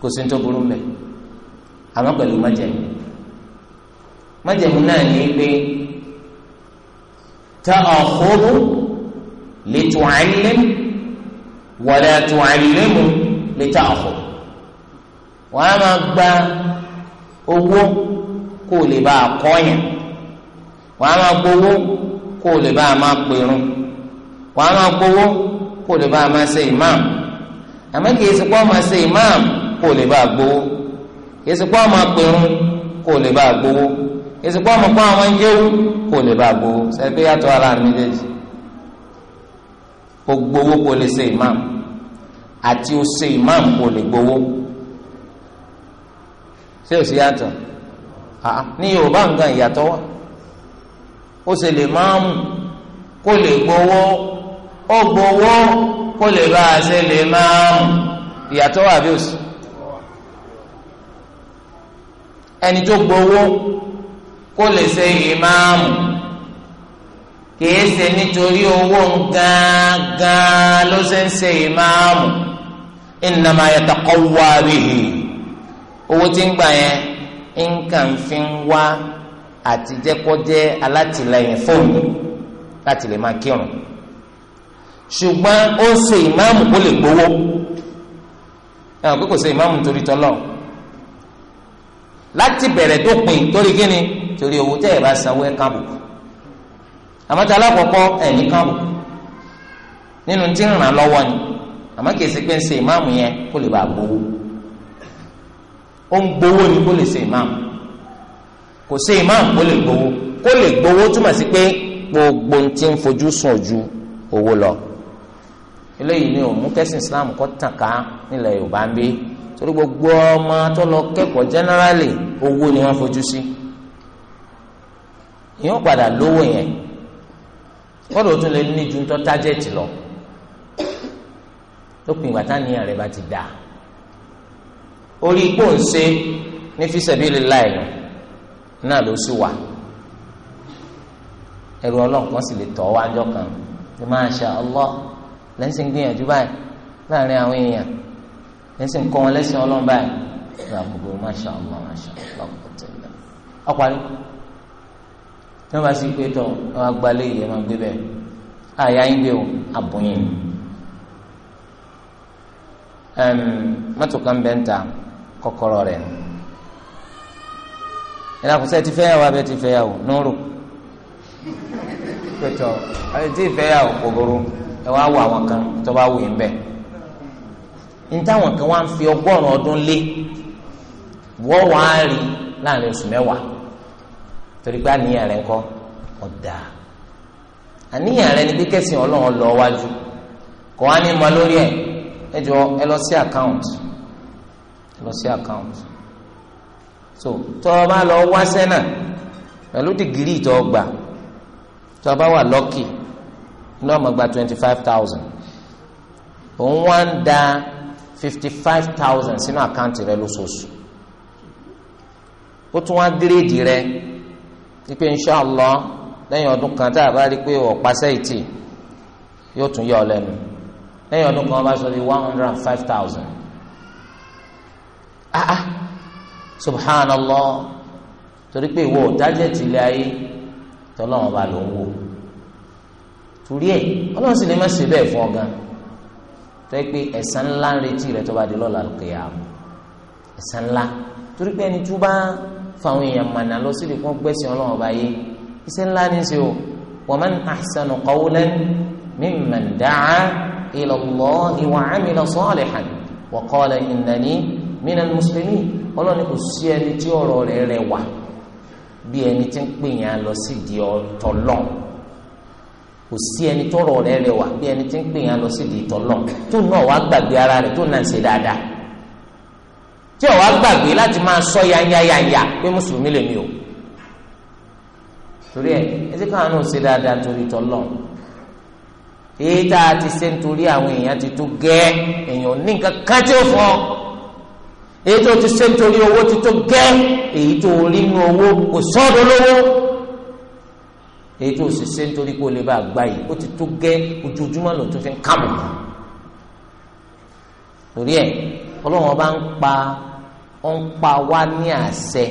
kò sí ní tó burú mẹ́ àmọ́ pẹ̀lú májẹ̀mí májẹ̀mú náà ní pé ta'khudhu litu'allim wa la tu'allimu lita'khudh wọ́n á máa gba owó kó lè bá a kọ́yàn wọ́n á máa gbowó kó lè bá a máa pèrún wọ́n á máa gbowó kó lè bá a máa ṣe ìmáàmù àmọ́ kìí sọ pé máa ṣe ìmáàmù kó lè bá a gbowó kìí sọ pé máa pèrún kó lè bá a gbowó ìsìnkú ọmọ kọ́ àwọn ń jẹ́wú kò lè bá gbowó sẹ́gbẹ́ yàtọ̀ ara méjèèjì kò gbowó kò lè ṣe imam àti ó ṣe imam kò lè gbowó ṣé ò sí yàtọ̀ ní Yorùbá nǹkan ìyàtọ̀ wà ó ṣe lè máa mú kó lè gbowó ó gbowó kó lè bá a lè máa mú ìyàtọ̀ bí ó sì ẹni tó gbowó. kó lè ṣe ìmáàmù kìí ṣe nítorí owó gángan ló ṣe ń ṣe ìmáàmù innama yataqawwa bihi owó tí ń gbà yẹn nǹkan fi ń wá àti jẹ́kọ́jẹ́ alátìlẹyìn fóònù láti lè máa kírun ṣùgbọ́n ó ń ṣe ìmáàmù kó lè gbowó ẹ̀wọ̀n pé kò ṣe ìmáàmù torí tọ́lọ́ láti bẹ̀rẹ̀ dópin torí kíni. torí owó tẹ́ ẹ̀ bá sanwó ẹ̀ káàbùkù àmọ́tí alákọ̀ọ́kọ́ ẹ̀ ní káàbùkù nínú tí ń ràn lọ́wọ́ ni àmọ́ kìí ṣe pé ń ṣe ìmáàmù yẹn kó lè bàa gbowó ó ń gbowó ni kó lè ṣe ìmáàmù kò ṣe ìmáàmù kó lè gbowó kó lè gbowó túmọ̀ sí pé gbogbo ń ti ń fojú sùn ojú owó lọ eléyìí ni òun mú Islam kọ́ tàn ká nílẹ̀ Yorùbá ń bí torí gbogbo ọmọ tó lọ kẹ́kọ̀ọ́ generally owó ni wọ́n fojú sí. Si ìyẹn ó padà lówó yẹn kọ́dọ̀ tún lè ní ju tó tájẹ́tì lọ tó pin ìgbà táníyàn rẹ̀ bá ti dáa orí ipò ń ṣe ní fisabili láì náà ló sì wà ẹrù ọlọ́nkan sì lè tọ́ wájọ́ kan ní masha Allah lẹ́sìn gbìyànjú báyìí láàrin àwọn èèyàn lẹ́sìn kọ́ wọn lẹ́sìn ọlọ́run báyìí ní àbúrò masha Allah masha Allah ọ̀pọ̀ tẹ̀lé ọ̀pọ̀ àlùkò. ní wọn bá sì agbalị tọ ma wọn wọn gbé àyà yín gbé o àbòyìn kan bẹ ń ta kọ́kọ́rọ́ rẹ̀ ìlàkùsẹ ti fẹ́ yà ti fẹ́ yà nùrù ti fẹ́ yà kòkòrò ẹ wá àwọn kan tó bá yín bẹ nítawọn kan wá ń torí pé àníyàn rẹ ńkọ́ ọ̀dà àníyàn rẹ ni bí kẹ́sìn ọlọ́run lọ wájú kò wá ní ma lórí ẹ̀ ẹ jọ ẹ lọ sí account ẹ lọ sí account so tọ́ ọ bá lọ wá sẹ́nà pẹ̀lú dìgírì tó gbà tó o bá wà lọ́kì ní ọmọ gba twenty five thousand òun wá ń da fifty five thousand sínú àkáǹtì rẹ lóṣooṣù ó tún wá gírèdì rẹ. wípé inṣàlọ́ lẹ́yìn ọdún kan tá a bá rí pé ọ̀pá sẹ́yìtì yóò tún yọ lẹ́nu ọdún kan wọ́n bá sọ di one hundred and five thousand ah ah subhanallah torí pé ìwọ tájẹ́tì ilé ayé tọ́lọ́wọ́n ọba ló ń wò torí sì má ṣe fún pé ńlá ń retí rẹ tó fáwọn èèyàn mànà lọ síbi kí wọ́n gbẹ́sìn ọlọ́run ọba yé iṣẹ́ ńlá ní ṣe o wa man ahsanu qawlan mimman da'a ila Allahi wa 'amila salihan wa qala innani minal muslimin ọlọ́run kò sí ẹni tí ọ̀rọ̀ rẹ̀ rẹwà bí ẹni tí ń pè yàn lọ sídìí ọ̀tọ̀lọ́ọ̀ kò sí ẹni tọrọ rẹ̀ rẹwà bí ẹni tí ń pè yàn lọ sídìí ọ̀tọ̀lọ́ọ̀ tó náà wá gbàgbé ara rẹ̀ tó náà ń ṣe dáadáa tí ọ̀ wá gbàgbé láti máa sọ yanyayanya pé mùsùlùmí lèmi o torí ẹ ẹsẹ káwọn náà ṣe dáadáa torí tọlọ́run èyí tá a ti ṣe nítorí àwọn èèyàn ti tó gẹ́ èèyàn ní nǹkan kan tí ó fọ èyí tó ti ṣe nítorí owó ti tó gẹ́ èyí tó rí nu owó kò sọ́dọ̀ lówó èyí tó sì ṣe nítorí kó lè bá a gbà yìí ó ti tó gẹ́ ojoojúmọ́ ló tún fi ń kábọ̀ torí ẹ ọlọ́run ọba ń pa ń pa wá ní àṣẹ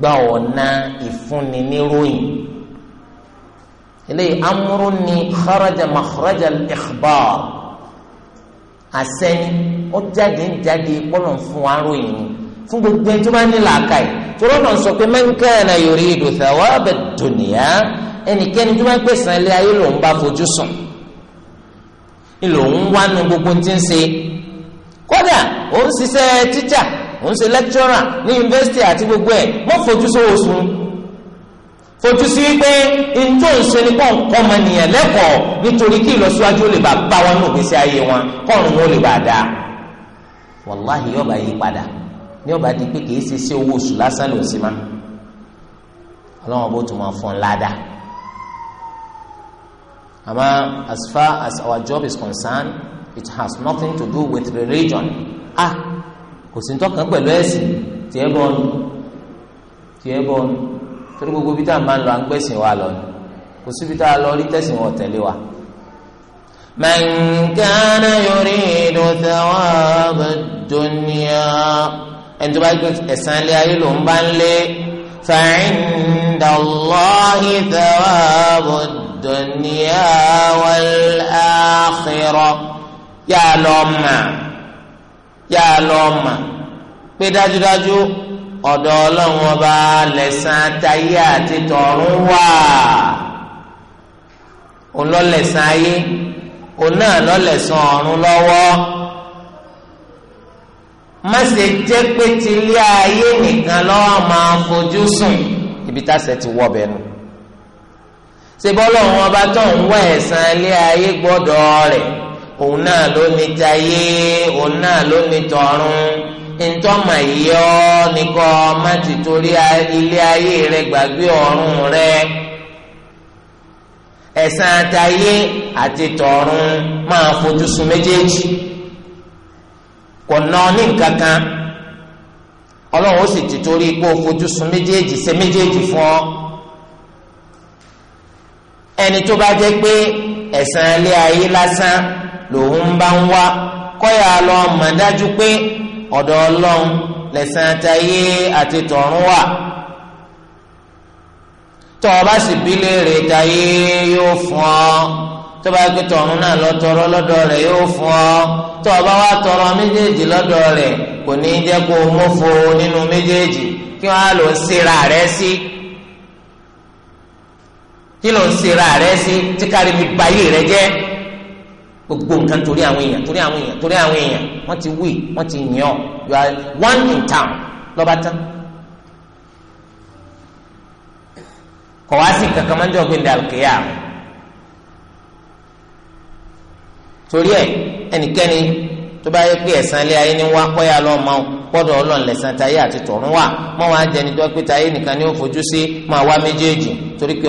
gba ọ̀nà ìfúnni níròyìn eléyìí amúrú ni kharaja makharaja al-ikhbar àṣẹ ni ó jáde ń jáde pọ́nà fún wa ròyìn ni fún gbogbo ẹni tó bá ní làákàyè tóró náà sọ pé man kana yuridu thawaba ad-dunya ẹnikẹ́ni tó bá ń pèsè ilé ayé lòún bá fojú sùn ni lòún wá nu gbogbo ti ń ṣe kódà ò ń ṣiṣẹ́ tíjà ò ń ṣe lẹ́kítọ́rà ní yunifásitì àti gbogbo ẹ̀ mọ́ fojú sówó sun fojú sí pé njó ìṣe ni kàn kọ́ ọmọ nìyẹn lẹ́kọ̀ọ́ nítorí kí ìlọsíwájú ó lè bá bá wọn ní ògbésí ayé wọn kọ́ọ̀rùn wọn ó lè bá a dáa wàláhì yọba yí padà ní ọba di pé kìí ṣe sí owó oṣù lásán ló sì má ọlọ́wọ́n bó tún máa fọ́n ládàá àmọ́ as far as our job is concerned it has nothing to do with religion ah kò sí tọkàn pẹ̀lú ẹ̀sìn tiẹ̀ bọ́ ọ́nù tiẹ̀ bọ́ ọ́nù torí gbogbo bí tá a máa ń lọ à ń gbẹ̀sìn wa lọ ni kò síbi tá a lọ rí tẹ̀sìn wọn tẹ̀lé wa. من كان يريد ثواب الدنيا ẹni tó bá gbé ẹ̀san فعند الله ثواب الدنيا والآخرة yà á lọ mà yà á lọ mà pé dájúdájú ọ̀dọ̀ ọlọ́run ọba lẹ̀sán táyé àti tọ̀run wà òun lọ lẹ̀sán ayé òun náà lọ lẹ̀sán ọ̀run lọ́wọ́ má ṣe jẹ́ pé tilé ayé nìkan lọ́wọ́ máa fojú sùn ibi táṣẹ ti wọ́ bẹ́ẹ̀ nù ṣe bọ́lọ́run ọba tó ń wá ẹ̀san ilé ayé gbọ́dọ̀ rẹ̀. òun náà ló ní tayé òun náà ló ní tọ̀run ntọ́mọ̀ yìí nìkọ́ má ti torí ilé ayé rẹ gbàgbé ọ̀run rẹ ẹ̀san àtayé àti tọ̀run máa fojú sun méjèèjì kò ná ní kan ọlọ́run ó sì ti torí pé fojú sun méjèèjì ṣe méjèèjì fún ọ ẹni tó bá jẹ́ pé lòun bá ń wá kọ́yà lọ mọ̀ dájú pé ọ̀dọ̀ ọlọ́run lẹ̀sán àtayé àti tọ̀run wà tọ́ ọ bá sì bí léèrè yóò fún ọ tó bá gbé tọ̀run náà lọ tọrọ lọ́dọ̀ rẹ̀ yóò fún ọ ọ bá wá tọrọ méjèèjì lọ́dọ̀ rẹ̀ kò ní jẹ́ kó o nínú méjèèjì kí wọ́n lò ń sera rẹ̀ sí kí ń sera rẹ̀ gbogbo nǹkan torí àwọn èèyàn torí àwọn èèyàn torí àwọn èèyàn wọ́n ti wí wọ́n ti yàn ọ́ you are one in town lọ́ba tán. kọ̀ kankan máa ń torí ẹ ẹnikẹni tó bá yẹ pé ẹ̀san ilé ayé ni táyé àti wà mọ́ wàá jẹni tó pé táyé nìkan ni ó fojú sí máa wá méjèèjì torí pé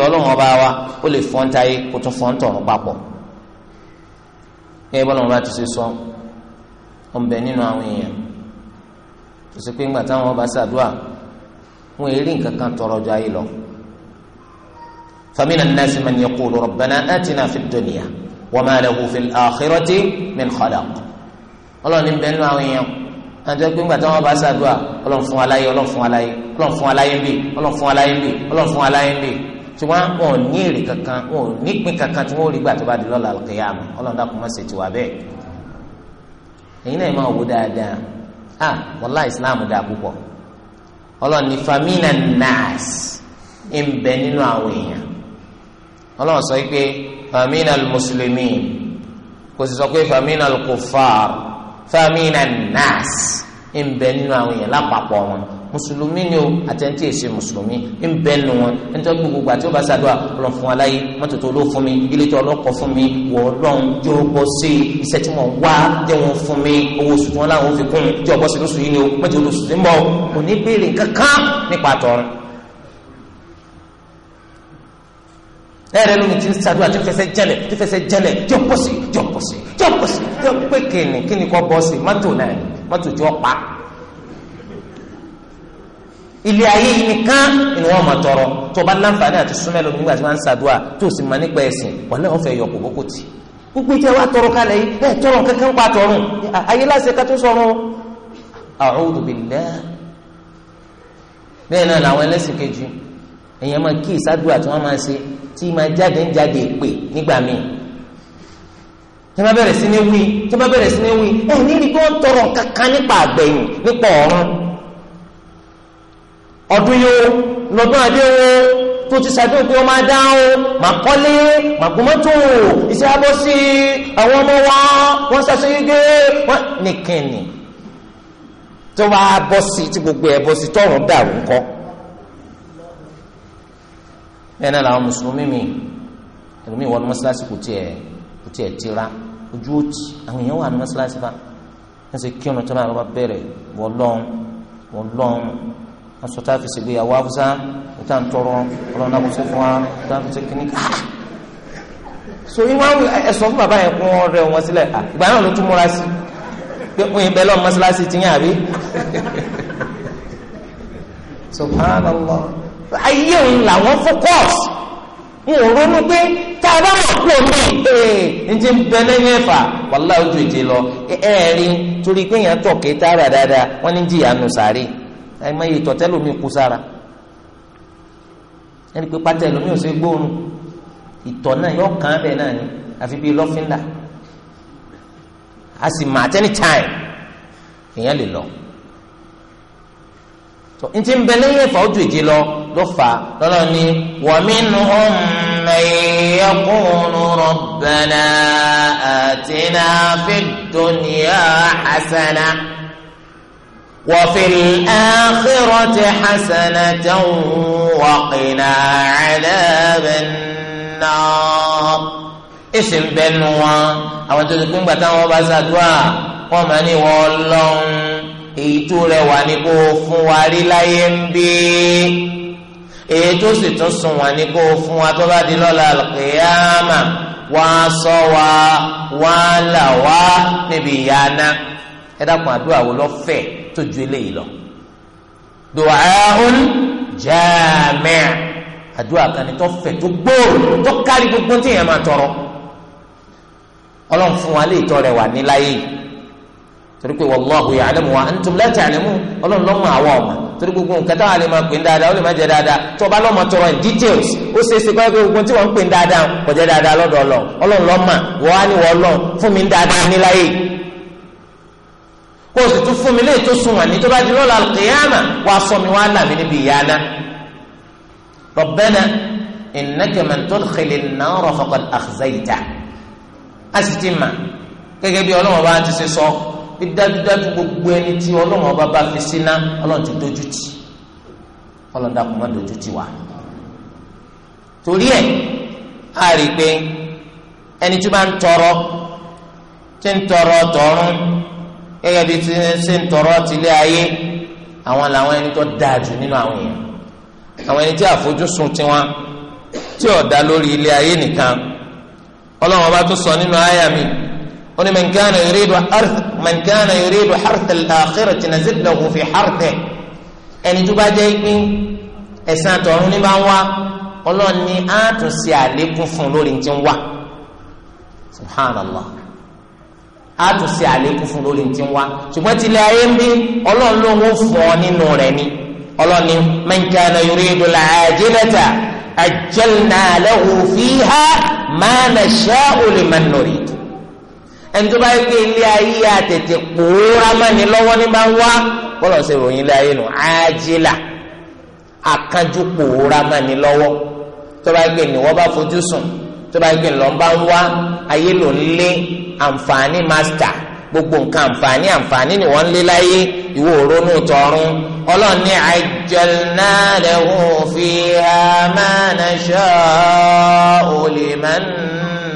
ọba kí bọ́lá wọn bá ti ṣe sọ ọ̀nbẹ nínú àwọn èèyàn tó ṣe pé ńgbà táwọn bá ṣàdúrà wọn èrí nǹkan kan tọrọ ju ayé lọ. فمن الناس من يقول ربنا آتنا في الدنيا وما له في الآخرة من خلاق Ọlọ́run ní bẹ́ẹ̀ nínú àwọn èèyàn àti ẹgbẹ́ ńgbà táwọn bá ṣàdúrà Ọlọ́run fún aláyé Ọlọ́run fún aláyé Ọlọ́run fún aláyé ń bì Ọlọ́run fún aláyé ń bì Ọlọ́run fún aláyé ń bì tí wọn ò ní èrè kankan ò nípìn kankan tí wọn ò rí gbà tó bá di lọ́la al-qiyamah ọlọ́run dákun má ṣe tiwa bẹ́ẹ̀ èyí náà máa wò dáadáa ah wàlá islam dáa púpọ̀ ọlọ́run ní famina nas ń bẹ nínú àwọn èèyàn ọlọ́run sọ pé famina muslimin kò sì sọ pé famina kufar famina nas ń bẹ nínú àwọn èèyàn lápapọ̀ wọn mùsùlùmí ni o àtẹ̀ntì èsì mùsùlùmí ń bẹ́ nu wọn nítorí gbogbo gbà tí ó bá ṣàdúrà ọlọ́run fún wa láyé mọ́tò tó ló fún mi ilé tó ọlọ́kọ̀ fún mi wọ́ ọlọ́run jẹ́ ó bọ́ sí iṣẹ́ tí mo wá jẹ́ wọn fún mi owó oṣù tí wọ́n fi kún jẹ́ ọ̀bọ̀ sí lóṣù yìí ni o mọ́tò lóṣù tí ń bọ̀ kò ní béèrè kankan nípa tọ̀run. ẹ̀rẹ́ lómi ti ń ṣàdúrà tí fẹsẹ̀ jẹlẹ̀ tí fẹsẹ̀ jẹlẹ̀ jẹ́ pọ̀sì jẹ́ pọ̀sì jẹ́ pọ̀sì jẹ́ pé kìnnìkìnnì kọ́ bọ́ọ̀sì mọ́tò náà mọ́tò tí wọ́n ilé ayé yìí nìkan ni wọn máa tọrọ tó o bá láǹfààní àti súnmẹ́lò nígbà tí wọ́n ń ṣàdúrà tó o sì máa nípa ẹ̀sìn wọ́n náà fẹ́ yọ kòbókò tì gbogbo ìtẹ́ wa tọrọ kálẹ̀ yìí ẹ̀ tọrọ kankan pa tọrùn ayé láṣẹ ká tó sọrùn a'udhu billah bẹ́ẹ̀ náà làwọn ẹlẹ́sìn kejì èèyàn máa kí ìsádùá tí wọ́n máa ṣe tí máa jáde ń jáde pè nígbà míì tí wọ́n bẹ̀rẹ̀ sí ní wí tí wọ́n bẹ̀rẹ̀ sí ní wí ẹ̀ níbi tí wọ́n tọrọ kankan nípa àgbẹ̀yìn nípa ọ̀run ọdún yóò lọ́dún adé wo tó ti ṣàdéhùn pé wọ́n máa dáhùn máa kọ́lé máa gbọ́n mọ́tò iṣẹ́ abọ́ sí àwọn ọmọ wa wọ́n ṣàṣeyege wọ́n nìkẹ́ni tó bá bọ́ sí tí gbogbo ẹ̀ bọ́ sí tọ̀run dàrú ńkọ́ bẹ́ẹ̀ náà làwọn mùsùlùmí mi ẹlòmíì wọ́n ní mọ́ṣáláṣí kò tiẹ̀ kò tiẹ̀ tira ojú òtì àwọn èèyàn wà ní mọ́ṣáláṣí bá wọ́n kí ọ̀nà tó máa bẹ̀rẹ̀ wọ́n lọ́n wọ́n lọ́n aṣọ tá a fi ṣègbéyàwó haúsá ìta ń tọrọ ọlọ́run náà kò sí fún wa tá fi ṣe kíní. so ìwọ ẹsọ fún bàbá yẹn kún ọrẹ wọn sílẹ̀ ìgbà náà ló tún múra sí pé òun ìbẹ́ lọ́ọ́ mọ́ṣáláṣí ti yàn àbí. subhanallah ayé òun làwọn focus n ò ronú pé tá a bá mọ̀ kú omi ee n ti bẹ lẹ́yìn ẹ̀fà wàláhì ojú ìjẹ lọ ẹ̀ẹ́rin torí pé èèyàn tọ̀ kéé tára dáadáa wọ́n ní jìyà nù sáré àìmọ iye tọ̀tẹ́ lomi kú sára ẹni pé pátá lomi ò ṣe gbóòórùn ìtọ̀ náà yọ kàn án bẹ́ẹ̀ náà ni àfi bíi lọ́fíńdà a sì mà at any time èèyàn lè lọ tó n ti bẹ lẹ́yìn ẹ̀fọ́ ojú ìje lọ ló fà á lọ́lọ́ ni ومنهم من يقول ربنا آتنا في الدنيا حسنة. وفي الآخرة حسنة وقنا عذاب النار ìsìn bẹnu wọn àwọn tó ti kún gbàtà wọn bá ṣàdúrà wọn máa ní wọn lọrun èyí tó rẹwà ní kó fún wa rí láyé ń bí èyí sì tún sùn wà ní kó fún wa tó bá di lọ́la àlùkìyàmà wá sọ wa wá là wá níbi ìyá ná ẹ dákun àdúrà wo lọ fẹ́ẹ́ tó ju eléyìí lọ du'aun jami' àdúrà kan ní tó fẹ̀ tó gbòòrò tó kárí gbogbo tí èèyàn máa tọrọ ọlọ́run fún wa lè tọ́ rẹ̀ wà níláyé yìí torí pé wallahu ya'lamu wa antum la ta'lamun ọlọ́run lọ́mọ àwọn ọmọ torí gbogbo nǹkan táwọn àlè máa pè ń dáadáa ó lè má jẹ dáadáa tó bá lọ́mọ tọrọ in details ó ṣe é ṣe pé gbogbo tí wọ́n ń pè ń dáadáa kò dáadáa lọ́dọ̀ ọlọ́run ọlọ́run lọ́mọ wọ́n á ní wọ́n lọ́ fún mi ń dáadáa níláyé kó o sì tún fún mi léyìí tó sunwọ̀n ní tó bá di lọ́la kìyàmà wà á sọ mi wà á là mí níbi ìyáná. Rabbana innaka man tudkhili an-nara faqad akhzayta. a sì ti mà gẹ́gẹ́ bí ọlọ́wọ́n bá ti ṣe sọ dídájúdájú gbogbo ẹni tí ọlọ́wọ́n bá bá fi síná ọlọ́run ti dojú ti ọlọ́run dàkú má dojú ti wá. torí ẹ̀ a rí i pé ẹni tí ó bá ń tọrọ tí ń tọrọ tọrún gẹ́gẹ́ bí ti ṣe ń tọrọ tilé ayé àwọn làwọn ẹni tó dáa jù nínú àwọn èèyàn àwọn ẹni tí àfojúsùn tiwọn tí ò dá lórí ilé ayé nìkan ọlọ́run bá tún sọ nínú àyà mi ó ní man kana yuridu harth man kana yuridu harth al-akhirati nazid lahu fi harthihi ẹni tó bá jẹ́ ìpín ẹ̀san tọ̀run ní bá ń wá ọlọ́run ní àtúnṣe àlékún fún lórí ti ń wá subhanallah á tún ṣe àlékún fún lórí ti wá ṣùgbọ́n tilẹ̀ ayé ń bí ọlọ́run ló ń fọ́ nínú rẹ̀ ni ọlọ́run ni man kana yuridu al-ajilata ajjalna lahu fiha ma nasha'u liman nurid ẹni tó bá yẹ kí ilé ayé àtètè pòórá mọ́ni lọ́wọ́ ní bá ń wá bọ́lọ̀ ṣe ròyìn ilé ayé nù ájílà àkànjú pòórá mọ́ni lọ́wọ́ tó bá yẹ kí ni wọ́n bá fojú sùn tó bá yẹ kí n lọ bá ń wá ayé ló ń lé àǹfààní master gbogbo nǹkan àǹfààní àǹfààní ni wọ́n ń lé láyé ìwọ òrónú tọ̀run ọlọ́run ní àjẹlná lẹ́hùn fi àmánàṣọ́ òlè máa ń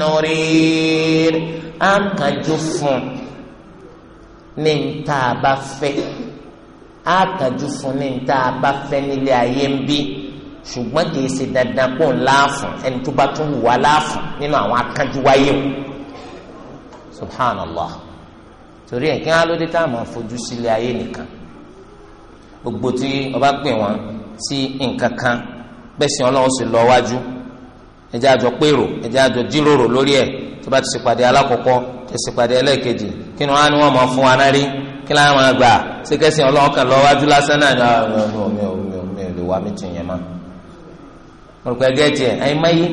nùrí àkànjú fún ní níta fẹ́ àkànjú fún ní níta fẹ́ nílé ayé ń bí ṣùgbọ́n kì í ṣe dandan kó ń láàfún ẹni tó bá tún wà láàfún nínú àwọn akánjú wáyé o subhanallah torí ẹ̀ kí wọ́n á lóde tá a máa fojú sílé ayé nìkan gbogbo tí ọba pè wọ́n sí nǹkan kan bẹ́ẹ̀ sì ọlọ́run sì lọ wájú ẹ jẹ́ àjọ pérò ẹ jẹ́ àjọ jíròrò lórí ẹ̀ tó bá ti ṣèpàdé alákọ̀ọ́kọ́ tó ṣèpàdé ẹlẹ́ẹ̀kejì kí ni wọ́n á ní wọ́n máa fún wa náà rí kí ni wọ́n á máa gbà ṣé kẹ́sìn ọlọ́run kan lọ wájú lásán náà ní àwọn ọmọ mi ò mi ò mi ò lè wá mí tì yẹn máa olùkọ́ ẹgẹ́ tiẹ̀ ẹ̀yin mẹ́yì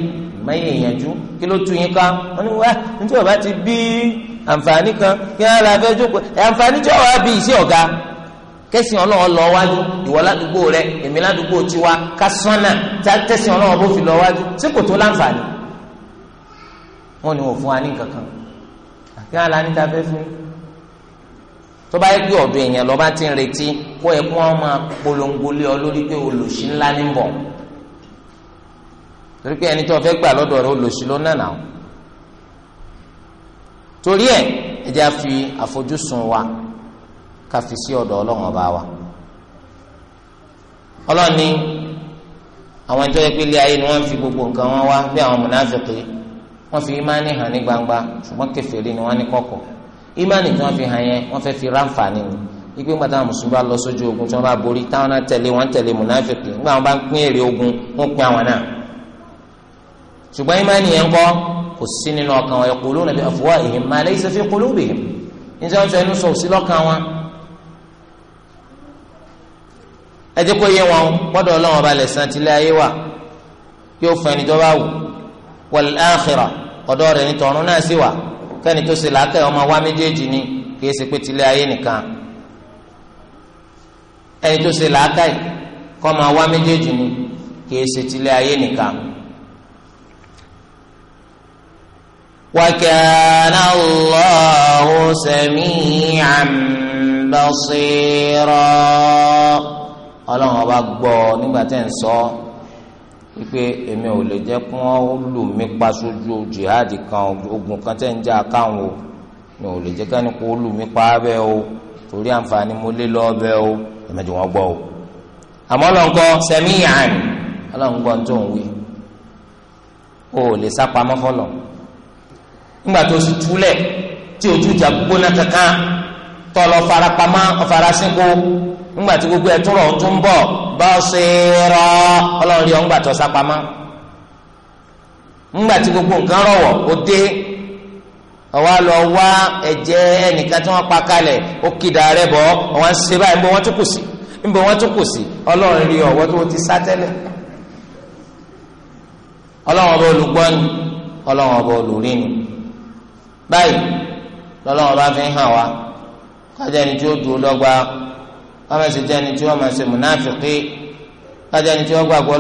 mẹ́yì ìyànjú kí ló tú yín ká wọ́n ní wá nítorí ọba ti bí àǹfààní kan kí wọ́n la fẹ́ jókòó àǹfààní tí wọ́n wá bí iṣẹ́ ọ̀gá kẹ́sìn ọlọ́run lọ wájú ìwọ ládùúgbò rẹ èmi ládùúgbò tiwa ká sọ́nà tẹ́sìn ọlọ́run bó fi lọ wájú sí kò tó láǹfààní wọ́n ní wọ́n fún wa ní kankan kí wọ́n la ní ta fún tó bá yẹ kí ọ̀dọ̀ èèyàn lọ́ba ti ń retí kó ẹ kó wọ́n máa polongo lé ọ lórí pé olùsí ńlá ní bọ̀ torí pé ẹni tó fẹ́ gbà lọ́dọ̀ rẹ̀ olùsí ló nànà o torí ẹ ẹjẹ́ á fi àfojúsùn wa ká fi sí ọ̀dọ̀ ọlọ́run ọba wa ọlọ́run ní àwọn ìjọ yẹn pé ilé ayé ni wọ́n fi gbogbo nǹkan wọn wá bí àwọn mùnáfíkì wọ́n fi ìmánì hàn ní gbangba ṣùgbọ́n ni wọ́n ní kọ̀kọ̀ ìmánì wọ́n fi hàn yẹn wọ́n fi ni ńgbà táwọn mùsùlùmí bá lọ ogun ṣùgbọ́n ìmánì yẹn kọ́ kò sí nínú ọkàn wọn yaquluna bi afwahihim ma laysa fi qulubihim níta wọn fẹnu sọ sí lọ́kàn wọn. ẹ jẹ́ kó yé wọn gbọ́dọ̀ ọlọ́run ọba lẹ̀sán tilẹ̀ ayé wa yóò fún ẹni tó bá wù wal akhirah ọ̀dọ́ rẹ̀ ní tọ̀run náà sì wà kẹ́ni tó ṣe làákẹ́ ọmọ wa méjèèjì ni kì í ṣe pé tilẹ̀ ayé nìkan ẹni tó ṣe làákẹ́ kọ́ ọmọ wa méjèèjì ni kì í ṣe tilẹ̀ ayé nìkan. وكان الله سميعا بصيرا ọlọ́run ọba gbọ́ nígbà tẹ́ ń sọ wípé èmi ò lè jẹ́ kí wọ́n lù mí pa sójú jihad kan ogun kan tẹ́ ń jà káwọn o mi ò lè jẹ́ kí wọ́n kó lù mí pa bẹ́ẹ̀ o torí àǹfààní mo lé lọ́ọ́ bẹ́ẹ̀ o ẹ̀mẹ́jọ wọn gbọ́ o àmọ́ ọlọ́run kọ́ sẹ́míyàn ọlọ́run gbọ́ tó ń wí o ò lè sá pamọ́ fọlọ́run ńgbà tó sì túlẹ̀ tí ojú ìjà gbóná kankan tọlọ farapamọ́ ọ̀farasínkù ńgbà tí gbogbo ẹtún rọ̀ tún bọ̀ bọ́sẹ̀rọ̀ ọlọ́run rí ọ ńgbà tó sápamọ́ ńgbà tí gbogbo nǹkan rọ̀wọ̀ ó dé ọwọ́ lọ wá ẹ̀jẹ̀ ẹnìkan tí wọ́n pa kalẹ̀ ó kìdà rẹ̀ bọ́ wọ́n ń ṣe báyìí ń bọ́ wọ́n tún kù sí ń bọ́ wọ́n tún kù sí ọlọ́run rí ọ̀wọ́ tó ti sá tẹ́lẹ̀ ọlọ́run ọba olùgbọ́ni ọlọ́run ọba olùrí ni. báyìí lọ́lọ́wọ́ bá fi hàn wá kájà tí ó dúró dọ́gba jẹ́ tí wọ́n máa ṣe múnáfìkì kájà tí wọ́n gbàgbọ́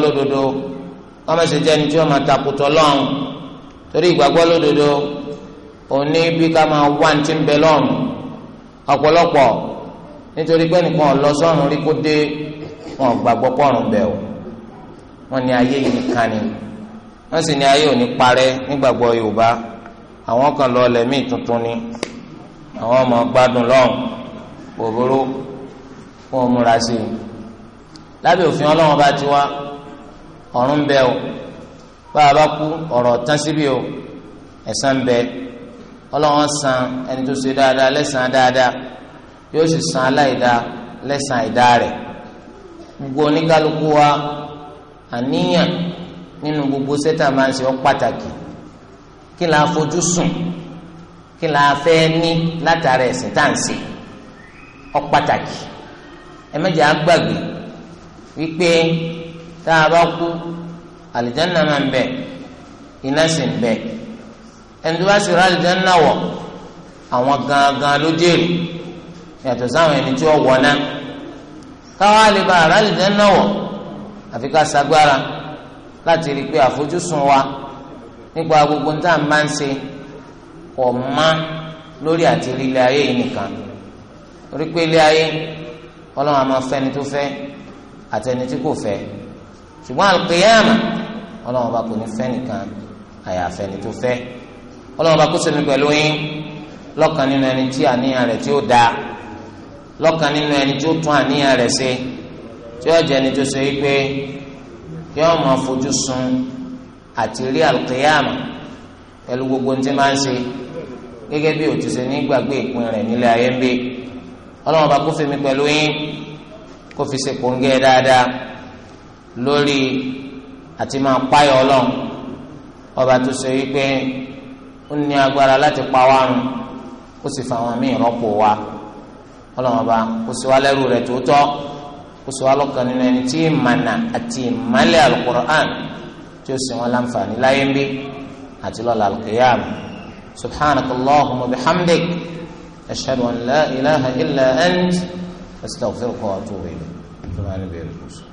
tí wọ́n máa takùtọ̀ lọ́hùn torí ìgbàgbọ́ lódodo òní bí ká máa wá ní ti ń o wọn ayé yìí àwọn kan lọ lẹ́mí tuntun ni àwọn ọmọ gbádùn lọ́hùn òbúrú fún ọmúra sí i lábẹ́ òfin ọlọ́wọ́n bá ti wá ọ̀run ń bẹ o bá a bá kú ọ̀rọ̀ tán síbi o ẹ̀san bẹ ọlọ́wọ́n san ẹni tó ṣe dáadáa lẹ́san dáadáa yóò sì san aláìdá lẹ́san àìdá rẹ̀ gbogbo oníkálukú wa àníyàn nínú gbogbo sẹ́tà máa ń ṣe pàtàkì kí la fojú sùn kí la fẹ́ ní látara ẹ̀sìn tá à ń ṣe ó pàtàkì ẹ mẹ́jẹ̀ á gbàgbé wípé tá a bá kú àlìjáná máa ń bẹ iná sì ń bẹ ẹni tó bá sì rà àlìjáná wọ̀ àwọn gangan ló jèrè yàtọ̀ sáwọn ẹni tí ó wọ̀ náà káwá lè ba àlìjáná wọ̀ àfi ká sagbára láti rí i pé àfojúsùn wa nípa gbogbo níta máa ń ṣe kò má lórí àti lílé ayé yìí nìkan torí pé ilé ayé ọlọ́run àmọ́ fẹ́ni tó fẹ́ àtẹni tí kò fẹ́ ṣùgbọ́n àlùkìyàmà ọlọ́run ọba kò ní fẹ́ nìkan àyàfẹ́ni tó fẹ́ ọlọ́run ọba kó sẹ́mi pẹ̀lú yín lọ́kàn nínú ẹni tí àníyàn rẹ̀ tí ó dáa lọ́kàn nínú ẹni tí ó tún àníyàn rẹ̀ ṣe tí ó jẹ́ ẹni tó ṣe wípé kí máa fojú sun àti rí alùkìyàmù pẹ̀lú gbogbo ní ti máa ń ṣe gẹ́gẹ́ bí òtún ṣe nígbàgbé ìpín rẹ̀ nílé ayé ń bẹ ọlọ́run ọba kó fi mi pẹ̀lú yín kó fi ṣe kòńgẹ́ dáadáa lórí àti máa páyọ̀ ọlọ́run ọba tó ṣe wípé ó ní agbára láti pa wá run ó sì fa àwọn míì rọ́pò wa ọlọ́run ọba kó sì wá lẹ́rù rẹ̀ tòótọ́ kó sì wá lọ́kàn nínú ẹni tí ìmànà àti ìmàlẹ̀ alukur'an tí ó sì wọn láǹfààní láyé ń bí àti lọ́la alqiyam subhanakallahumma bihamdik ashhadu an la ilaha illa ant astaghfiruka wa atubu ilayk.